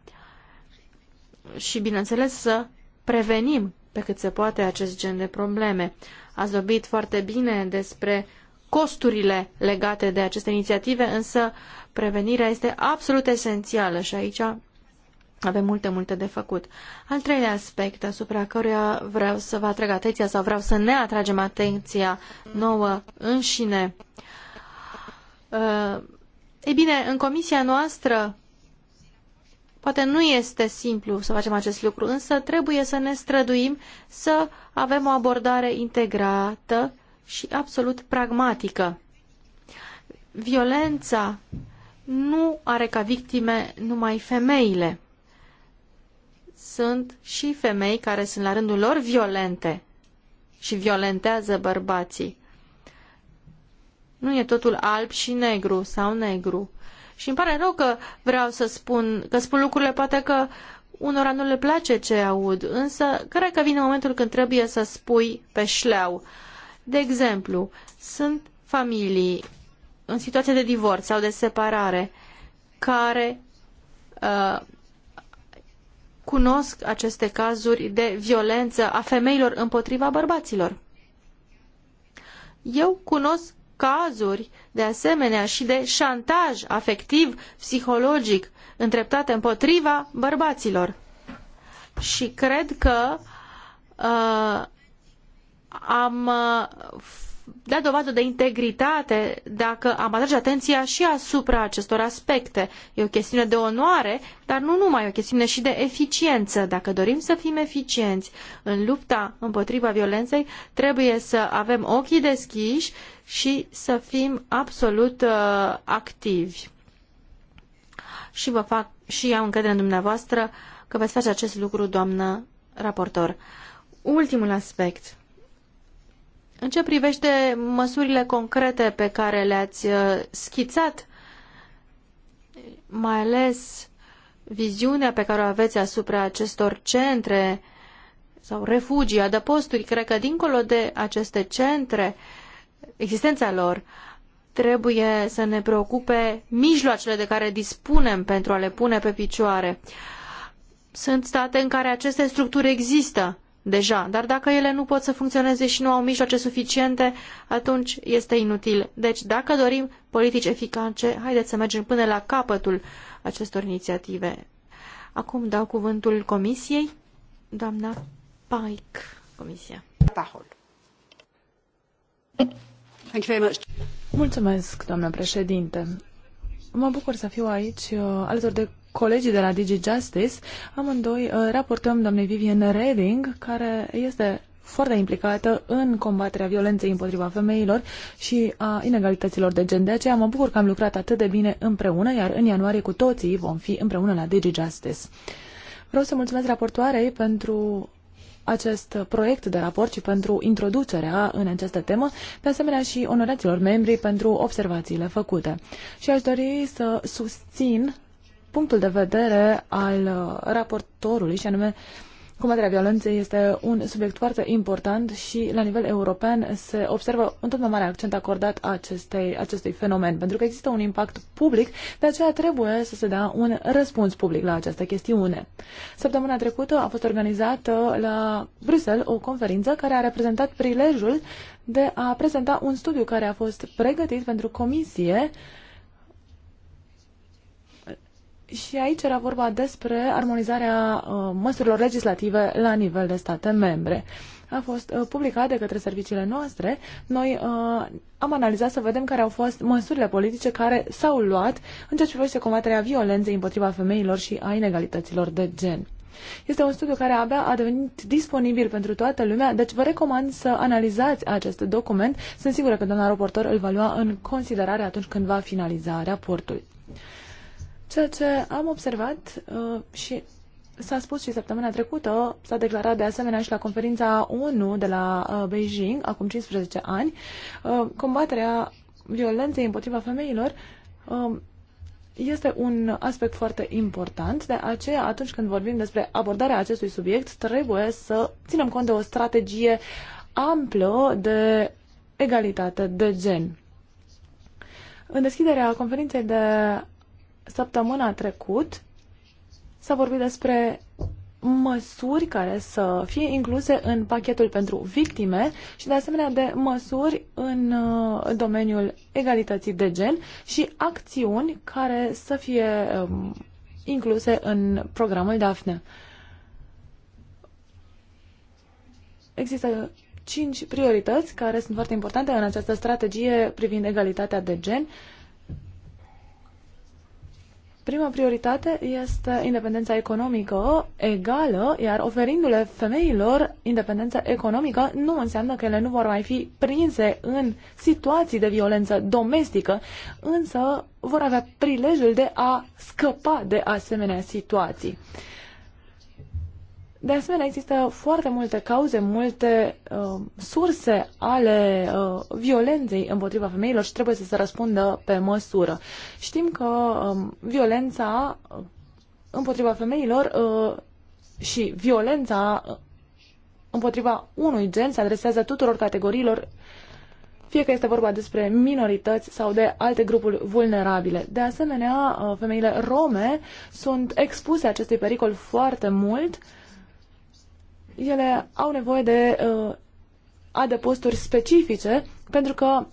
și, bineînțeles, să prevenim pe cât se poate acest gen de probleme. Ați vorbit foarte bine despre costurile legate de aceste inițiative, însă prevenirea este absolut esențială și aici avem multe, multe de făcut. Al treilea aspect asupra căruia vreau să vă atrag atenția sau vreau să ne atragem atenția nouă înșine. Uh, ei bine, în comisia noastră poate nu este simplu să facem acest lucru, însă trebuie să ne străduim să avem o abordare integrată și absolut pragmatică. Violența nu are ca victime numai femeile. Sunt și femei care sunt la rândul lor violente și violentează bărbații. Nu e totul alb și negru sau negru. Și îmi pare rău că vreau să spun, că spun lucrurile poate că unora nu le place ce aud, însă cred că vine momentul când trebuie să spui pe șleau. Uh, de exemplu, sunt familii în situație de divorț sau de separare care uh, cunosc aceste cazuri de violență a femeilor împotriva bărbaților. Eu cunosc cazuri, de asemenea, și de șantaj afectiv, psihologic, întreptate împotriva bărbaților. Și cred că uh, am uh, dat dovadă de integritate dacă am atrage atenția și asupra acestor aspecte. E o chestiune de onoare, dar nu numai, e o chestiune și de eficiență. Dacă dorim să fim eficienți în lupta împotriva violenței, trebuie să avem ochii deschiși și să fim absolut uh, activi. Și vă fac și am încredere în dumneavoastră că veți face acest lucru, doamnă raportor. Ultimul aspect – în ce privește măsurile concrete pe care le-ați uh, schițat, mai ales viziunea pe care o aveți asupra acestor centre sau refugii, adăposturi, cred că dincolo de aceste centre, existența lor, trebuie să ne preocupe mijloacele de care dispunem pentru a le pune pe picioare. Sunt state în care aceste structuri există deja. Dar dacă ele nu pot să funcționeze și nu au mijloace suficiente, atunci este inutil. Deci, dacă dorim politici eficace, haideți să mergem până la capătul acestor inițiative. Acum dau cuvântul Comisiei. Doamna Pike, Comisia. Pahol. Mulțumesc, doamnă președinte. Mă bucur să fiu aici uh, alături de colegii de la Digi Justice, amândoi uh, raportăm doamnei Vivian Reding, care este foarte implicată în combaterea violenței împotriva femeilor și a inegalităților de gen. De aceea mă bucur că am lucrat atât de bine împreună, iar în ianuarie cu toții vom fi împreună la Digi Justice. Vreau să mulțumesc raportoarei pentru acest proiect de raport și pentru introducerea în această temă, de asemenea și onoraților membri pentru observațiile făcute. Și aș dori să susțin punctul de vedere al uh, raportorului și anume combaterea violenței este un subiect foarte important și la nivel european se observă un tot mai mare accent acordat acestei, acestui fenomen, pentru că există un impact public, de aceea trebuie să se dea un răspuns public la această chestiune. Săptămâna trecută a fost organizată la Bruxelles o conferință care a reprezentat prilejul de a prezenta un studiu care a fost pregătit pentru comisie uh, și aici era vorba despre armonizarea uh, măsurilor legislative la nivel de state membre. A fost uh, publicat de către serviciile noastre. Noi uh, am analizat să vedem care au fost măsurile politice care s-au luat în ceea ce privește combaterea violenței împotriva femeilor și a inegalităților de gen. Este un studiu care abia a devenit disponibil pentru toată lumea, deci vă recomand să analizați acest document. Sunt sigură că doamna raportor îl va lua în considerare atunci când va finaliza raportul. Ceea ce am observat uh, și s-a spus și săptămâna trecută, s-a declarat de asemenea și la conferința ONU de la uh, Beijing, acum 15 ani, uh, combaterea violenței împotriva femeilor um, este un aspect foarte important, de aceea atunci când vorbim despre abordarea acestui subiect, trebuie să ținem cont de o strategie amplă de egalitate de gen. În deschiderea conferinței de săptămâna trecut s-a vorbit despre măsuri care să fie incluse în pachetul pentru victime și de asemenea de măsuri în domeniul egalității de gen și acțiuni care să fie um, incluse în programul DAFNE. Există cinci priorități care sunt foarte importante în această strategie privind egalitatea de gen Prima prioritate este independența economică egală, iar oferindu-le femeilor independența economică nu înseamnă că ele nu vor mai fi prinse în situații de violență domestică, însă vor avea prilejul de a scăpa de asemenea situații. De asemenea, există foarte multe cauze, multe uh, surse ale uh, violenței împotriva femeilor și trebuie să se răspundă pe măsură. Știm că um, uh, violența împotriva femeilor uh, și violența uh, împotriva unui gen se adresează tuturor categoriilor, fie că este vorba despre minorități sau de alte grupuri vulnerabile. De asemenea, uh, femeile rome sunt expuse acestui pericol foarte mult ele au nevoie de uh, adăposturi specifice, pentru că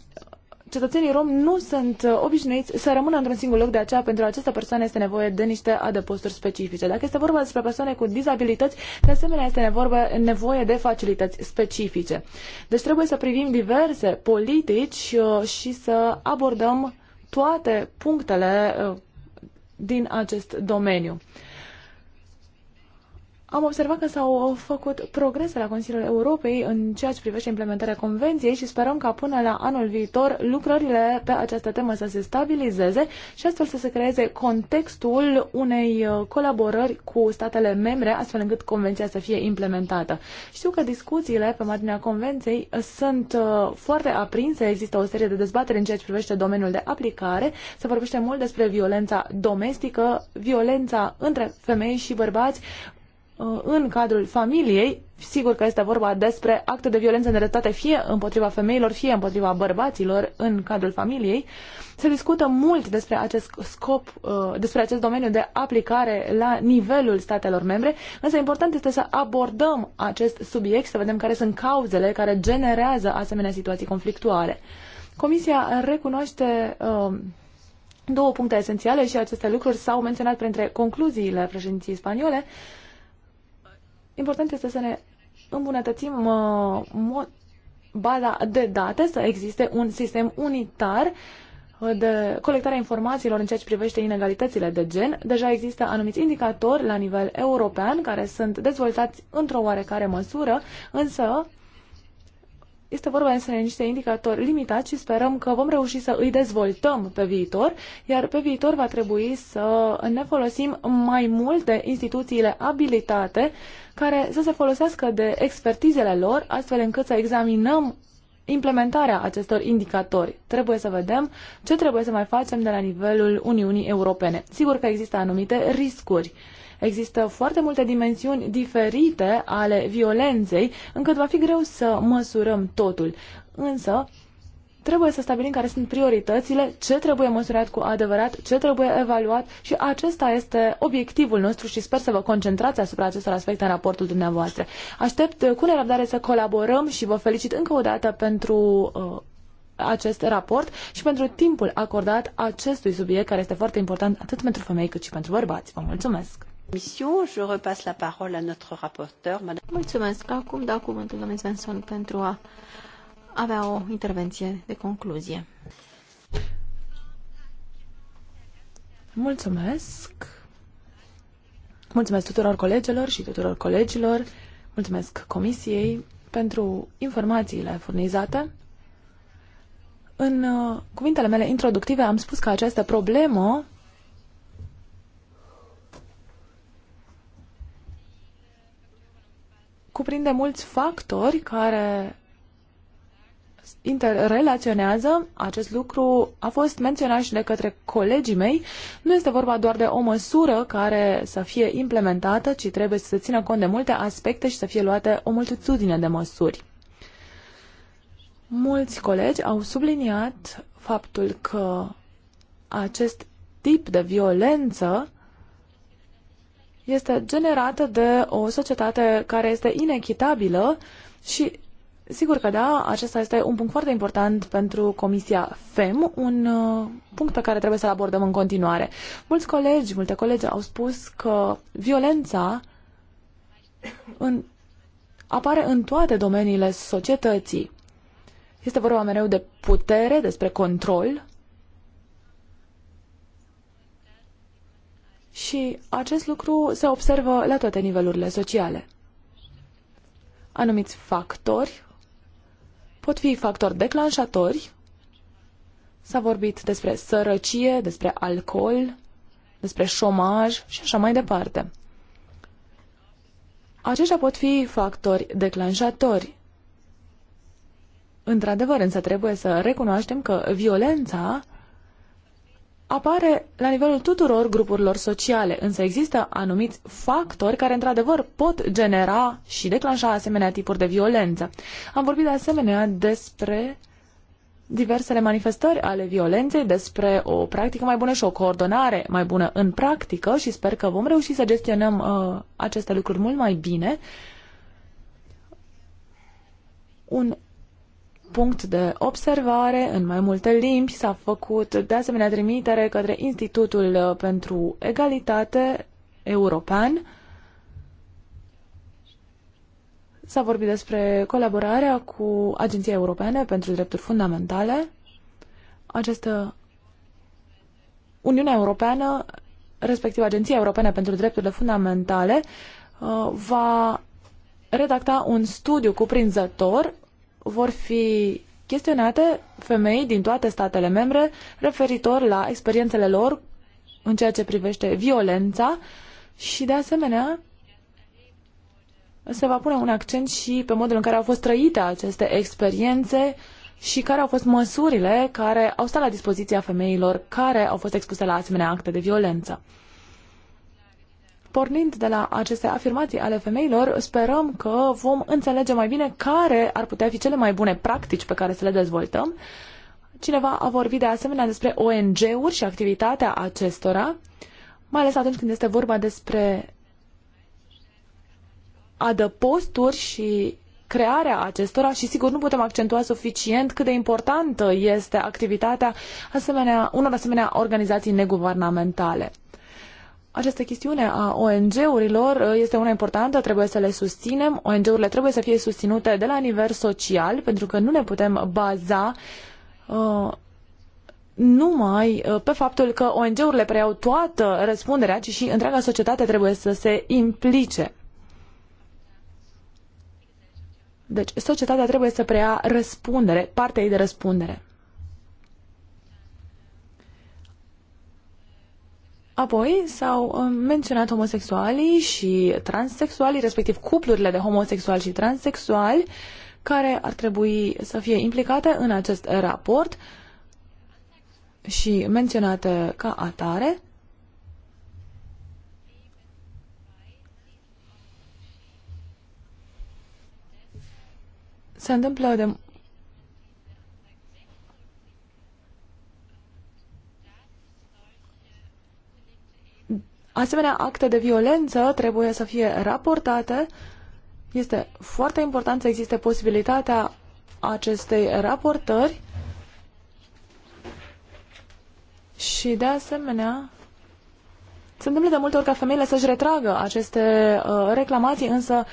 cetățenii romi nu sunt uh, obișnuiți să rămână într-un singur loc, de aceea pentru această persoană este nevoie de niște adăposturi specifice. Dacă este vorba despre persoane cu dizabilități, de asemenea este nevoie de facilități specifice. Deci trebuie să privim diverse politici uh, și să abordăm toate punctele uh, din acest domeniu. Am observat că s-au făcut progrese la Consiliul Europei în ceea ce privește implementarea convenției și sperăm ca până la anul viitor lucrările pe această temă să se stabilizeze și astfel să se creeze contextul unei uh, colaborări cu statele membre, astfel încât convenția să fie implementată. Știu că discuțiile pe marginea convenției uh, sunt uh, foarte aprinse, există o serie de dezbateri în ceea ce privește domeniul de aplicare, se vorbește mult despre violența domestică, violența între femei și bărbați, Uh, în cadrul familiei, sigur că este vorba despre acte de violență îndreptate fie împotriva femeilor, fie împotriva bărbaților în cadrul familiei, se discută mult despre acest scop, uh, despre acest domeniu de aplicare la nivelul statelor membre, însă important este să abordăm acest subiect, să vedem care sunt cauzele care generează asemenea situații conflictuale. Comisia recunoaște uh, două puncte esențiale și aceste lucruri s-au menționat printre concluziile președinției spaniole, important este să ne îmbunătățim uh, mod, baza de date, să existe un sistem unitar uh, de colectarea informațiilor în ceea ce privește inegalitățile de gen. Deja există anumiți indicatori la nivel european care sunt dezvoltați într-o oarecare măsură, însă este vorba însă de niște indicatori limitați și sperăm că vom reuși să îi dezvoltăm pe viitor, iar pe viitor va trebui să ne folosim mai mult de instituțiile abilitate care să se folosească de expertizele lor, astfel încât să examinăm implementarea acestor indicatori. Trebuie să vedem ce trebuie să mai facem de la nivelul Uniunii Europene. Sigur că există anumite riscuri Există foarte multe dimensiuni diferite ale violenței, încât va fi greu să măsurăm totul. Însă, trebuie să stabilim care sunt prioritățile, ce trebuie măsurat cu adevărat, ce trebuie evaluat și acesta este obiectivul nostru și sper să vă concentrați asupra acestor aspecte în raportul dumneavoastră. Aștept cu nerăbdare să colaborăm și vă felicit încă o dată pentru uh, acest raport și pentru timpul acordat acestui subiect care este foarte important atât pentru femei cât și pentru bărbați. Vă mulțumesc! Mission, je repasse la parole à notre rapporteur, madame. Mulțumesc. Acum dau cuvântul domnului Svensson pentru a avea o intervenție de concluzie. Mulțumesc. Mulțumesc tuturor colegilor și tuturor colegilor. Mulțumesc comisiei pentru informațiile furnizate. În uh, cuvintele mele introductive am spus că această problemă cuprinde mulți factori care interrelaționează. Acest lucru a fost menționat și de către colegii mei. Nu este vorba doar de o măsură care să fie implementată, ci trebuie să se țină cont de multe aspecte și să fie luate o multitudine de măsuri. Mulți colegi au subliniat faptul că acest tip de violență este generată de o societate care este inechitabilă și Sigur că da, acesta este un punct foarte important pentru Comisia FEM, un uh, punct pe care trebuie să-l abordăm în continuare. Mulți colegi, multe colegi au spus că violența în, apare în toate domeniile societății. Este vorba mereu de putere, despre control și acest lucru se observă la toate nivelurile sociale. Anumiți factori pot fi factori declanșatori. S-a vorbit despre sărăcie, despre alcool, despre șomaj și așa mai departe. Aceștia pot fi factori declanșatori. Într-adevăr, însă trebuie să recunoaștem că violența apare la nivelul tuturor grupurilor sociale, însă există anumiți factori care într-adevăr pot genera și declanșa asemenea tipuri de violență. Am vorbit de asemenea despre diversele manifestări ale violenței, despre o practică mai bună și o coordonare mai bună în practică și sper că vom reuși să gestionăm uh, aceste lucruri mult mai bine. Un punct de observare în mai multe limbi. S-a făcut de asemenea trimitere către Institutul uh, pentru Egalitate European. S-a vorbit despre colaborarea cu Agenția Europeană pentru Drepturi Fundamentale. Această Uniunea Europeană, respectiv Agenția Europeană pentru Drepturile Fundamentale, uh, va redacta un studiu cuprinzător vor fi chestionate femei din toate statele membre referitor la experiențele lor în ceea ce privește violența și, de asemenea, se va pune un accent și pe modul în care au fost trăite aceste experiențe și care au fost măsurile care au stat la dispoziția femeilor care au fost expuse la asemenea acte de violență. Pornind de la aceste afirmații ale femeilor, sperăm că vom înțelege mai bine care ar putea fi cele mai bune practici pe care să le dezvoltăm. Cineva a vorbit de asemenea despre ONG-uri și activitatea acestora, mai ales atunci când este vorba despre adăposturi și crearea acestora și sigur nu putem accentua suficient cât de importantă este activitatea asemenea, unor asemenea organizații neguvernamentale. Această chestiune a ONG-urilor uh, este una importantă, trebuie să le susținem. ONG-urile trebuie să fie susținute de la nivel social, pentru că nu ne putem baza uh, numai uh, pe faptul că ONG-urile preiau toată răspunderea, ci și întreaga societate trebuie să se implice. Deci societatea trebuie să preia răspundere, partea ei de răspundere. Apoi s-au um, menționat homosexualii și transexualii, respectiv cuplurile de homosexuali și transexuali, care ar trebui să fie implicate în acest raport și menționate ca atare. Se întâmplă de Asemenea, acte de violență trebuie să fie raportate. Este foarte important să existe posibilitatea acestei raportări și, de asemenea, se întâmplă de multe ori ca femeile să-și retragă aceste uh, reclamații, însă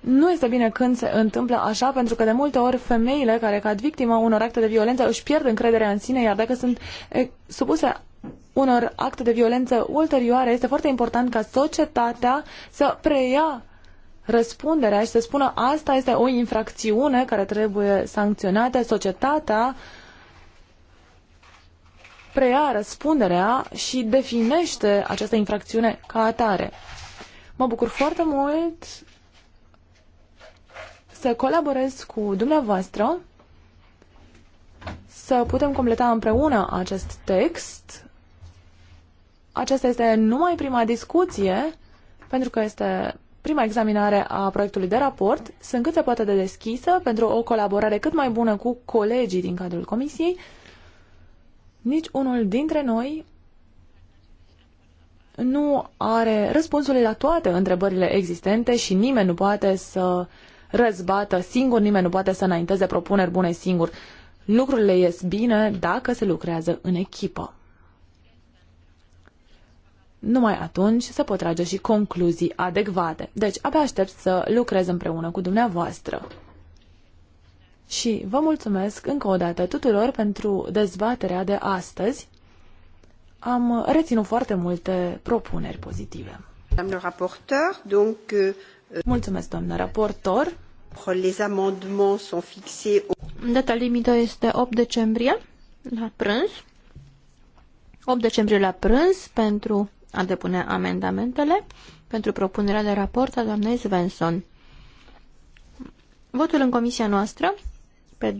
nu este bine când se întâmplă așa, pentru că de multe ori femeile care cad victima unor acte de violență își pierd încrederea în sine, iar dacă sunt eh, supuse unor acte de violență ulterioare, este foarte important ca societatea să preia răspunderea și să spună asta este o infracțiune care trebuie sancționată, societatea preia răspunderea și definește această infracțiune ca atare. Mă bucur foarte mult să colaborez cu dumneavoastră, să putem completa împreună acest text aceasta este numai prima discuție, pentru că este prima examinare a proiectului de raport. Sunt cât se poate de deschisă pentru o colaborare cât mai bună cu colegii din cadrul comisiei. Nici unul dintre noi nu are răspunsurile la toate întrebările existente și nimeni nu poate să răzbată singur, nimeni nu poate să înainteze propuneri bune singur. Lucrurile ies bine dacă se lucrează în echipă numai atunci se pot trage și concluzii adecvate. Deci, abia aștept să lucrez împreună cu dumneavoastră. Și vă mulțumesc încă o dată tuturor pentru dezbaterea de astăzi. Am reținut foarte multe propuneri pozitive. raportor, donc, euh, Mulțumesc, doamnă raportor. Les amendements fixés Data limită este 8 decembrie la prânz. 8 decembrie la prânz pentru a depune amendamentele pentru propunerea de raport a doamnei Svensson. Votul în comisia noastră pe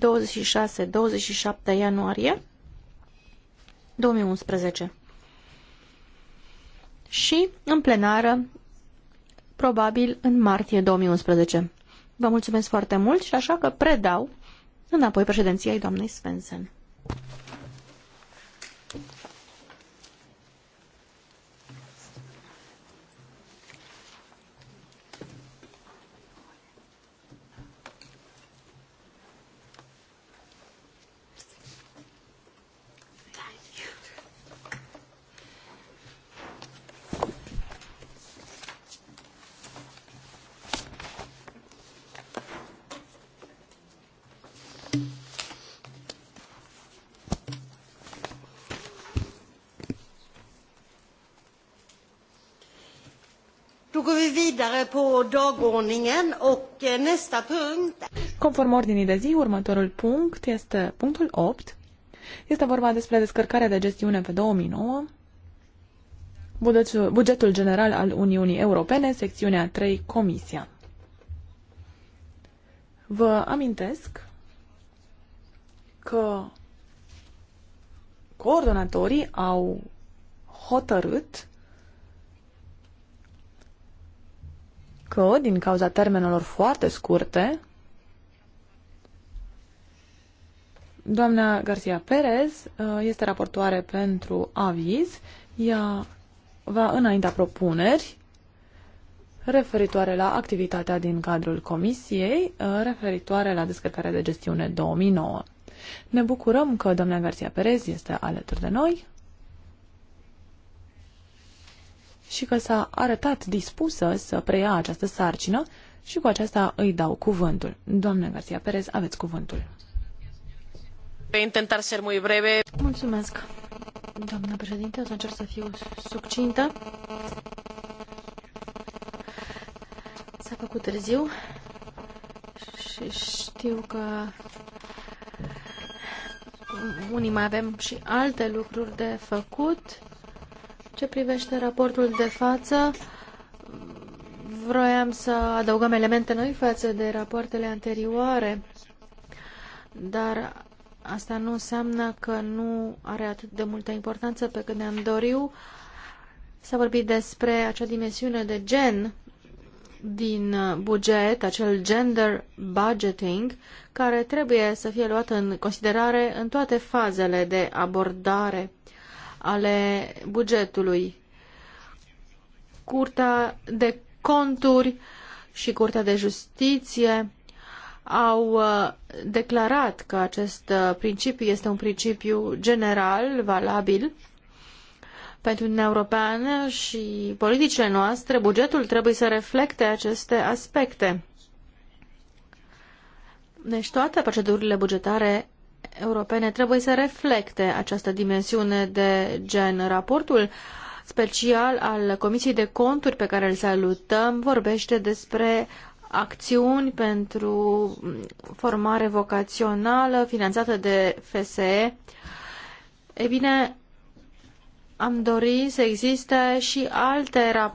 26-27 ianuarie 2011 și în plenară probabil în martie 2011. Vă mulțumesc foarte mult și așa că predau înapoi președinției doamnei Svensson. vi vidare på dagordningen och eh, nästa punkt... Conform ordinii de zi, următorul punct este punctul 8. Este vorba despre descărcarea de gestiune pe 2009, bugetul, bugetul general al Uniunii Europene, secțiunea 3, Comisia. Vă amintesc că coordonatorii au hotărât că, din cauza termenelor foarte scurte, doamna Garcia Perez uh, este raportoare pentru aviz. Ea va înainta propuneri referitoare la activitatea din cadrul comisiei, uh, referitoare la descărcarea de gestiune 2009. Ne bucurăm că doamna Garcia Perez este alături de noi. și că s-a arătat dispusă să preia această sarcină și cu aceasta îi dau cuvântul. Doamne Garcia Perez, aveți cuvântul. Intentar ser muy breve. Mulțumesc, doamnă președinte, o să încerc să fiu succintă. S-a făcut târziu și știu că unii mai avem și alte lucruri de făcut ce privește raportul de față, vroiam să adăugăm elemente noi față de rapoartele anterioare, dar asta nu înseamnă că nu are atât de multă importanță pe cât ne-am doriu. S-a vorbit despre acea dimensiune de gen din buget, acel gender budgeting, care trebuie să fie luat în considerare în toate fazele de abordare uh, ale bugetului. Curtea de conturi și Curtea de justiție au uh, declarat că acest uh, principiu este un principiu general, valabil pentru Uniunea Europeană și politicile noastre, bugetul trebuie să reflecte aceste aspecte. Deci toate procedurile bugetare europene trebuie să reflecte această dimensiune de gen. Raportul special al Comisiei de Conturi pe care îl salutăm vorbește despre acțiuni pentru formare vocațională finanțată de FSE. E bine, am dori să existe și alte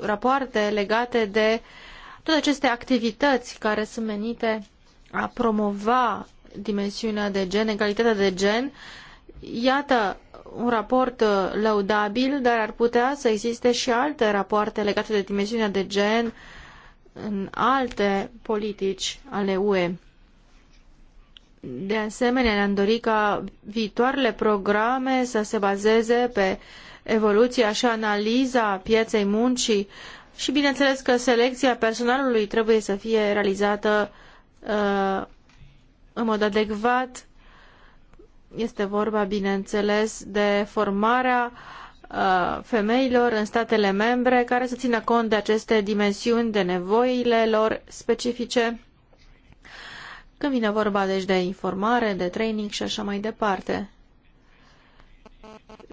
rapoarte legate de toate aceste activități care sunt menite a promova dimensiunea de gen, egalitatea de gen. Iată un raport uh, lăudabil, dar ar putea să existe și alte rapoarte legate de dimensiunea de gen în alte politici ale UE. De asemenea, ne-am dorit ca viitoarele programe să se bazeze pe evoluția și analiza pieței muncii și, bineînțeles, că selecția personalului trebuie să fie realizată uh, în mod adecvat. Este vorba, bineînțeles, de formarea uh, femeilor în statele membre care să țină cont de aceste dimensiuni, de nevoile lor specifice, când vine vorba deci de informare, de training și așa mai departe.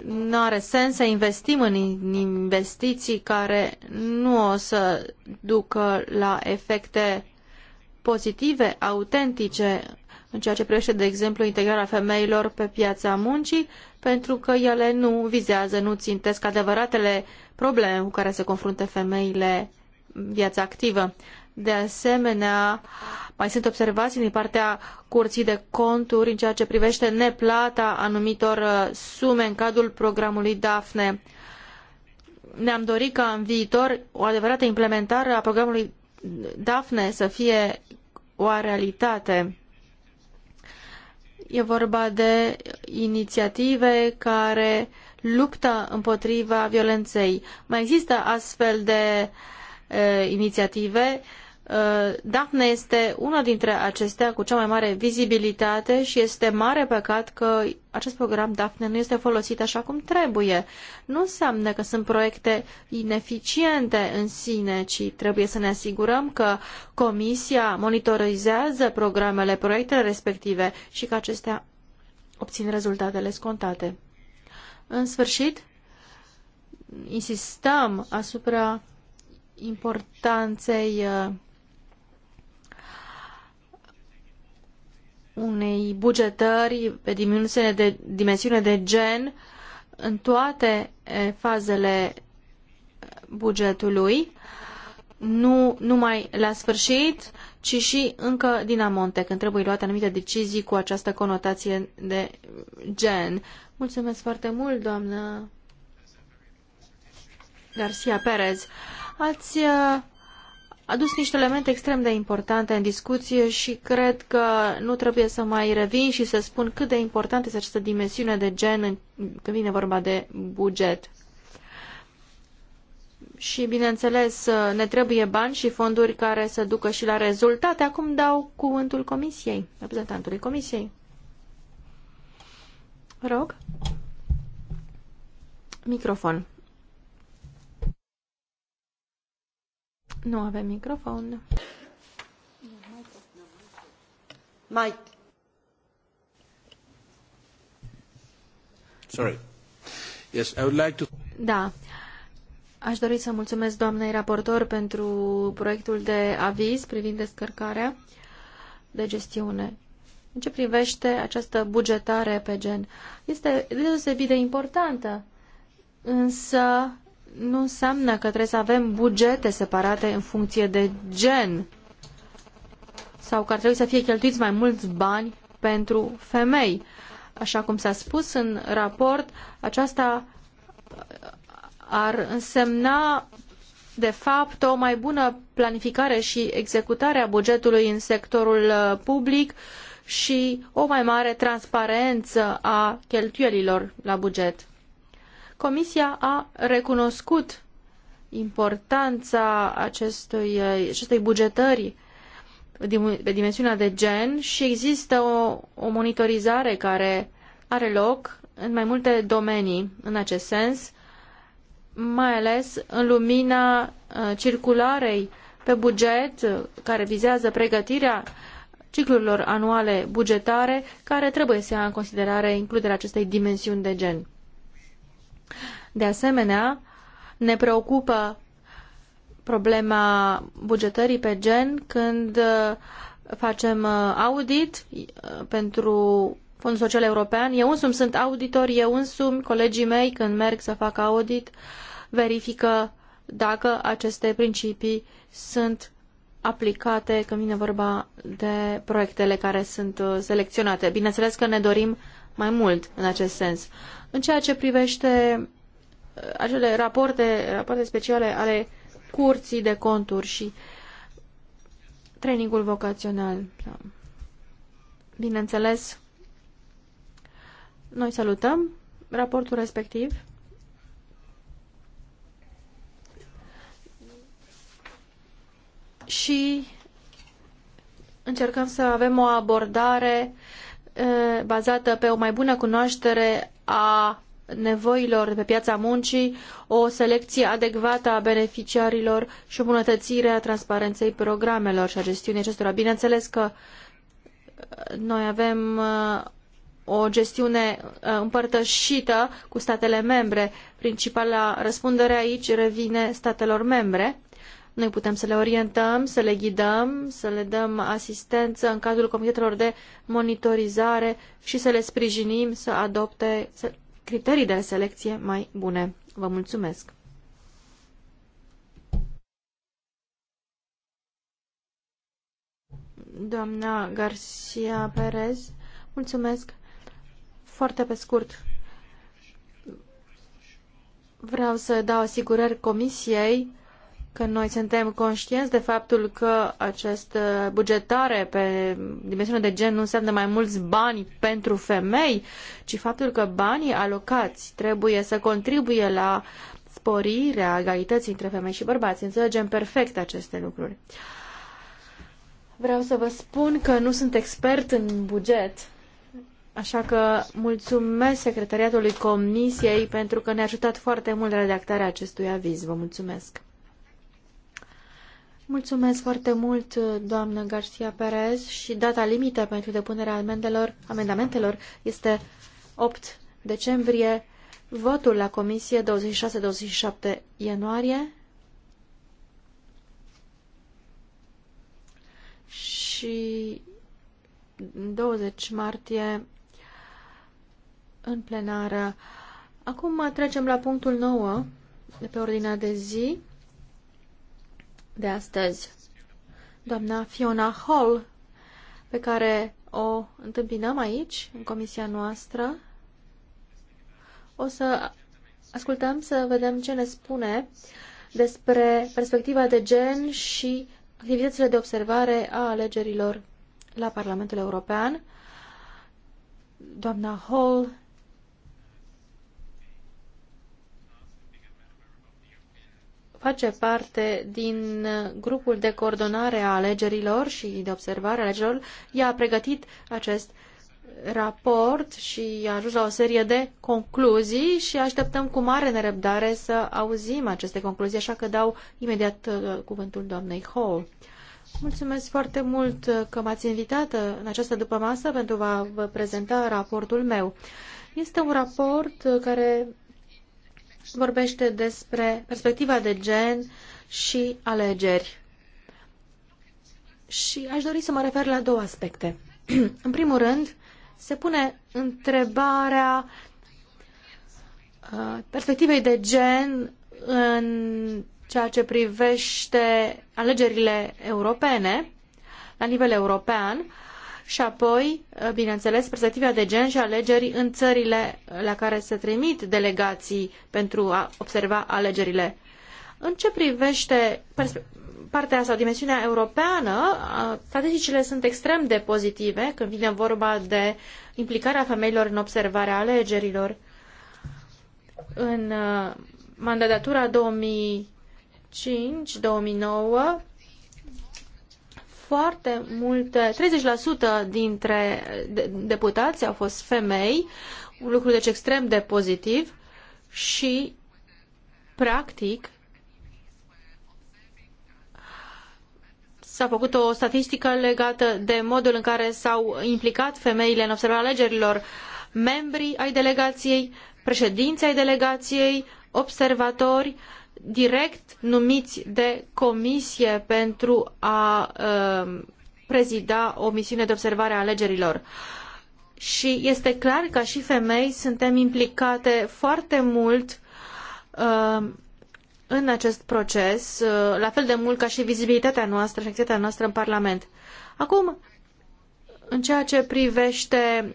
Nu are sens să investim în investiții care nu o să ducă la efecte pozitive, autentice în ceea ce privește, de exemplu, integrarea femeilor pe piața muncii, pentru că ele nu vizează, nu țintesc adevăratele probleme cu care se confruntă femeile în viața activă. De asemenea, mai sunt observații din partea Curții de Conturi în ceea ce privește neplata anumitor uh, sume în cadrul programului DAFNE. Ne-am dorit ca în viitor o adevărată implementare a programului DAFNE să fie o realitate. E vorba de inițiative care luptă împotriva violenței. Mai există astfel de e, inițiative Uh, Daphne este una dintre acestea cu cea mai mare vizibilitate și este mare păcat că acest program Daphne nu este folosit așa cum trebuie. Nu înseamnă că sunt proiecte ineficiente în sine, ci trebuie să ne asigurăm că Comisia monitorizează programele, proiectele respective și că acestea obțin rezultatele scontate. În sfârșit, insistăm asupra importanței uh, unei bugetări pe dimensiune de, dimensiune de gen în toate fazele bugetului, nu numai la sfârșit, ci și încă din amonte, când trebuie luate anumite decizii cu această conotație de gen. Mulțumesc foarte mult, doamnă Garcia Perez. Ați uh, adus niște elemente extrem de importante în discuție și cred că nu trebuie să mai revin și să spun cât de importantă este această dimensiune de gen când vine vorba de buget. Și, bineînțeles, ne trebuie bani și fonduri care să ducă și la rezultate. Acum dau cuvântul Comisiei, reprezentantului Comisiei. Rog. Microfon. Nu avem microfon. Mike. Sorry. Yes, I would like to... Da. Aș dori să mulțumesc doamnei raportor pentru proiectul de aviz privind descărcarea de gestiune. În ce privește această bugetare pe gen, este deosebit de importantă, însă nu înseamnă că trebuie să avem bugete separate în funcție de gen sau că ar trebui să fie cheltuiți mai mulți bani pentru femei. Așa cum s-a spus în raport, aceasta ar însemna de fapt o mai bună planificare și executare a bugetului în sectorul uh, public și o mai mare transparență a cheltuielilor la buget. Comisia a recunoscut importanța acestui, acestei bugetări pe dimensiunea de gen și există o, o monitorizare care are loc în mai multe domenii în acest sens, mai ales în lumina uh, circularei pe buget care vizează pregătirea ciclurilor anuale bugetare care trebuie să ia în considerare includerea acestei dimensiuni de gen. De asemenea, ne preocupă problema bugetării pe gen când uh, facem uh, audit uh, pentru Fondul Social European. Eu însumi sunt auditor, eu însumi, colegii mei, când merg să fac audit, verifică dacă aceste principii sunt aplicate când vine vorba de proiectele care sunt selecționate. Bineînțeles că ne dorim mai mult în acest sens. În ceea ce privește uh, acele rapoarte, rapoarte speciale ale curții de conturi și trainingul vocațional. Da. Bineînțeles, noi salutăm raportul respectiv. Și încercăm să avem o abordare uh, bazată pe o mai bună cunoaștere a nevoilor pe piața muncii, o selecție adecvată a beneficiarilor și o bunătățire a transparenței programelor și a gestiunii acestora. Bineînțeles că noi avem o gestiune împărtășită cu statele membre. Principala răspundere aici revine statelor membre noi putem să le orientăm, să le ghidăm, să le dăm asistență în cadrul comitetelor de monitorizare și să le sprijinim să adopte criterii de selecție mai bune. Vă mulțumesc! Doamna Garcia Perez, mulțumesc! Foarte pe scurt, vreau să dau asigurări comisiei că noi suntem conștienți de faptul că această uh, bugetare pe dimensiune de gen nu înseamnă mai mulți bani pentru femei, ci faptul că banii alocați trebuie să contribuie la sporirea egalității între femei și bărbați. Înțelegem perfect aceste lucruri. Vreau să vă spun că nu sunt expert în buget, Așa că mulțumesc secretariatului Comisiei pentru că ne-a ajutat foarte mult redactarea acestui aviz. Vă mulțumesc! Mulțumesc foarte mult, doamnă Garcia Perez, și data limită pentru depunerea amendelor, amendamentelor este 8 decembrie, votul la comisie 26-27 ianuarie și 20 martie în plenară. Acum trecem la punctul 9 de pe ordinea de zi de astăzi. Doamna Fiona Hall, pe care o întâmpinăm aici, în comisia noastră. O să ascultăm să vedem ce ne spune despre perspectiva de gen și activitățile de observare a alegerilor la Parlamentul European. Doamna Hall face parte din grupul de coordonare a alegerilor și de observare a alegerilor. Ea a pregătit acest raport și a ajuns la o serie de concluzii și așteptăm cu mare nerăbdare să auzim aceste concluzii, așa că dau imediat uh, cuvântul doamnei Hall. Mulțumesc foarte mult că m-ați invitat în această dupămasă pentru a vă prezenta raportul meu. Este un raport care vorbește despre perspectiva de gen și alegeri. Și aș dori să mă refer la două aspecte. În primul rând, se pune întrebarea uh, perspectivei de gen în ceea ce privește alegerile europene, la nivel european, și apoi, uh, bineînțeles, perspectiva de gen și alegeri în țările la care se trimit delegații pentru a observa alegerile. În ce privește partea sau dimensiunea europeană, uh, statisticile sunt extrem de pozitive când vine vorba de implicarea femeilor în observarea alegerilor. În uh, mandatura 2005-2009, foarte multe, 30% dintre deputați au fost femei, un lucru deci extrem de pozitiv și, practic, s-a făcut o statistică legată de modul în care s-au implicat femeile în observarea alegerilor, membrii ai delegației, președinții ai delegației, observatori, direct numiți de comisie pentru a um, prezida o misiune de observare a alegerilor. Și este clar că și femei suntem implicate foarte mult um, în acest proces, uh, la fel de mult ca și vizibilitatea noastră și activitatea noastră în Parlament. Acum, în ceea ce privește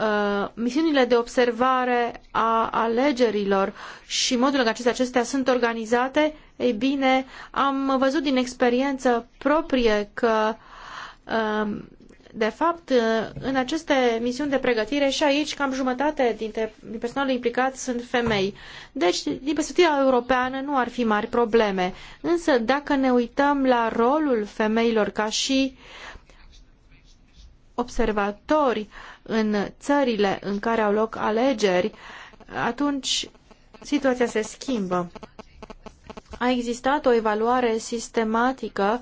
Uh, misiunile de observare a alegerilor și modul în care acestea, acestea sunt organizate, ei bine, am văzut din experiență proprie că um, de fapt, uh, în aceste misiuni de pregătire și aici cam jumătate dintre din personalul implicat sunt femei. Deci, din perspectiva europeană, nu ar fi mari probleme. Însă, dacă ne uităm la rolul femeilor ca și observatori, uh, în țările în care au loc alegeri, atunci situația se schimbă. A existat o evaluare sistematică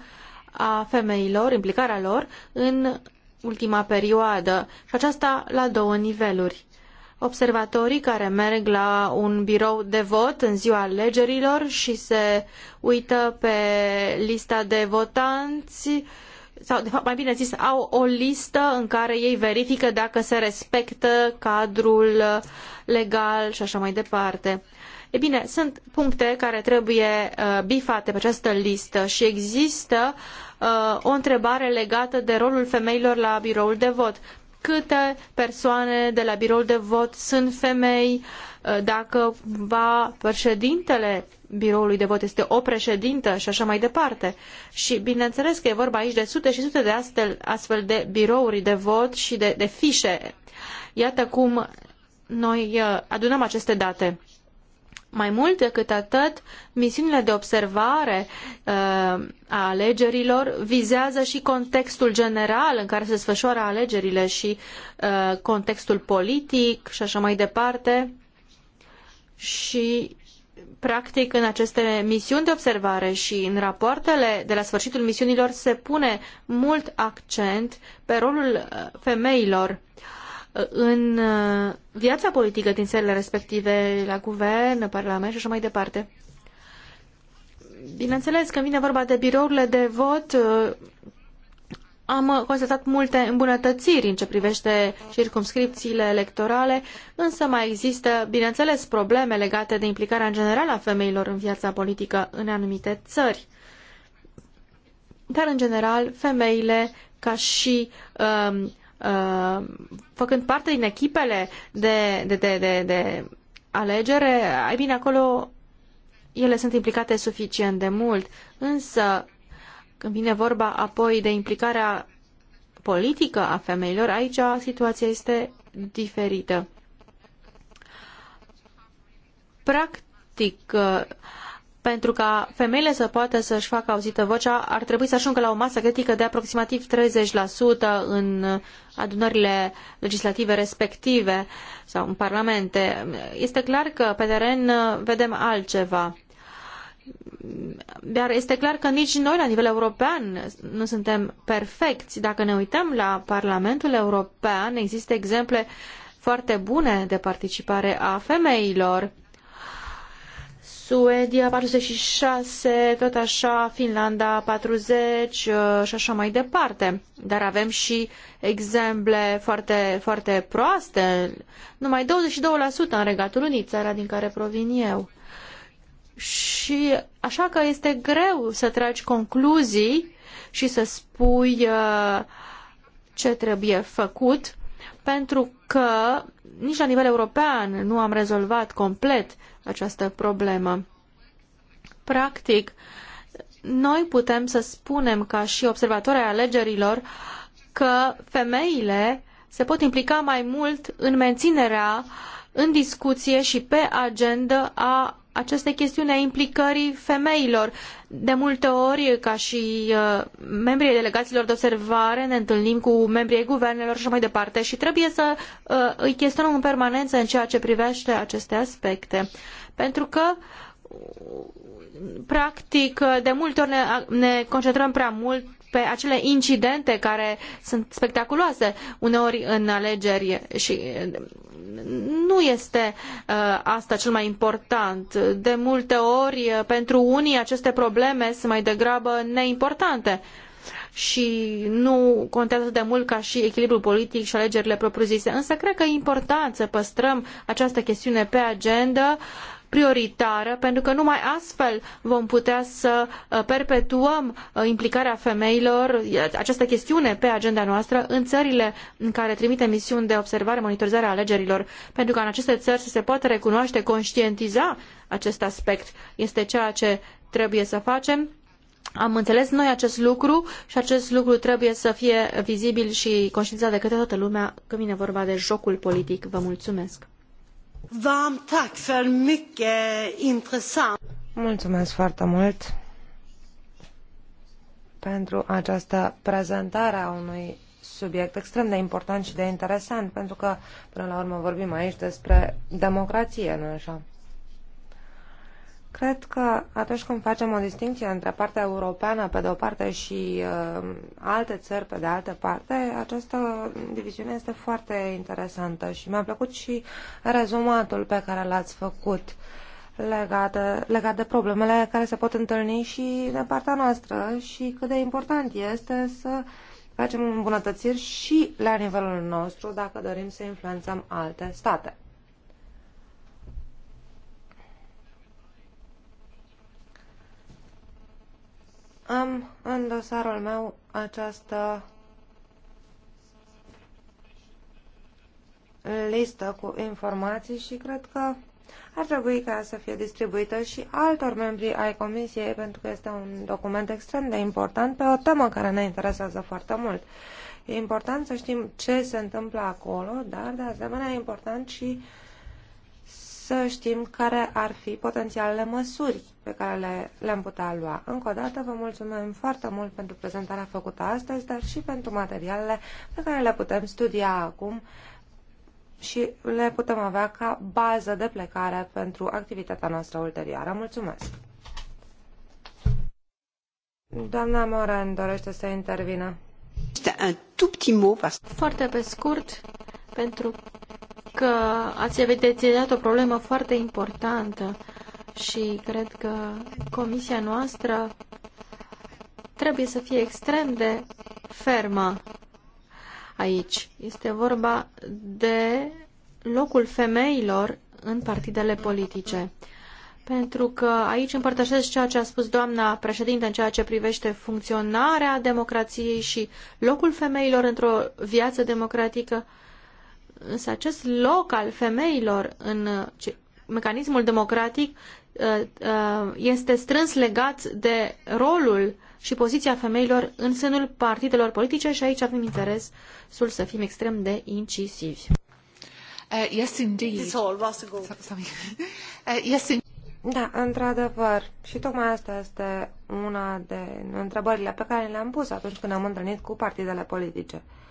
a femeilor, implicarea lor, în ultima perioadă și aceasta la două niveluri. Observatorii care merg la un birou de vot în ziua alegerilor și se uită pe lista de votanți sau de fapt mai bine zis, au o listă în care ei verifică dacă se respectă cadrul legal și așa mai departe. E bine, sunt puncte care trebuie uh, bifate pe această listă și există uh, o întrebare legată de rolul femeilor la biroul de vot. Câte persoane de la biroul de vot sunt femei? Uh, dacă va președintele biroului de vot este o președintă și așa mai departe. Și bineînțeles că e vorba aici de sute și sute de astfel, astfel de birouri de vot și de, de fișe. Iată cum noi uh, adunăm aceste date. Mai mult decât atât, misiunile de observare uh, a alegerilor vizează și contextul general în care se desfășoară alegerile și uh, contextul politic și așa mai departe. Și practic, în aceste misiuni de observare și în rapoartele de la sfârșitul misiunilor se pune mult accent pe rolul uh, femeilor uh, în uh, viața politică din țările respective, la guvern, parlament și așa mai departe. Bineînțeles, când vine vorba de birourile de vot, am constatat multe îmbunătățiri în ce privește circumscripțiile electorale, însă mai există, bineînțeles, probleme legate de implicarea în general a femeilor în viața politică în anumite țări. Dar, în general, femeile, ca și um, um, făcând parte din echipele de, de, de, de, de alegere, ai bine, acolo ele sunt implicate suficient de mult, însă când vine vorba apoi de implicarea politică a femeilor, aici situația este diferită. Practic, pentru ca femeile să poată să-și facă auzită vocea, ar trebui să ajungă la o masă critică de aproximativ 30% în adunările legislative respective sau în parlamente. Este clar că pe teren vedem altceva. Dar este clar că nici noi, la nivel european, nu suntem perfecți. Dacă ne uităm la Parlamentul European, există exemple foarte bune de participare a femeilor. Suedia 46, tot așa, Finlanda 40 uh, și așa mai departe. Dar avem și exemple foarte, foarte proaste. Numai 22% în Regatul Unit, țara din care provin eu și așa că este greu să tragi concluzii și să spui uh, ce trebuie făcut, pentru că nici la nivel european nu am rezolvat complet această problemă. Practic, noi putem să spunem ca și observatori ai alegerilor că femeile se pot implica mai mult în menținerea în discuție și pe agenda a această chestiune a implicării femeilor. De multe ori, ca și uh, membrii delegațiilor de observare, ne întâlnim cu membrii guvernelor și mai departe și trebuie să uh, îi chestionăm în permanență în ceea ce privește aceste aspecte. Pentru că practic, de multe ori ne, ne concentrăm prea mult pe acele incidente care sunt spectaculoase uneori în alegeri și nu este uh, asta cel mai important. De multe ori, uh, pentru unii, aceste probleme sunt mai degrabă neimportante și nu contează de mult ca și echilibrul politic și alegerile propriu-zise. Însă cred că e important să păstrăm această chestiune pe agenda uh, prioritară, pentru că numai astfel vom putea să uh, perpetuăm uh, implicarea femeilor, uh, această chestiune pe agenda noastră, în țările în care trimite misiuni de observare, monitorizare a alegerilor, pentru că în aceste țări să se poată recunoaște, conștientiza acest aspect. Este ceea ce trebuie să facem. Am înțeles noi acest lucru și acest lucru trebuie să fie vizibil și conștientizat de către toată lumea când vine vorba de jocul politic. Vă mulțumesc! Mulțumesc foarte mult pentru această prezentare a unui subiect extrem de important și de interesant, pentru că, până la urmă, vorbim aici despre democrație, nu așa? Cred că atunci când facem o distinție între partea europeană pe de o parte și uh, alte țări pe de altă parte, această diviziune este foarte interesantă și mi-a plăcut și rezumatul pe care l-ați făcut legat de, legat de problemele care se pot întâlni și de partea noastră și cât de important este să facem îmbunătățiri și la nivelul nostru dacă dorim să influențăm alte state. Am în dosarul meu această listă cu informații și cred că ar trebui ca să fie distribuită și altor membri ai Comisiei, pentru că este un document extrem de important pe o temă care ne interesează foarte mult. E important să știm ce se întâmplă acolo, dar de asemenea e important și uh, să știm care ar fi potențialele măsuri pe care le, le-am putea lua. Încă o dată vă mulțumim foarte mult pentru prezentarea făcută astăzi, dar și pentru materialele pe care le putem studia acum și le putem avea ca bază de plecare pentru activitatea noastră ulterioară. Mulțumesc! Doamna Moran dorește să intervină. Foarte pe scurt, pentru că ați evidențiat o problemă foarte importantă și cred că comisia noastră trebuie să fie extrem de fermă aici. Este vorba de locul femeilor în partidele politice. Pentru că aici împărtășesc ceea ce a spus doamna președinte în ceea ce privește funcționarea democrației și locul femeilor într-o viață democratică Însă acest loc al femeilor în mecanismul democratic uh, uh, este strâns legat de rolul și poziția femeilor în sânul partidelor politice și aici avem interesul să fim extrem de incisivi. Uh, yes, indeed. Uh, yes, da, într-adevăr. Și tocmai asta este una de întrebările pe care le-am pus atunci când am întâlnit cu partidele politice. Uh,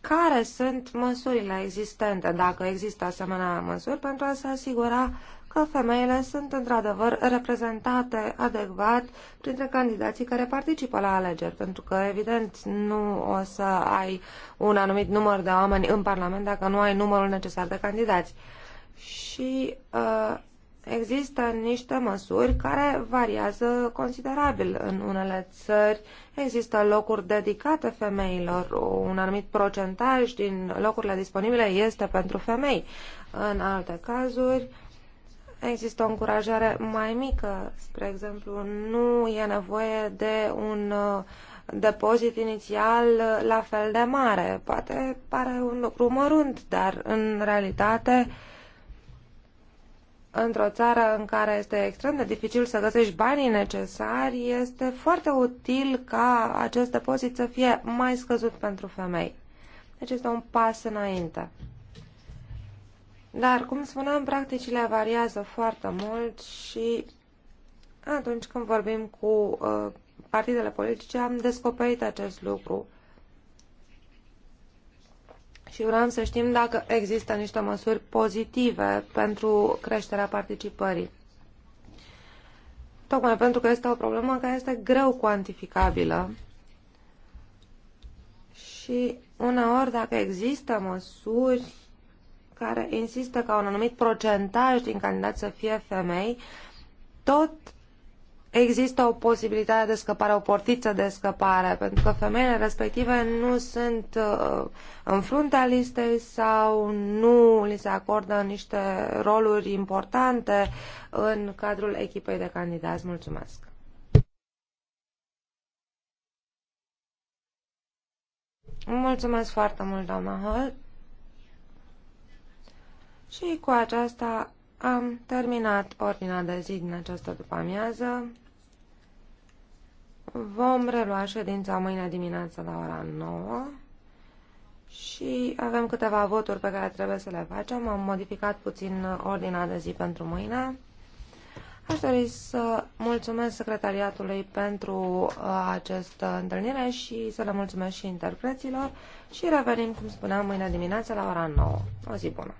care sunt măsurile existente, dacă există asemenea măsuri, pentru a se asigura că femeile sunt într-adevăr reprezentate adecvat printre candidații care participă la alegeri, pentru că, evident, nu o să ai un anumit număr de oameni în Parlament dacă nu ai numărul necesar de candidați. Și uh, Există niște măsuri care variază considerabil în unele țări. Există locuri dedicate femeilor, un anumit procentaj din locurile disponibile este pentru femei. În alte cazuri există o încurajare mai mică. Spre exemplu, nu e nevoie de un uh, depozit inițial la fel de mare. Poate pare un lucru mărunt, dar în realitate într-o țară în care este extrem de dificil să găsești banii necesari, este foarte util ca acest depozit să fie mai scăzut pentru femei. Deci este un pas înainte. Dar, cum spuneam, practicile variază foarte mult și atunci când vorbim cu uh, partidele politice am descoperit acest lucru și vreau să știm dacă există niște măsuri pozitive pentru creșterea participării. Tocmai pentru că este o problemă care este greu cuantificabilă. Și uneori, dacă există măsuri care insistă ca un anumit procentaj din candidați să fie femei, tot există o posibilitate de scăpare, o portiță de scăpare, pentru că femeile respective nu sunt uh, în fruntea listei sau nu li se acordă niște roluri importante în cadrul echipei de candidați. Mulțumesc! Mulțumesc foarte mult, doamna Hall. Și cu aceasta am terminat ordinea de zi din această după-amiază. Vom relua ședința mâine dimineață la ora 9 și avem câteva voturi pe care trebuie să le facem. Am modificat puțin ordinea de zi pentru mâine. Aș dori să mulțumesc secretariatului pentru uh, această întâlnire și să le mulțumesc și interpreților și revenim, cum spuneam, mâine dimineață la ora 9. O zi bună!